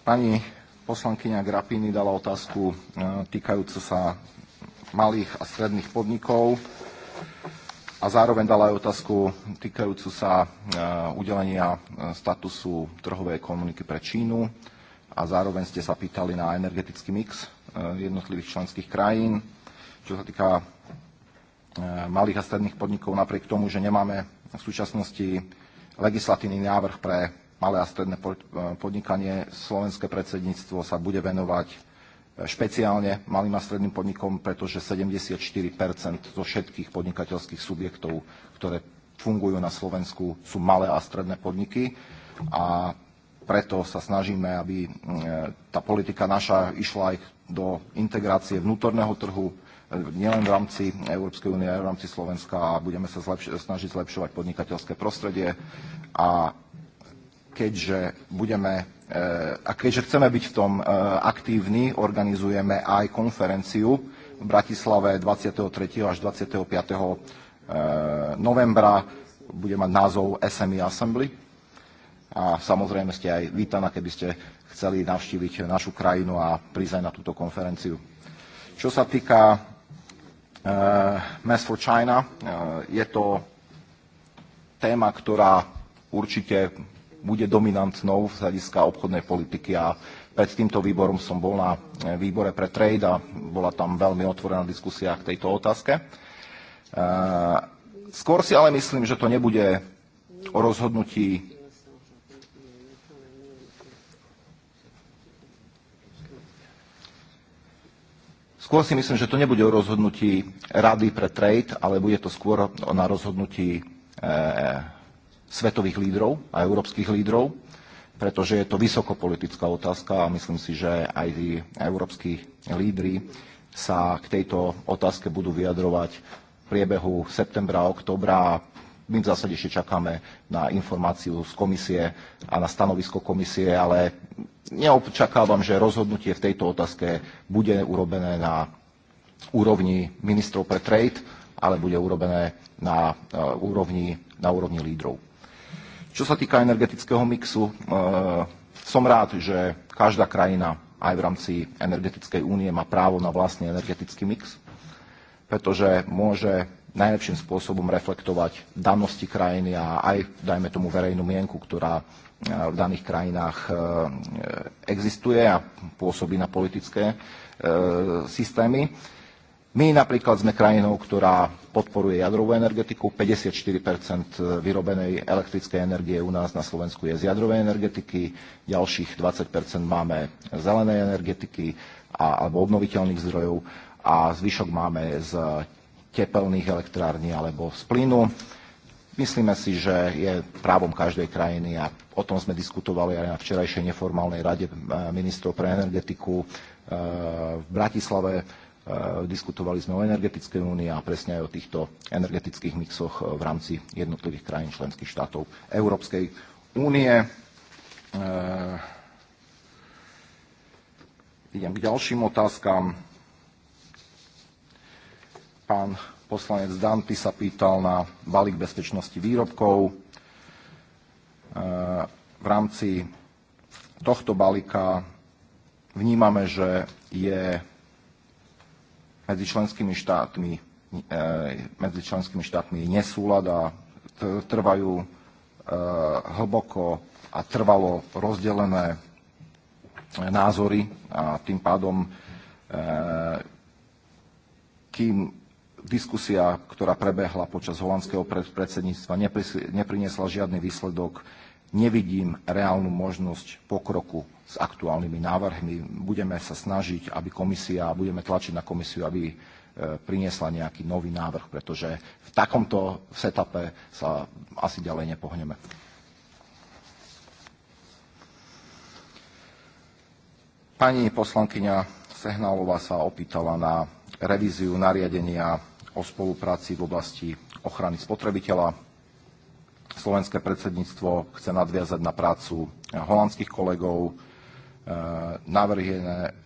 G: Pani poslankyňa Grapini dala otázku e, týkajúcu sa malých a stredných podnikov a zároveň dala aj otázku týkajúcu sa e, udelenia e, statusu trhovej ekonomiky pre Čínu a zároveň ste sa pýtali na energetický mix e, jednotlivých členských krajín. Čo sa týka malých a stredných podnikov, napriek tomu, že nemáme v súčasnosti legislatívny návrh pre malé a stredné podnikanie, slovenské predsedníctvo sa bude venovať špeciálne malým a stredným podnikom, pretože 74 zo všetkých podnikateľských subjektov, ktoré fungujú na Slovensku, sú malé a stredné podniky a preto sa snažíme, aby e, tá politika naša išla aj do integrácie vnútorného trhu, e, nielen v rámci Európskej únie, aj v rámci Slovenska a budeme sa zlepš- snažiť zlepšovať podnikateľské prostredie a keďže budeme eh, a keďže chceme byť v tom eh, aktívni, organizujeme aj konferenciu v Bratislave 23. až 25. Eh, novembra. Bude mať názov SME Assembly. A samozrejme ste aj vítaná, keby ste chceli navštíviť našu krajinu a prísť aj na túto konferenciu. Čo sa týka Mass for China, je to téma, ktorá určite bude dominantnou z hľadiska obchodnej politiky a pred týmto výborom som bol na eh, výbore pre trade a bola tam veľmi otvorená diskusia k tejto otázke. Eh, skôr si ale myslím, že to nebude o rozhodnutí Skôr si myslím, že to nebude o rozhodnutí Rady pre trade, ale bude to skôr na rozhodnutí eh, svetových lídrov a európskych lídrov, pretože je to vysokopolitická otázka a myslím si, že aj tí európsky lídry sa k tejto otázke budú vyjadrovať v priebehu septembra a a my v zásade ešte čakáme na informáciu z komisie a na stanovisko komisie, ale neočakávam, že rozhodnutie v tejto otázke bude urobené na úrovni ministrov pre trade, ale bude urobené na e, úrovni, na úrovni lídrov. Čo sa týka energetického mixu, e, som rád, že každá krajina aj v rámci energetickej únie má právo na vlastný energetický mix, pretože môže najlepším spôsobom reflektovať danosti krajiny a aj, dajme tomu, verejnú mienku, ktorá e, v daných krajinách e, existuje a pôsobí na politické systémy. My napríklad sme krajinou, ktorá podporuje jadrovú energetiku. 54 e, vyrobenej elektrickej energie u nás na Slovensku je z jadrovej energetiky, ďalších 20 máme zelenej energetiky a, alebo obnoviteľných zdrojov a zvyšok máme z tepelných elektrární alebo z plynu. Myslíme si, že je právom každej krajiny a o tom sme diskutovali aj na včerajšej neformálnej rade e, ministrov pre energetiku e, v Bratislave Eh, diskutovali sme o energetickej únii a presne aj o týchto energetických mixoch eh, v rámci jednotlivých krajín členských štátov Európskej únie. Eh, idem k ďalším otázkam. Pán poslanec Danty sa pýtal na balík bezpečnosti výrobkov. V rámci tohto balíka vnímame, že je medzi členskými štátmi, e, medzi členskými štátmi nesúlad a trvajú e, hlboko a trvalo rozdelené e, názory a tým pádom, kým diskusia, ktorá prebehla počas holandského predsedníctva, nepriniesla žiadny výsledok, nevidím reálnu možnosť pokroku s aktuálnymi návrhmi. Budeme sa snažiť, aby komisia, budeme tlačiť na komisiu, aby e, priniesla nejaký nový návrh, pretože v takomto setupe sa asi ďalej nepohneme. Pani poslankyňa Sehnálová sa opýtala na revíziu nariadenia o spolupráci v oblasti ochrany spotrebiteľa slovenské predsedníctvo chce nadviazať na prácu eh, holandských kolegov. Eh, návrh je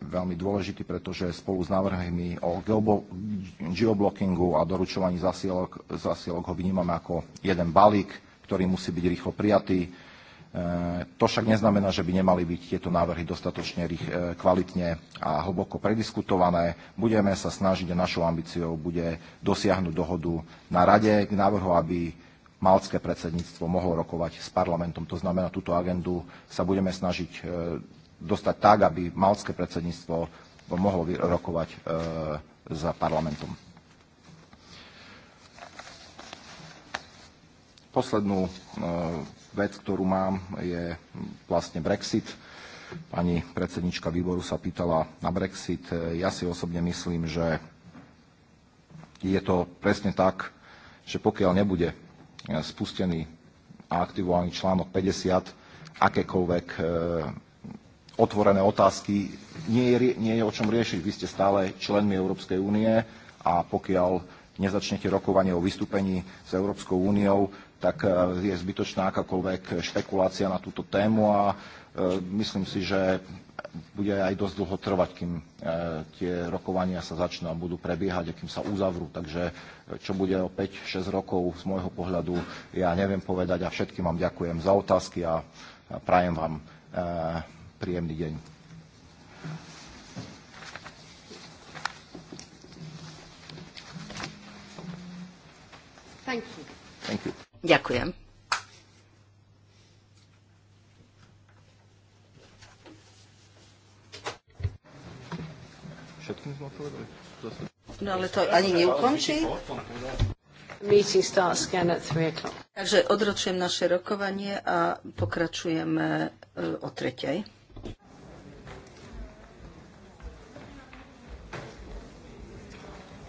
G: veľmi dôležitý, pretože spolu s návrhmi o geoblockingu a doručovaní zasielok, zasielok ho vnímame ako jeden balík, ktorý musí byť rýchlo prijatý. Eh, to však neznamená, že by nemali byť tieto návrhy dostatočne kvalitne a hlboko prediskutované. Budeme sa snažiť a našou ambíciou bude dosiahnuť dohodu na rade k návrhu, aby maltské predsedníctvo mohlo rokovať s parlamentom. To znamená, túto agendu sa budeme snažiť e, dostať tak, aby malské predsedníctvo mohlo rokovať e, za parlamentom. Poslednú e, vec, ktorú mám, je vlastne Brexit. Pani predsednička výboru sa pýtala na Brexit. Ja si osobne myslím, že je to presne tak, že pokiaľ nebude E, spustený a aktivovaný článok 50, akékoľvek e, otvorené otázky. Nie je, nie je o čom riešiť. Vy ste stále členmi Európskej únie a pokiaľ nezačnete rokovanie o vystúpení s Európskou úniou, tak e, je zbytočná akákoľvek špekulácia na túto tému a myslím si, že bude aj dosť dlho trvať, kým e, tie rokovania sa začnú a budú prebiehať a kým sa uzavrú. Takže e, čo bude o 5-6 rokov z môjho pohľadu, ja neviem povedať a všetkým vám ďakujem za otázky a prajem vám e, príjemný deň.
A: Thank you.
B: Thank you. Ďakujem.
G: všetkým sme odpovedali.
B: No ale to ani neukončí. Meeting starts again at 3 o'clock. Takže odročujem naše rokovanie a pokračujeme e, o tretej.